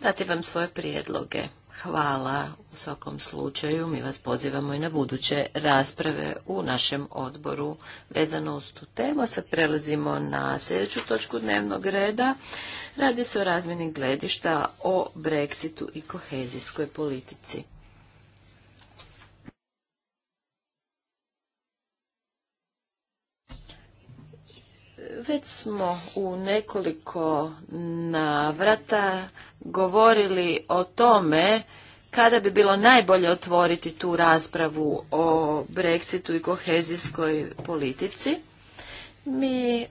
dati vam svoje prijedloge. Hvala u svakom slučaju. Mi vas pozivamo i na buduće rasprave u našem odboru vezano uz tu temu. Sad prelazimo na sljedeću točku dnevnog reda. Radi se o razmjeni gledišta o Brexitu i kohezijskoj politici. Već smo u nekoliko navrata govorili o tome kada bi bilo najbolje otvoriti tu raspravu o Brexitu i kohezijskoj politici. Mi e,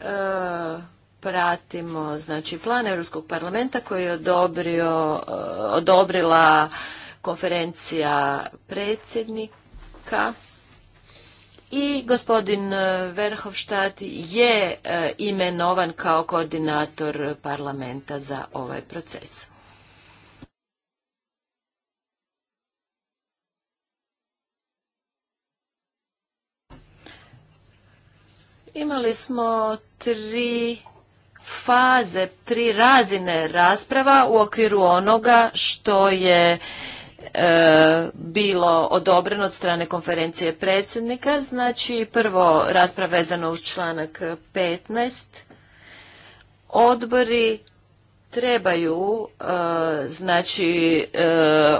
pratimo znači plan Europskog parlamenta koji je odobrio, e, odobrila konferencija predsjednika i gospodin e, Verhofstadt je e, imenovan kao koordinator parlamenta za ovaj proces. Imali smo tri faze, tri razine rasprava u okviru onoga što je E, bilo odobreno od strane konferencije predsjednika. Znači, prvo rasprava vezana uz članak 15. Odbori trebaju e, znači e,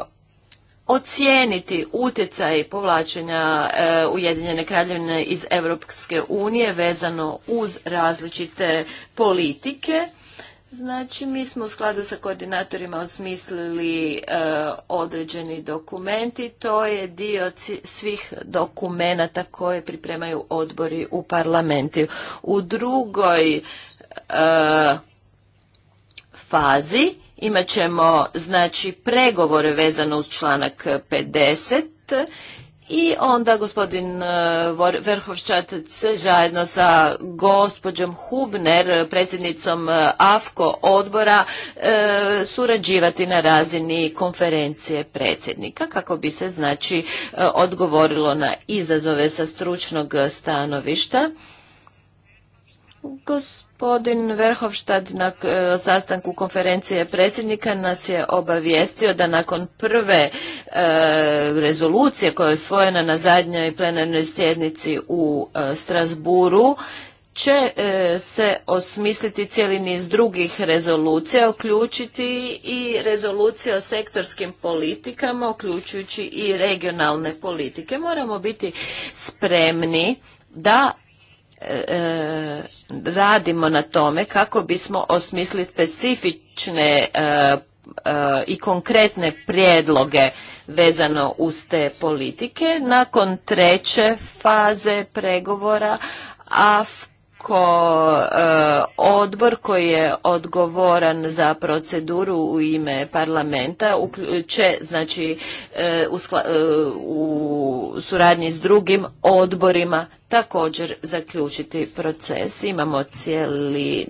ocijeniti utjecaj povlačenja Ujedinjene kraljevine iz Europske unije vezano uz različite politike Znači, mi smo u skladu sa koordinatorima osmislili e, određeni dokumenti. To je dio svih dokumenata koje pripremaju odbori u parlamentu. U drugoj e, fazi imat ćemo znači, pregovore vezano uz članak 50 i onda gospodin e, Verhofstadt se zajedno sa gospođom Hubner, predsjednicom e, AFKO odbora, e, surađivati na razini konferencije predsjednika kako bi se znači odgovorilo na izazove sa stručnog stanovišta. Gospodin Verhofstadt na e, sastanku konferencije predsjednika nas je obavijestio da nakon prve e, rezolucije koja je usvojena na zadnjoj plenarnoj sjednici u e, Strasburu će e, se osmisliti cijeli niz drugih rezolucija, uključiti i rezolucije o sektorskim politikama, uključujući i regionalne politike. Moramo biti spremni da E, radimo na tome kako bismo osmislili specifične e, e, i konkretne prijedloge vezano uz te politike. Nakon treće faze pregovora a ko e, odbor koji je odgovoran za proceduru u ime parlamenta će znači e, u, e, u suradnji s drugim odborima također zaključiti proces imamo cijeli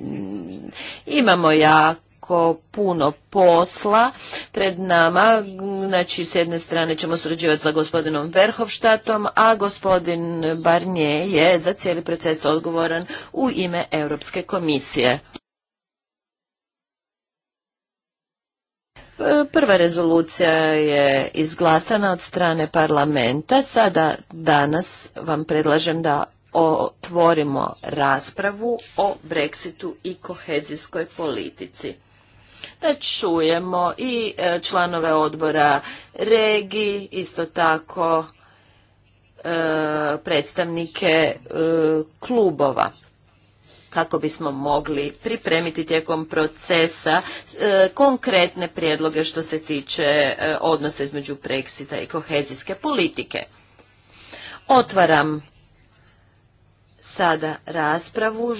imamo jak jako puno posla pred nama. Znači, s jedne strane ćemo surađivati sa gospodinom Verhofštatom, a gospodin Barnje je za cijeli proces odgovoran u ime Europske komisije. Prva rezolucija je izglasana od strane parlamenta. Sada danas vam predlažem da otvorimo raspravu o Brexitu i kohezijskoj politici da čujemo i e, članove odbora regi, isto tako e, predstavnike e, klubova kako bismo mogli pripremiti tijekom procesa konkretne prijedloge što se tiče e, odnosa između preksita i kohezijske politike. Otvaram sada raspravu.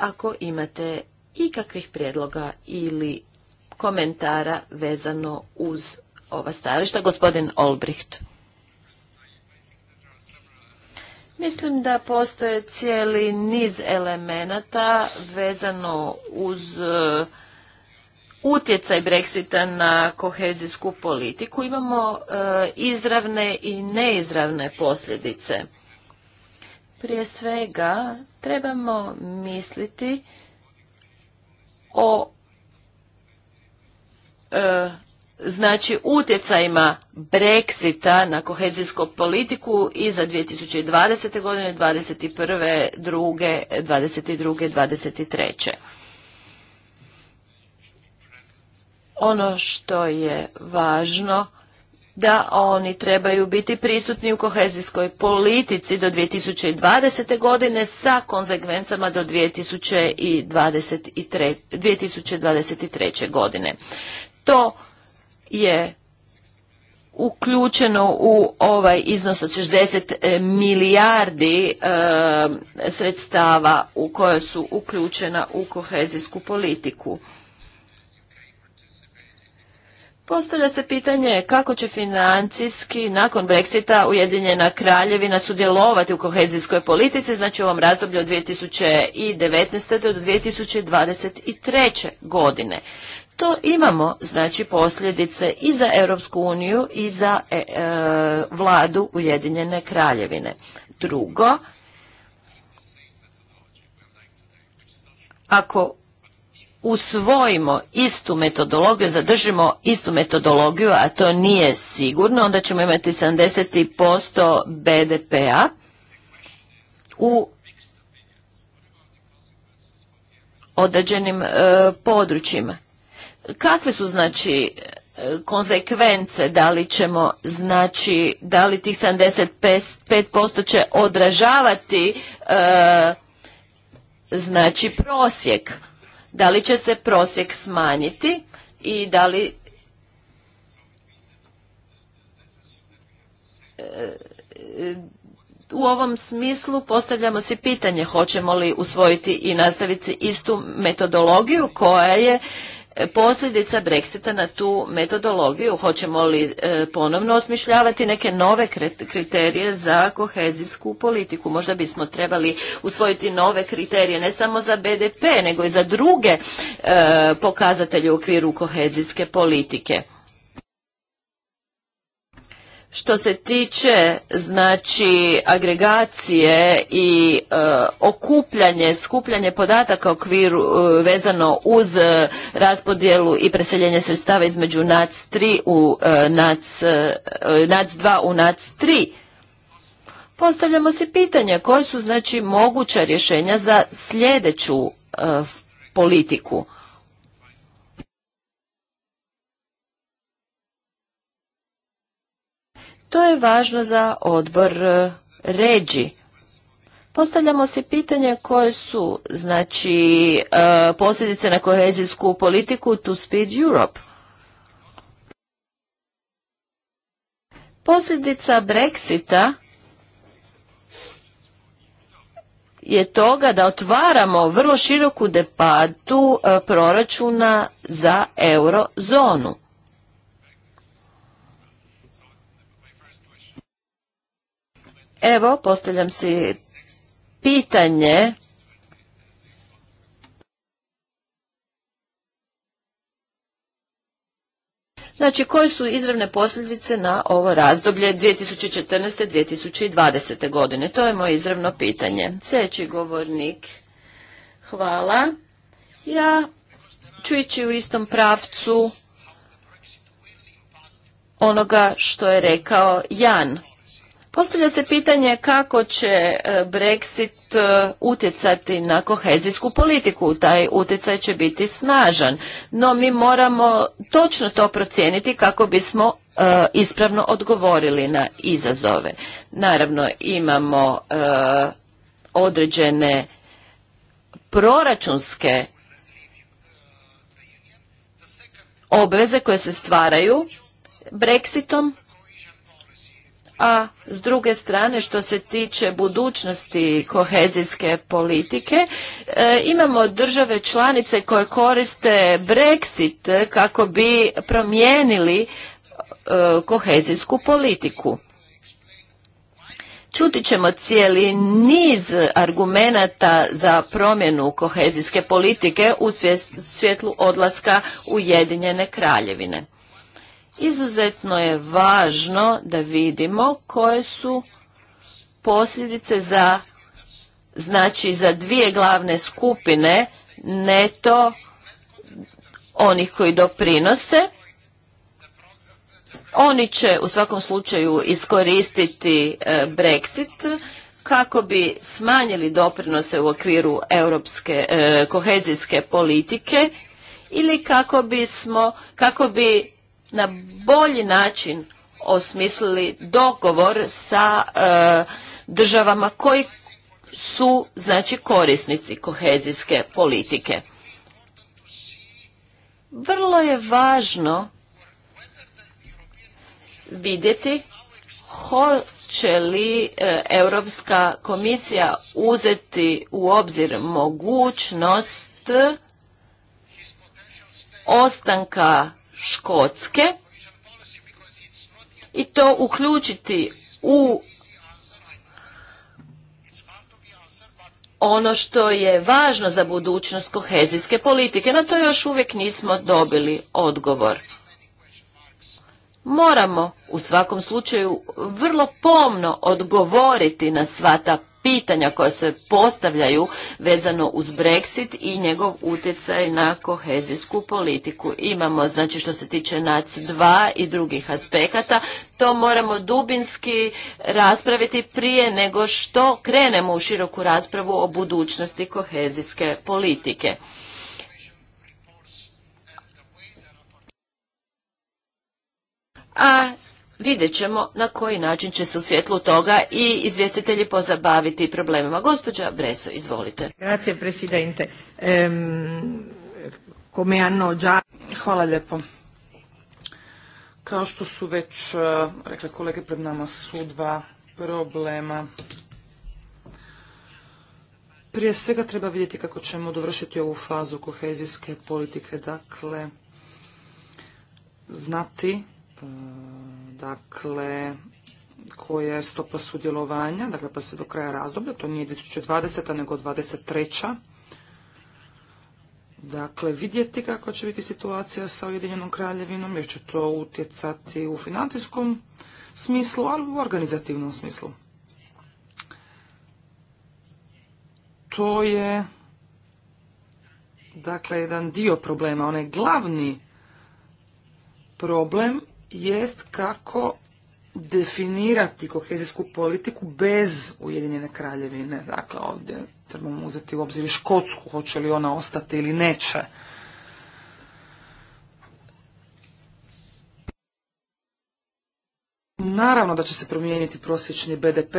Ako imate ikakvih prijedloga ili komentara vezano uz ova stajališta. Gospodin Olbricht. Mislim da postoje cijeli niz elemenata vezano uz uh, utjecaj Brexita na kohezijsku politiku. Imamo uh, izravne i neizravne posljedice. Prije svega trebamo misliti o e, znači utjecajima Brexita na kohezijsku politiku i za 2020. godine, 2021. 2022. 22. 23. Ono što je važno da oni trebaju biti prisutni u kohezijskoj politici do 2020. godine sa konzekvencama do 2023, 2023. godine. To je uključeno u ovaj iznos od 60 e, milijardi e, sredstava u koje su uključena u kohezijsku politiku. Postavlja se pitanje kako će financijski nakon Brexita Ujedinjena kraljevina sudjelovati u kohezijskoj politici, znači u ovom razdoblju od 2019. do 2023. godine. To imamo, znači, posljedice i za Europsku uniju i za e, e, vladu Ujedinjene kraljevine. Drugo, ako usvojimo istu metodologiju, zadržimo istu metodologiju, a to nije sigurno, onda ćemo imati 70% BDP-a u određenim e, područjima. Kakve su znači e, konsekvence, da li ćemo znači, da li tih 75% će odražavati e, znači prosjek da li će se prosjek smanjiti i da li e, u ovom smislu postavljamo si pitanje hoćemo li usvojiti i nastaviti istu metodologiju koja je posljedica Brexita na tu metodologiju? Hoćemo li e, ponovno osmišljavati neke nove kriterije za kohezijsku politiku? Možda bismo trebali usvojiti nove kriterije ne samo za BDP, nego i za druge e, pokazatelje u okviru kohezijske politike. Što se tiče znači agregacije i e, okupljanje, skupljanje podataka u okviru e, vezano uz e, raspodjelu i preseljenje sredstava između NAC 3 u NAC, NAC 2 u NAC 3, postavljamo se pitanje koje su znači moguća rješenja za sljedeću politiku. To je važno za odbor e, ređi. Postavljamo se pitanje koje su znači e, posljedice na kohezijsku politiku to speed Europe. Posljedica Brexita je toga da otvaramo vrlo široku debatu e, proračuna za eurozonu. Evo, postavljam si pitanje Znači, koje su izravne posljedice na ovo razdoblje 2014-2020. godine? To je moje izravno pitanje. Sljedeći govornik, hvala. Ja ću ići u istom pravcu onoga što je rekao Jan. Postavlja se pitanje kako će e, Brexit e, utjecati na kohezijsku politiku. Taj utjecaj će biti snažan, no mi moramo točno to procijeniti kako bismo e, ispravno odgovorili na izazove. Naravno imamo određene proračunske obveze koje se stvaraju Brexitom, a s druge strane što se tiče budućnosti kohezijske politike e, imamo države članice koje koriste Brexit kako bi promijenili e, kohezijsku politiku. Čuti ćemo cijeli niz argumenata za promjenu kohezijske politike u svjetlu odlaska Ujedinjene kraljevine. Izuzetno je važno da vidimo koje su posljedice za znači za dvije glavne skupine neto onih koji doprinose oni će u svakom slučaju iskoristiti e, Brexit kako bi smanjili doprinose u okviru europske e, kohezijske politike ili kako bismo kako bi na bolji način osmislili dogovor sa e, državama koji su znači korisnici kohezijske politike. Vrlo je važno vidjeti hoće li e, Europska komisija uzeti u obzir mogućnost ostanka Škotske i to uključiti u ono što je važno za budućnost kohezijske politike. Na to još uvijek nismo dobili odgovor. Moramo u svakom slučaju vrlo pomno odgovoriti na sva ta pitanja koja se postavljaju vezano uz Brexit i njegov utjecaj na kohezijsku politiku. Imamo, znači što se tiče NAC2 i drugih aspekata, to moramo dubinski raspraviti prije nego što krenemo u široku raspravu o budućnosti kohezijske politike. A vidjet ćemo na koji način će se u svjetlu toga i izvjestitelji pozabaviti problemima. Gospođa Breso, izvolite. Grazie, presidente. Ehm, Hvala lijepo. Kao što su već eh, rekli kolege, pred nama su dva problema. Prije svega treba vidjeti kako ćemo dovršiti ovu fazu kohezijske politike, dakle, znati eh, dakle, koja je stopa sudjelovanja, dakle pa se do kraja razdoblja, to nije 2020. nego 2023. Dakle, vidjeti kako će biti situacija sa Ujedinjenom kraljevinom, jer će to utjecati u financijskom smislu, ali u organizativnom smislu. To je, dakle, jedan dio problema, onaj glavni problem jest kako definirati kohezijsku politiku bez Ujedinjene kraljevine. Dakle, ovdje trebamo uzeti u obzir Škotsku, hoće li ona ostati ili neće. Naravno da će se promijeniti prosječni BDP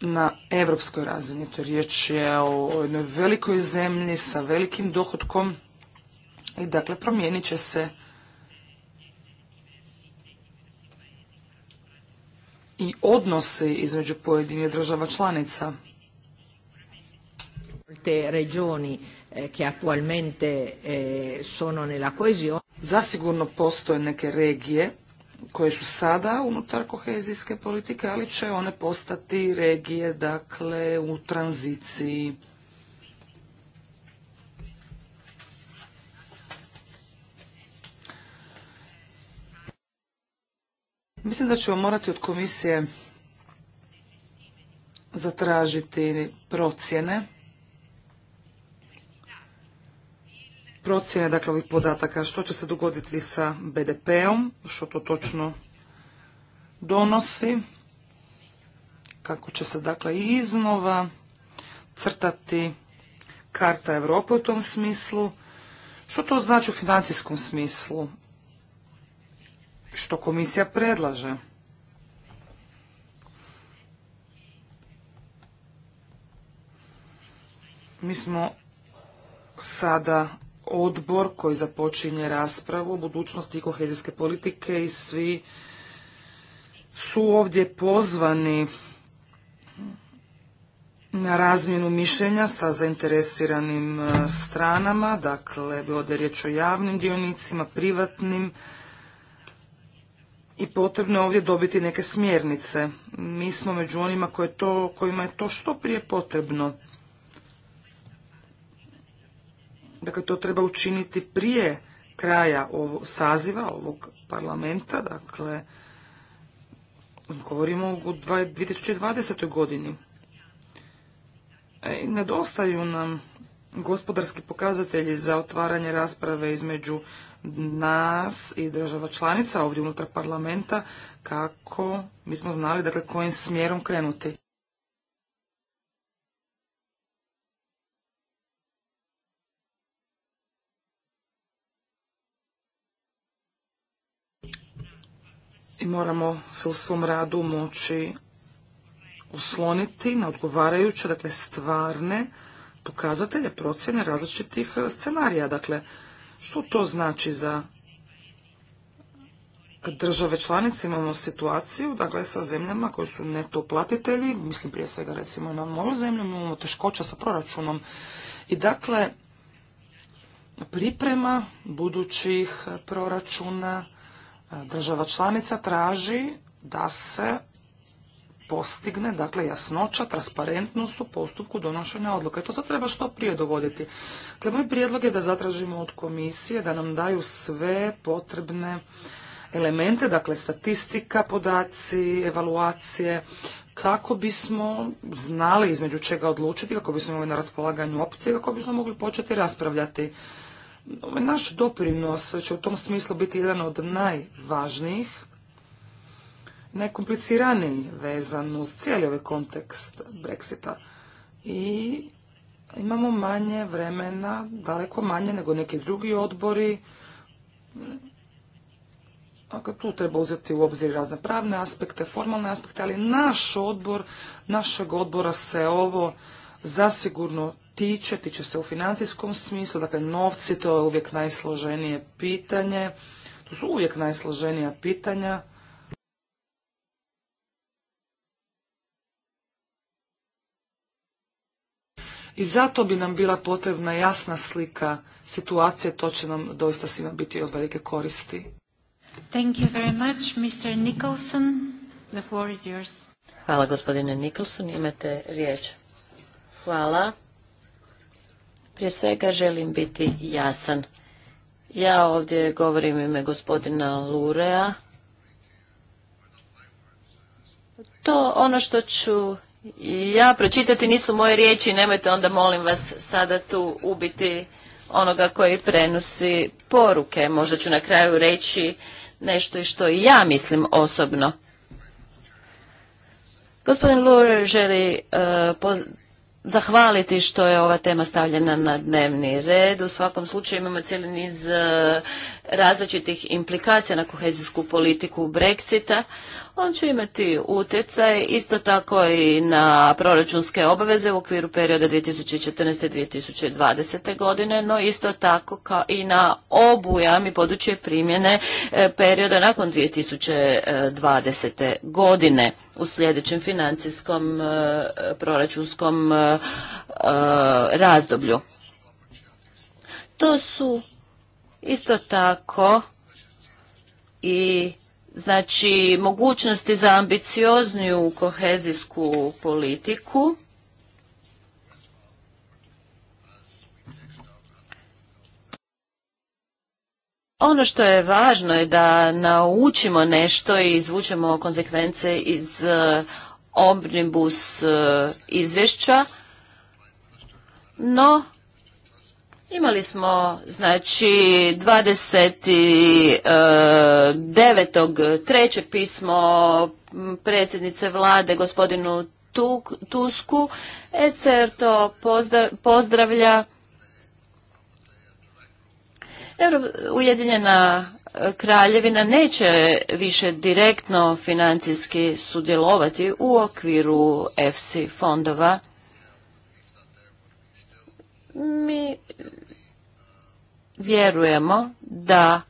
na evropskoj razini. To riječ je o jednoj velikoj zemlji sa velikim dohodkom i dakle promijenit će se i odnosi između pojedinih država članica. Regioni eh, eh, Zasigurno postoje neke regije koje su sada unutar kohezijske politike, ali će one postati regije dakle u tranziciji. Mislim da ćemo morati od komisije zatražiti procjene. Procjene, dakle, ovih podataka, što će se dogoditi sa BDP-om, što to točno donosi, kako će se, dakle, i iznova crtati karta Europe u tom smislu, što to znači u financijskom smislu, što komisija predlaže. Mi smo sada odbor koji započinje raspravu o budućnosti kohezijske politike i svi su ovdje pozvani na razmjenu mišljenja sa zainteresiranim e, stranama, dakle, bi je riječ o javnim dionicima, privatnim i potrebno je ovdje dobiti neke smjernice. Mi smo među onima koje to, kojima je to što prije potrebno. Dakle, to treba učiniti prije kraja ovog saziva ovog parlamenta, dakle, govorimo u 2020. godini. E, nedostaju nam gospodarski pokazatelji za otvaranje rasprave između nas i država članica ovdje unutar parlamenta kako bismo znali dakle kojim smjerom krenuti. I moramo se u svom radu moći usloniti na odgovarajuće, dakle stvarne pokazatelje procjene različitih scenarija. Dakle, što to znači za države članice? Imamo situaciju, dakle, sa zemljama koje su neto platitelji, mislim prije svega recimo na moju zemlju, imamo teškoća sa proračunom. I dakle, priprema budućih proračuna eh, država članica traži da se postigne, dakle, jasnoća, transparentnost u postupku donošenja odluka. I to sad treba što prije dovoditi. Dakle, moj prijedlog je da zatražimo od komisije da nam daju sve potrebne elemente, dakle, statistika, podaci, evaluacije, kako bismo znali između čega odlučiti, kako bismo imali na raspolaganju opcije, kako bismo mogli početi raspravljati. Ovaj naš doprinos će u tom smislu biti jedan od najvažnijih najkompliciraniji vezan uz cijeli ovaj kontekst Brexita. I imamo manje vremena, daleko manje nego neki drugi odbori. Dakle, tu treba uzeti u obzir razne pravne aspekte, formalne aspekte, ali naš odbor, našeg odbora se ovo zasigurno tiče, tiče se u financijskom smislu, dakle novci, to je uvijek najsloženije pitanje, to su uvijek najsloženija pitanja I zato bi nam bila potrebna jasna slika situacije, to će nam doista svima biti od velike koristi. Thank you very much, Mr. Nicholson. The floor is yours. Hvala gospodine Nicholson, imate riječ. Hvala. Prije svega želim biti jasan. Ja ovdje govorim ime gospodina Lurea. To ono što ću ja pročitati nisu moje riječi, nemojte onda molim vas sada tu ubiti onoga koji prenosi poruke. Možda ću na kraju reći nešto što i ja mislim osobno. Gospodin Lur želi e, zahvaliti što je ova tema stavljena na dnevni red. U svakom slučaju imamo cijeli niz e, različitih implikacija na kohezijsku politiku Brexita on će imati utjecaj isto tako i na proračunske obaveze u okviru perioda 2014. 2020. godine, no isto tako kao i na obujam i područje primjene e, perioda nakon 2020. godine u sljedećem financijskom e, proračunskom e, razdoblju. To su isto tako i znači mogućnosti za ambiciozniju kohezijsku politiku. Ono što je važno je da naučimo nešto i izvučemo konsekvence iz eh, omnibus eh, izvješća, no Imali smo znači 29. trećeg pismo predsjednice vlade gospodinu Tusku. ECR to pozdravlja. Ujedinjena e, kraljevina neće više direktno financijski sudjelovati u okviru EFSI fondova. Mi vjerujemo da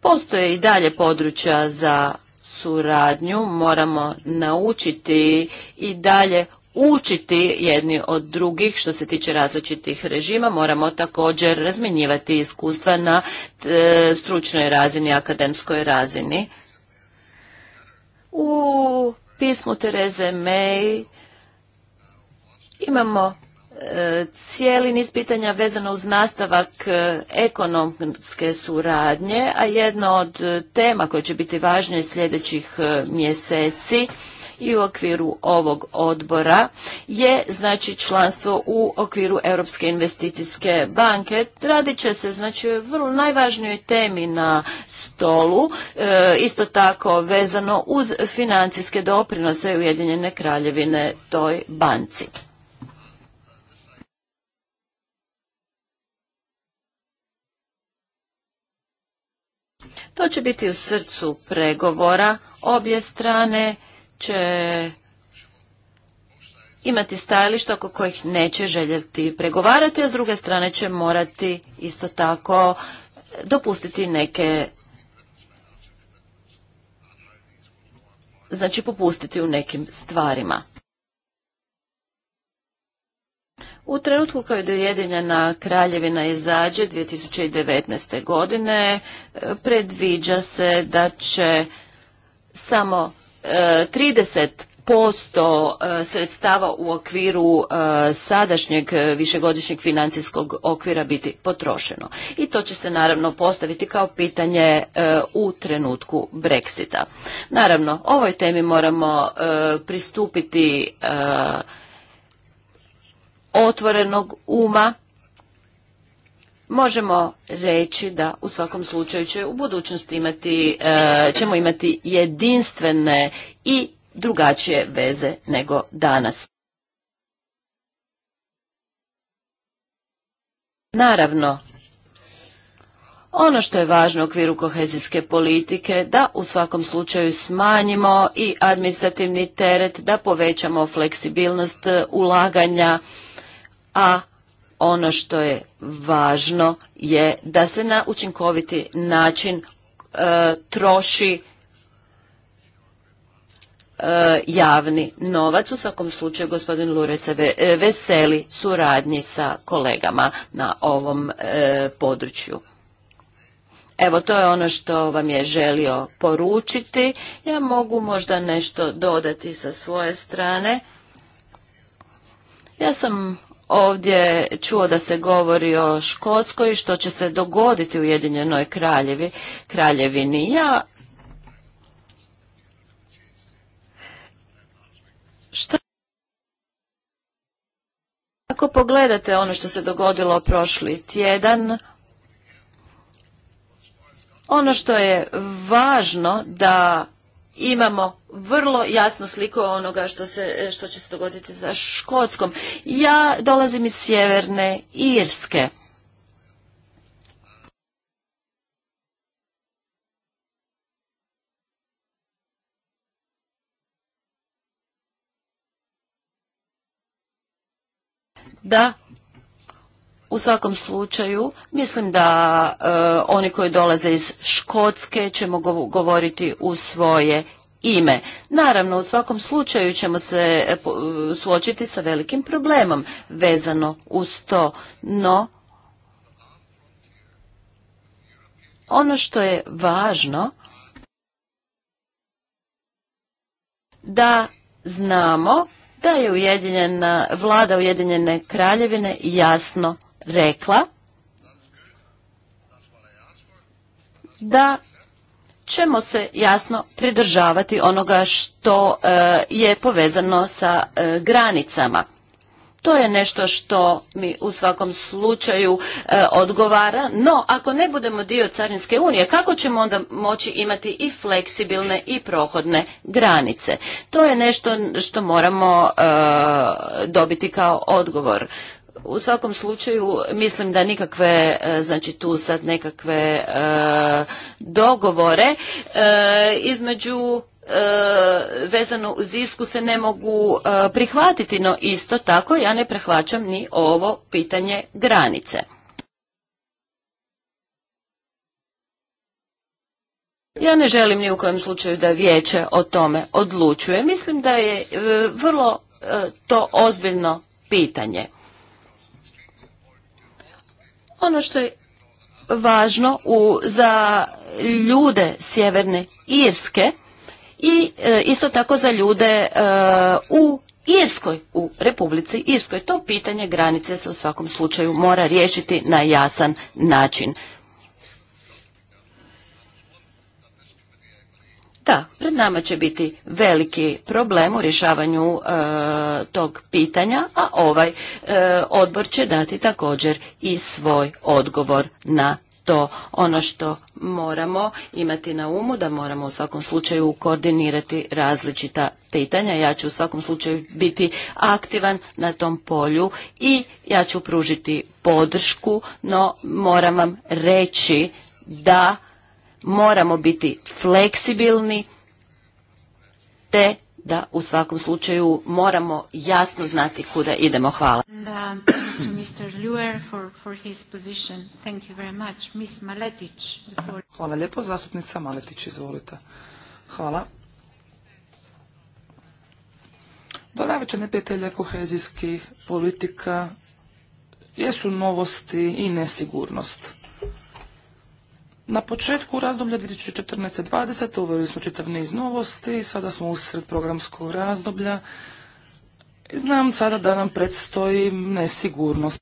postoje i dalje područja za suradnju, moramo naučiti i dalje učiti jedni od drugih što se tiče različitih režima. Moramo također razmjenjivati iskustva na e, stručnoj razini, akademskoj razini. U pismu Tereze May imamo E, cijeli niz pitanja vezano uz nastavak e, ekonomske suradnje, a jedna od e, tema koje će biti važnije sljedećih mjeseci i u okviru ovog odbora je znači članstvo u okviru Europske investicijske banke. Radit će se znači o vrlo najvažnijoj temi na stolu, isto tako vezano uz financijske doprinose Ujedinjene kraljevine toj banci. To će biti u srcu pregovora. Obje strane će imati stajališta oko kojih neće željeti pregovarati, a s druge strane će morati isto tako dopustiti neke znači popustiti u nekim stvarima. U trenutku kada je Ujedinjena kraljevina izađe 2019. godine e, predviđa se da će samo 30% e, e, sredstava u okviru sadašnjeg višegodišnjeg financijskog okvira biti potrošeno. I to će se naravno postaviti kao pitanje u trenutku Brexita. Naravno, ovoj temi moramo pristupiti otvorenog uma, možemo reći da u svakom slučaju će u budućnosti imati, e, ćemo imati jedinstvene i drugačije veze nego danas. Naravno, ono što je važno u okviru kohezijske politike da u svakom slučaju smanjimo i administrativni teret, da povećamo fleksibilnost ulaganja a ono što je važno je da se na učinkoviti način e, troši e, javni novac. U svakom slučaju gospodin Lure se e, veseli suradnji sa kolegama na ovom području. Evo, to je ono što vam je želio poručiti. Ja mogu možda nešto dodati sa svoje strane. Ja sam ovdje čuo da se govori o Škotskoj što će se dogoditi u Jedinjenoj kraljevi, kraljevini. Ja ako pogledate ono što se dogodilo prošli tjedan, ono što je važno da imamo vrlo jasnu sliku onoga što, se, što će se dogoditi sa Škotskom. Ja dolazim iz sjeverne Irske. Da, u svakom slučaju mislim da e, oni koji dolaze iz Škotske ćemo govoriti u svoje ime. Naravno, u svakom slučaju ćemo se e, e, suočiti sa velikim problemom vezano uz to, no ono što je važno da znamo da je ujedinjena, vlada Ujedinjene kraljevine jasno rekla da ćemo se jasno pridržavati onoga što e, je povezano sa e, granicama. To je nešto što mi u svakom slučaju e, odgovara, no ako ne budemo dio Carinske unije, kako ćemo onda moći imati i fleksibilne i prohodne granice? To je nešto što moramo dobiti kao odgovor u svakom slučaju mislim da nikakve, e, znači tu sad nekakve e, dogovore e, između vezano uz isku se ne mogu prihvatiti, no isto tako ja ne prihvaćam ni ovo pitanje granice. Ja ne želim ni u kojem slučaju da vijeće o tome odlučuje. Mislim da je vrlo to ozbiljno pitanje. Ono što je važno za ljude sjeverne Irske i e, isto tako za ljude e, u Irskoj, u Republici Irskoj. To pitanje granice se u svakom slučaju mora riješiti na jasan način. Da, pred nama će biti veliki problem u rješavanju e, tog pitanja, a ovaj e, odbor će dati također i svoj odgovor na to ono što moramo imati na umu, da moramo u svakom slučaju koordinirati različita pitanja. Ja ću u svakom slučaju biti aktivan na tom polju i ja ću pružiti podršku, no moram vam reći da moramo biti fleksibilni te da u svakom slučaju moramo jasno znati kuda idemo. Hvala. Hvala lijepo. Zastupnica Maletić, izvolite. Hvala. Do najveće neprijatelja kohezijskih politika jesu novosti i nesigurnost. Na početku razdoblja 2014-2020 uveli smo čitav niz novosti, sada smo usred programskog razdoblja i znam sada da nam predstoji nesigurnost.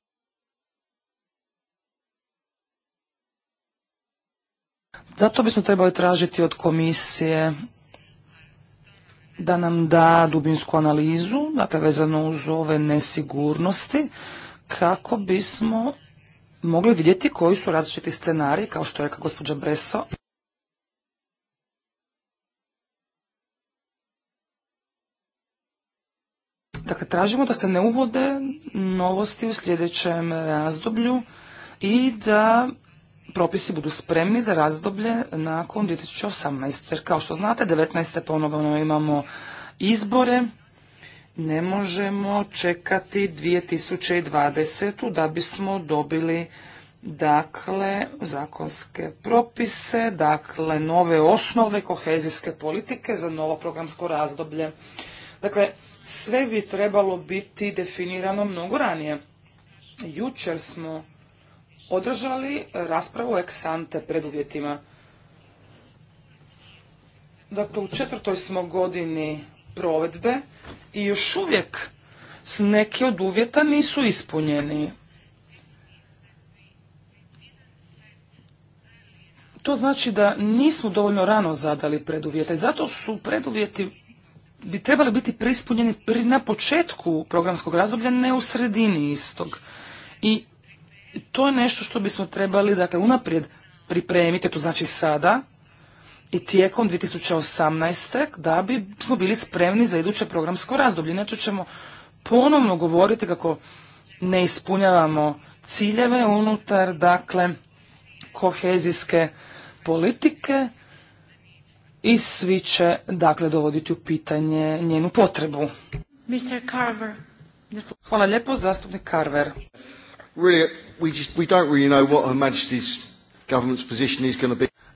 Zato bismo trebali tražiti od komisije da nam da dubinsku analizu, dakle vezano uz ove nesigurnosti, kako bismo mogli vidjeti koji su različiti scenariji, kao što je rekla gospođa Breso. Dakle, tražimo da se ne uvode novosti u sljedećem razdoblju i da propisi budu spremni za razdoblje nakon 2018. Jer kao što znate, 19. ponovno imamo izbore ne možemo čekati 2020. da bismo dobili dakle zakonske propise, dakle nove osnove kohezijske politike za novo programsko razdoblje. Dakle, sve bi trebalo biti definirano mnogo ranije. Jučer smo održali raspravu o eksante preduvjetima. Dakle, u četvrtoj smo godini provedbe i još uvijek neki od uvjeta nisu ispunjeni. To znači da nismo dovoljno rano zadali preduvjete. Zato su preduvjeti bi trebali biti prispunjeni na početku programskog razdoblja, ne u sredini istog. I to je nešto što bismo trebali, dakle, unaprijed pripremiti, to znači sada, i tijekom 2018. da bi smo bili spremni za iduće programsko razdoblje. Inače ćemo ponovno govoriti kako ne ispunjavamo ciljeve unutar, dakle, kohezijske politike i svi će, dakle, dovoditi u pitanje njenu potrebu. Hvala lijepo, zastupnik Carver.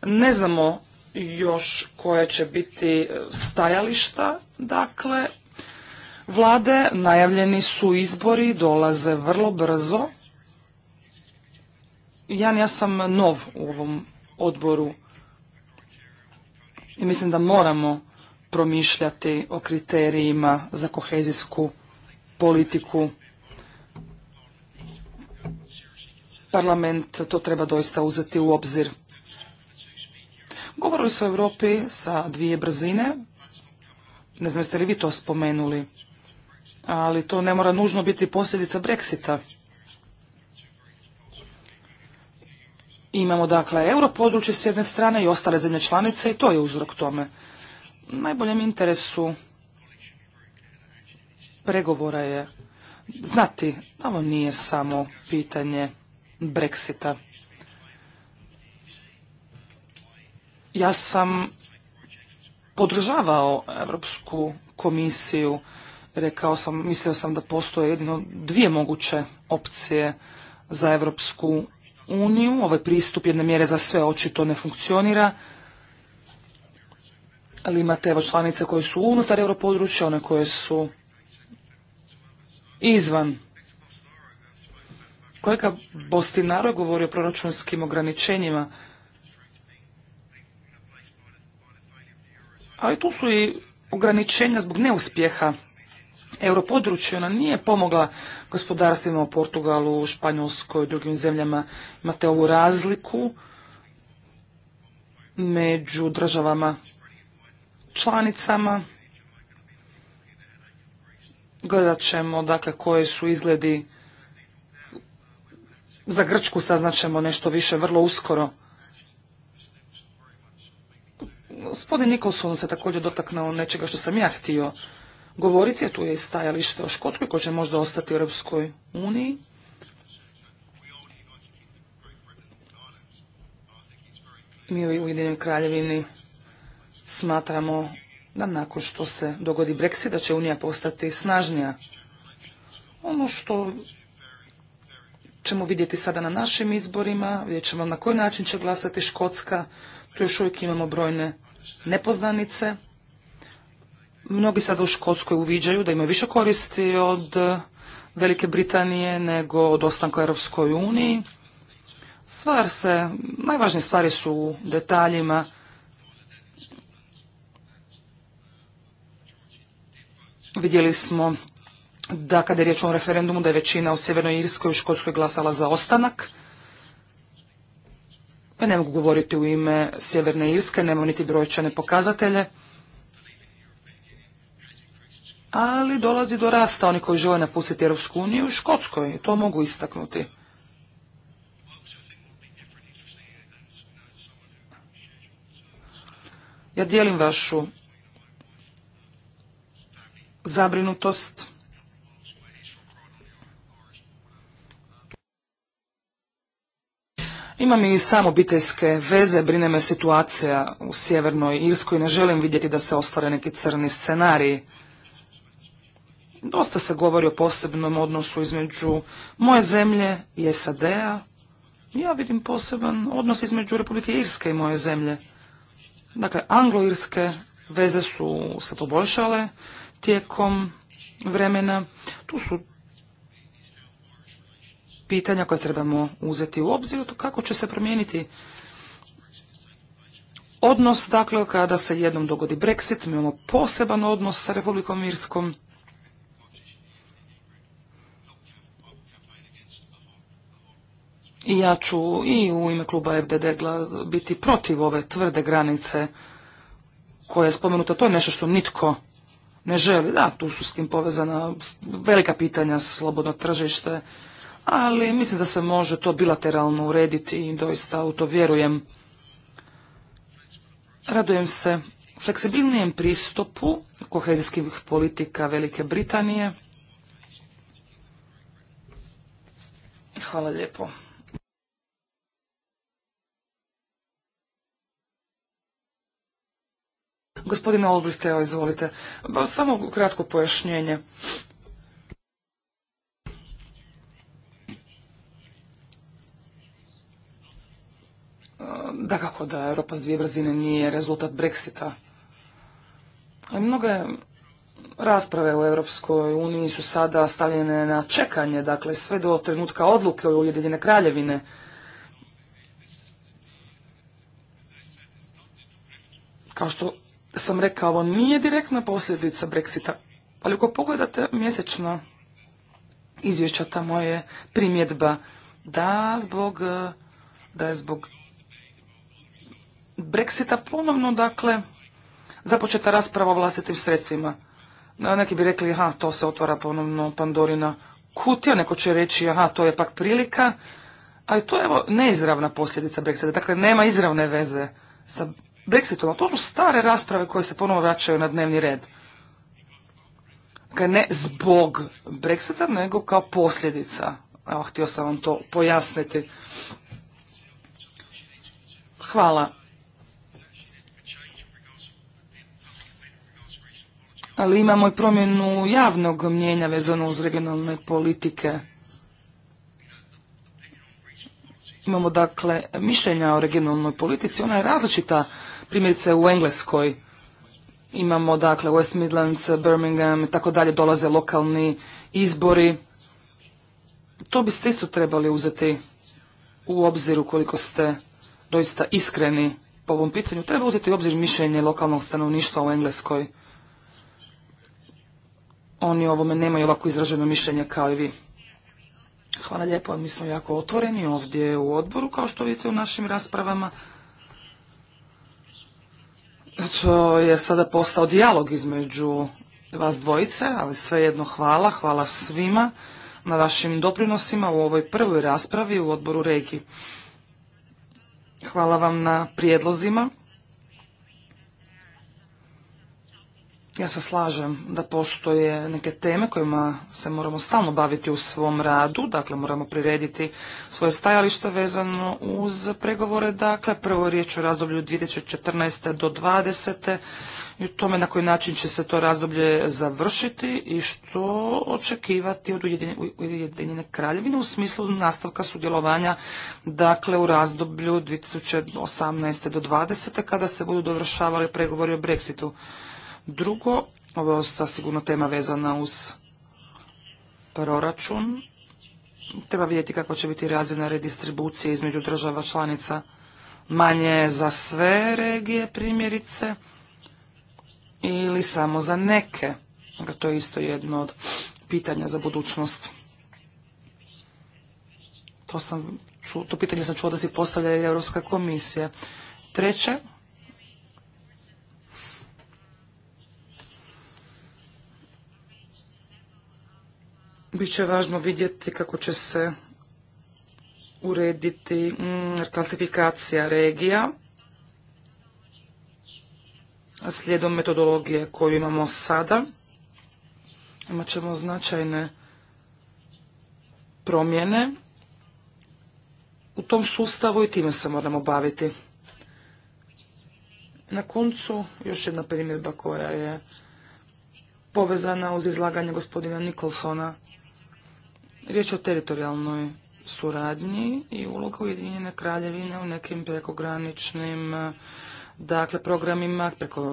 Ne znamo još koje će biti e, stajališta, dakle, vlade, najavljeni su izbori, dolaze vrlo brzo. ja sam nov u ovom odboru i mislim da moramo promišljati o kriterijima za kohezijsku politiku. Parlament to treba doista uzeti u obzir. Govorili su o Europi sa dvije brzine. Ne znam jeste li vi to spomenuli, ali to ne mora nužno biti posljedica Brexita. Imamo dakle europodručje s jedne strane i ostale zemlje članice i to je uzrok tome. Najboljem interesu pregovora je znati da ovo nije samo pitanje Brexita. Ja sam podržavao Europsku komisiju, rekao sam, mislio sam da postoje jedno, dvije moguće opcije za Europsku uniju. Ovaj pristup jedne mjere za sve očito ne funkcionira. Ali imate evo članice koje su unutar europodručja, one koje su izvan. kojega Bostinaro je govorio o proračunskim ograničenjima. Ali tu su i ograničenja zbog neuspjeha europodručja. Ona nije pomogla gospodarstvima u Portugalu, Španjolskoj, drugim zemljama. Imate ovu razliku među državama članicama. Gledat ćemo dakle koje su izgledi za Grčku ćemo nešto više vrlo uskoro. Gospodin Nikolson se također dotaknuo nečega što sam ja htio govoriti, a tu je i stajalište o Škotskoj koje će možda ostati u Europskoj uniji. Mi u Ujedinjenoj kraljevini smatramo da nakon što se dogodi Brexit, da će Unija postati snažnija. Ono što ćemo vidjeti sada na našim izborima, vidjet ćemo na koji način će glasati Škotska, tu još uvijek imamo brojne nepoznanice. Mnogi sada u Škotskoj uviđaju da imaju više koristi od eh, Velike Britanije nego od ostanka Europskoj uniji. Stvar se, najvažnije stvari su u detaljima. Vidjeli smo da kada je riječ o referendumu da je većina u Sjevernoj Irskoj i Škotskoj glasala za ostanak. Ja pa Ne mogu govoriti u ime Sjeverne Irske, nemam niti brojčane pokazatelje. Ali dolazi do rasta oni koji žele napustiti Europsku uniju u Škotskoj. To mogu istaknuti. Ja dijelim vašu zabrinutost. Imam i samo obiteljske veze, brine me situacija u Sjevernoj Irskoj, ne želim vidjeti da se ostvare neki crni scenariji. Dosta se govori o posebnom odnosu između moje zemlje i SAD-a. Ja vidim poseban odnos između Republike Irske i moje zemlje. Dakle, anglo-irske veze su se poboljšale tijekom vremena. Tu su pitanja koje trebamo uzeti u obzir, kako će se promijeniti odnos, dakle, kada se jednom dogodi Brexit, mi imamo poseban odnos sa Republikom Irskom, I ja ću i u ime kluba FDD biti protiv ove tvrde granice koja je spomenuta. To je nešto što nitko ne želi. Da, tu su s tim povezana velika pitanja, slobodno tržište, ali mislim da se može to bilateralno urediti i doista u to vjerujem. Radujem se fleksibilnijem pristupu kohezijskih politika Velike Britanije. Hvala lijepo. Gospodine Olbrichteo, izvolite. Samo kratko pojašnjenje. da kako da Europa s dvije brzine nije rezultat Brexita. Ali mnoge rasprave u Europskoj uniji su sada stavljene na čekanje, dakle sve do trenutka odluke u Ujedinjene kraljevine. Kao što sam rekao, ovo nije direktna posljedica Brexita, ali ako pogledate mjesečna izvješća, tamo je primjedba da zbog da je zbog Brexita ponovno, dakle, započeta rasprava o vlastitim sredstvima. Neki bi rekli, aha, to se otvara ponovno Pandorina kutija, neko će reći, aha, to je pak prilika, ali to je evo neizravna posljedica Brexita, dakle, nema izravne veze sa Brexitom, a to su stare rasprave koje se ponovno vraćaju na dnevni red. Dakle, ne zbog Brexita, nego kao posljedica. Evo, htio sam vam to pojasniti. Hvala. ali imamo i promjenu javnog mnjenja vezano uz regionalne politike. Imamo dakle mišljenja o regionalnoj politici, ona je različita primjerice u Engleskoj. Imamo dakle West Midlands, Birmingham i tako dalje, dolaze lokalni izbori. To biste isto trebali uzeti u obzir ukoliko ste doista iskreni po ovom pitanju. Treba uzeti u obzir mišljenje lokalnog stanovništva u Engleskoj oni ovome nemaju ovako izraženo mišljenje kao i vi. Hvala lijepo, mi smo jako otvoreni ovdje u odboru, kao što vidite u našim raspravama. To je sada postao dijalog između vas dvojice, ali svejedno hvala, hvala svima na vašim doprinosima u ovoj prvoj raspravi u odboru Regi. Hvala vam na prijedlozima Ja se slažem da postoje neke teme kojima se moramo stalno baviti u svom radu, dakle moramo prirediti svoje stajalište vezano uz pregovore, dakle prvo riječ o razdoblju 2014. do 2020. i o tome na koji način će se to razdoblje završiti i što očekivati od Ujedinjene kraljevine u smislu nastavka sudjelovanja dakle u razdoblju 2018. do 2020. kada se budu dovršavali pregovori o Brexitu. Drugo, ovo je sigurno tema vezana uz proračun. Treba vidjeti kako će biti razina redistribucije između država članica manje za sve regije primjerice ili samo za neke. Dakle, to je isto jedno od pitanja za budućnost. To, sam, to pitanje sam čuo da si postavlja i Europska komisija. Treće, će važno vidjeti kako će se urediti mm, klasifikacija regija slijedom metodologije koju imamo sada. Imat ćemo značajne promjene u tom sustavu i time se moramo baviti. Na koncu još jedna primjedba koja je povezana uz izlaganje gospodina Nikolsona. Riječ je o teritorijalnoj suradnji i uloga Ujedinjene kraljevine u nekim prekograničnim dakle programima, preko,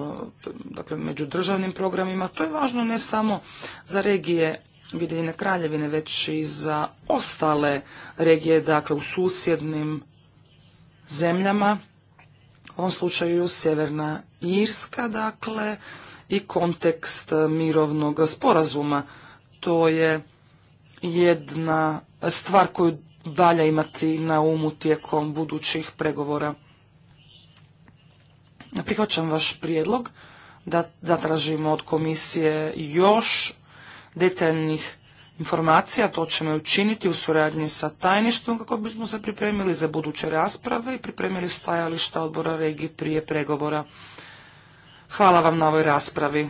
dakle međudržavnim programima. To je važno ne samo za regije Ujedinjene kraljevine, već i za ostale regije, dakle u susjednim zemljama, u ovom slučaju Sjeverna Irska, dakle, i kontekst mirovnog sporazuma. To je jedna stvar koju valja imati na umu tijekom budućih pregovora. Prihvaćam vaš prijedlog da zatražimo od komisije još detaljnih informacija, to ćemo učiniti u suradnji sa tajništvom kako bismo se pripremili za buduće rasprave i pripremili stajališta odbora regije prije pregovora. Hvala vam na ovoj raspravi.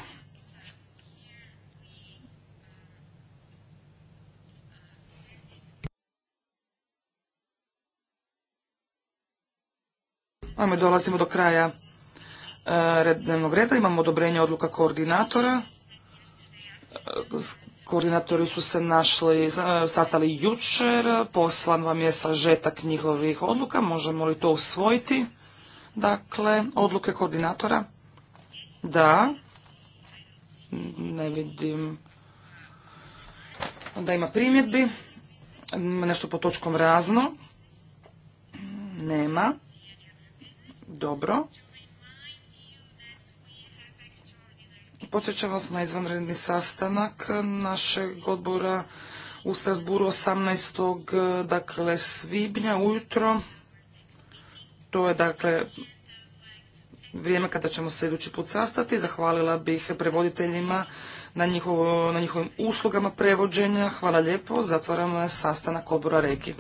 Ajmo, dolazimo do kraja e, dnevnog reda. Imamo odobrenje odluka koordinatora. E, koordinatori su se našli, e, sastali jučer, poslan vam je sažetak njihovih odluka, možemo li to usvojiti? Dakle, odluke koordinatora? Da. Ne vidim da ima primjedbi. nešto po točkom razno. Nema. Dobro. Podsjećam vas na izvanredni sastanak našeg odbora u Strasburu 18. dakle svibnja ujutro. To je dakle vrijeme kada ćemo se idući put sastati. Zahvalila bih prevoditeljima na, njihovo, na njihovim uslugama prevođenja. Hvala lijepo. je sastanak odbora Reki.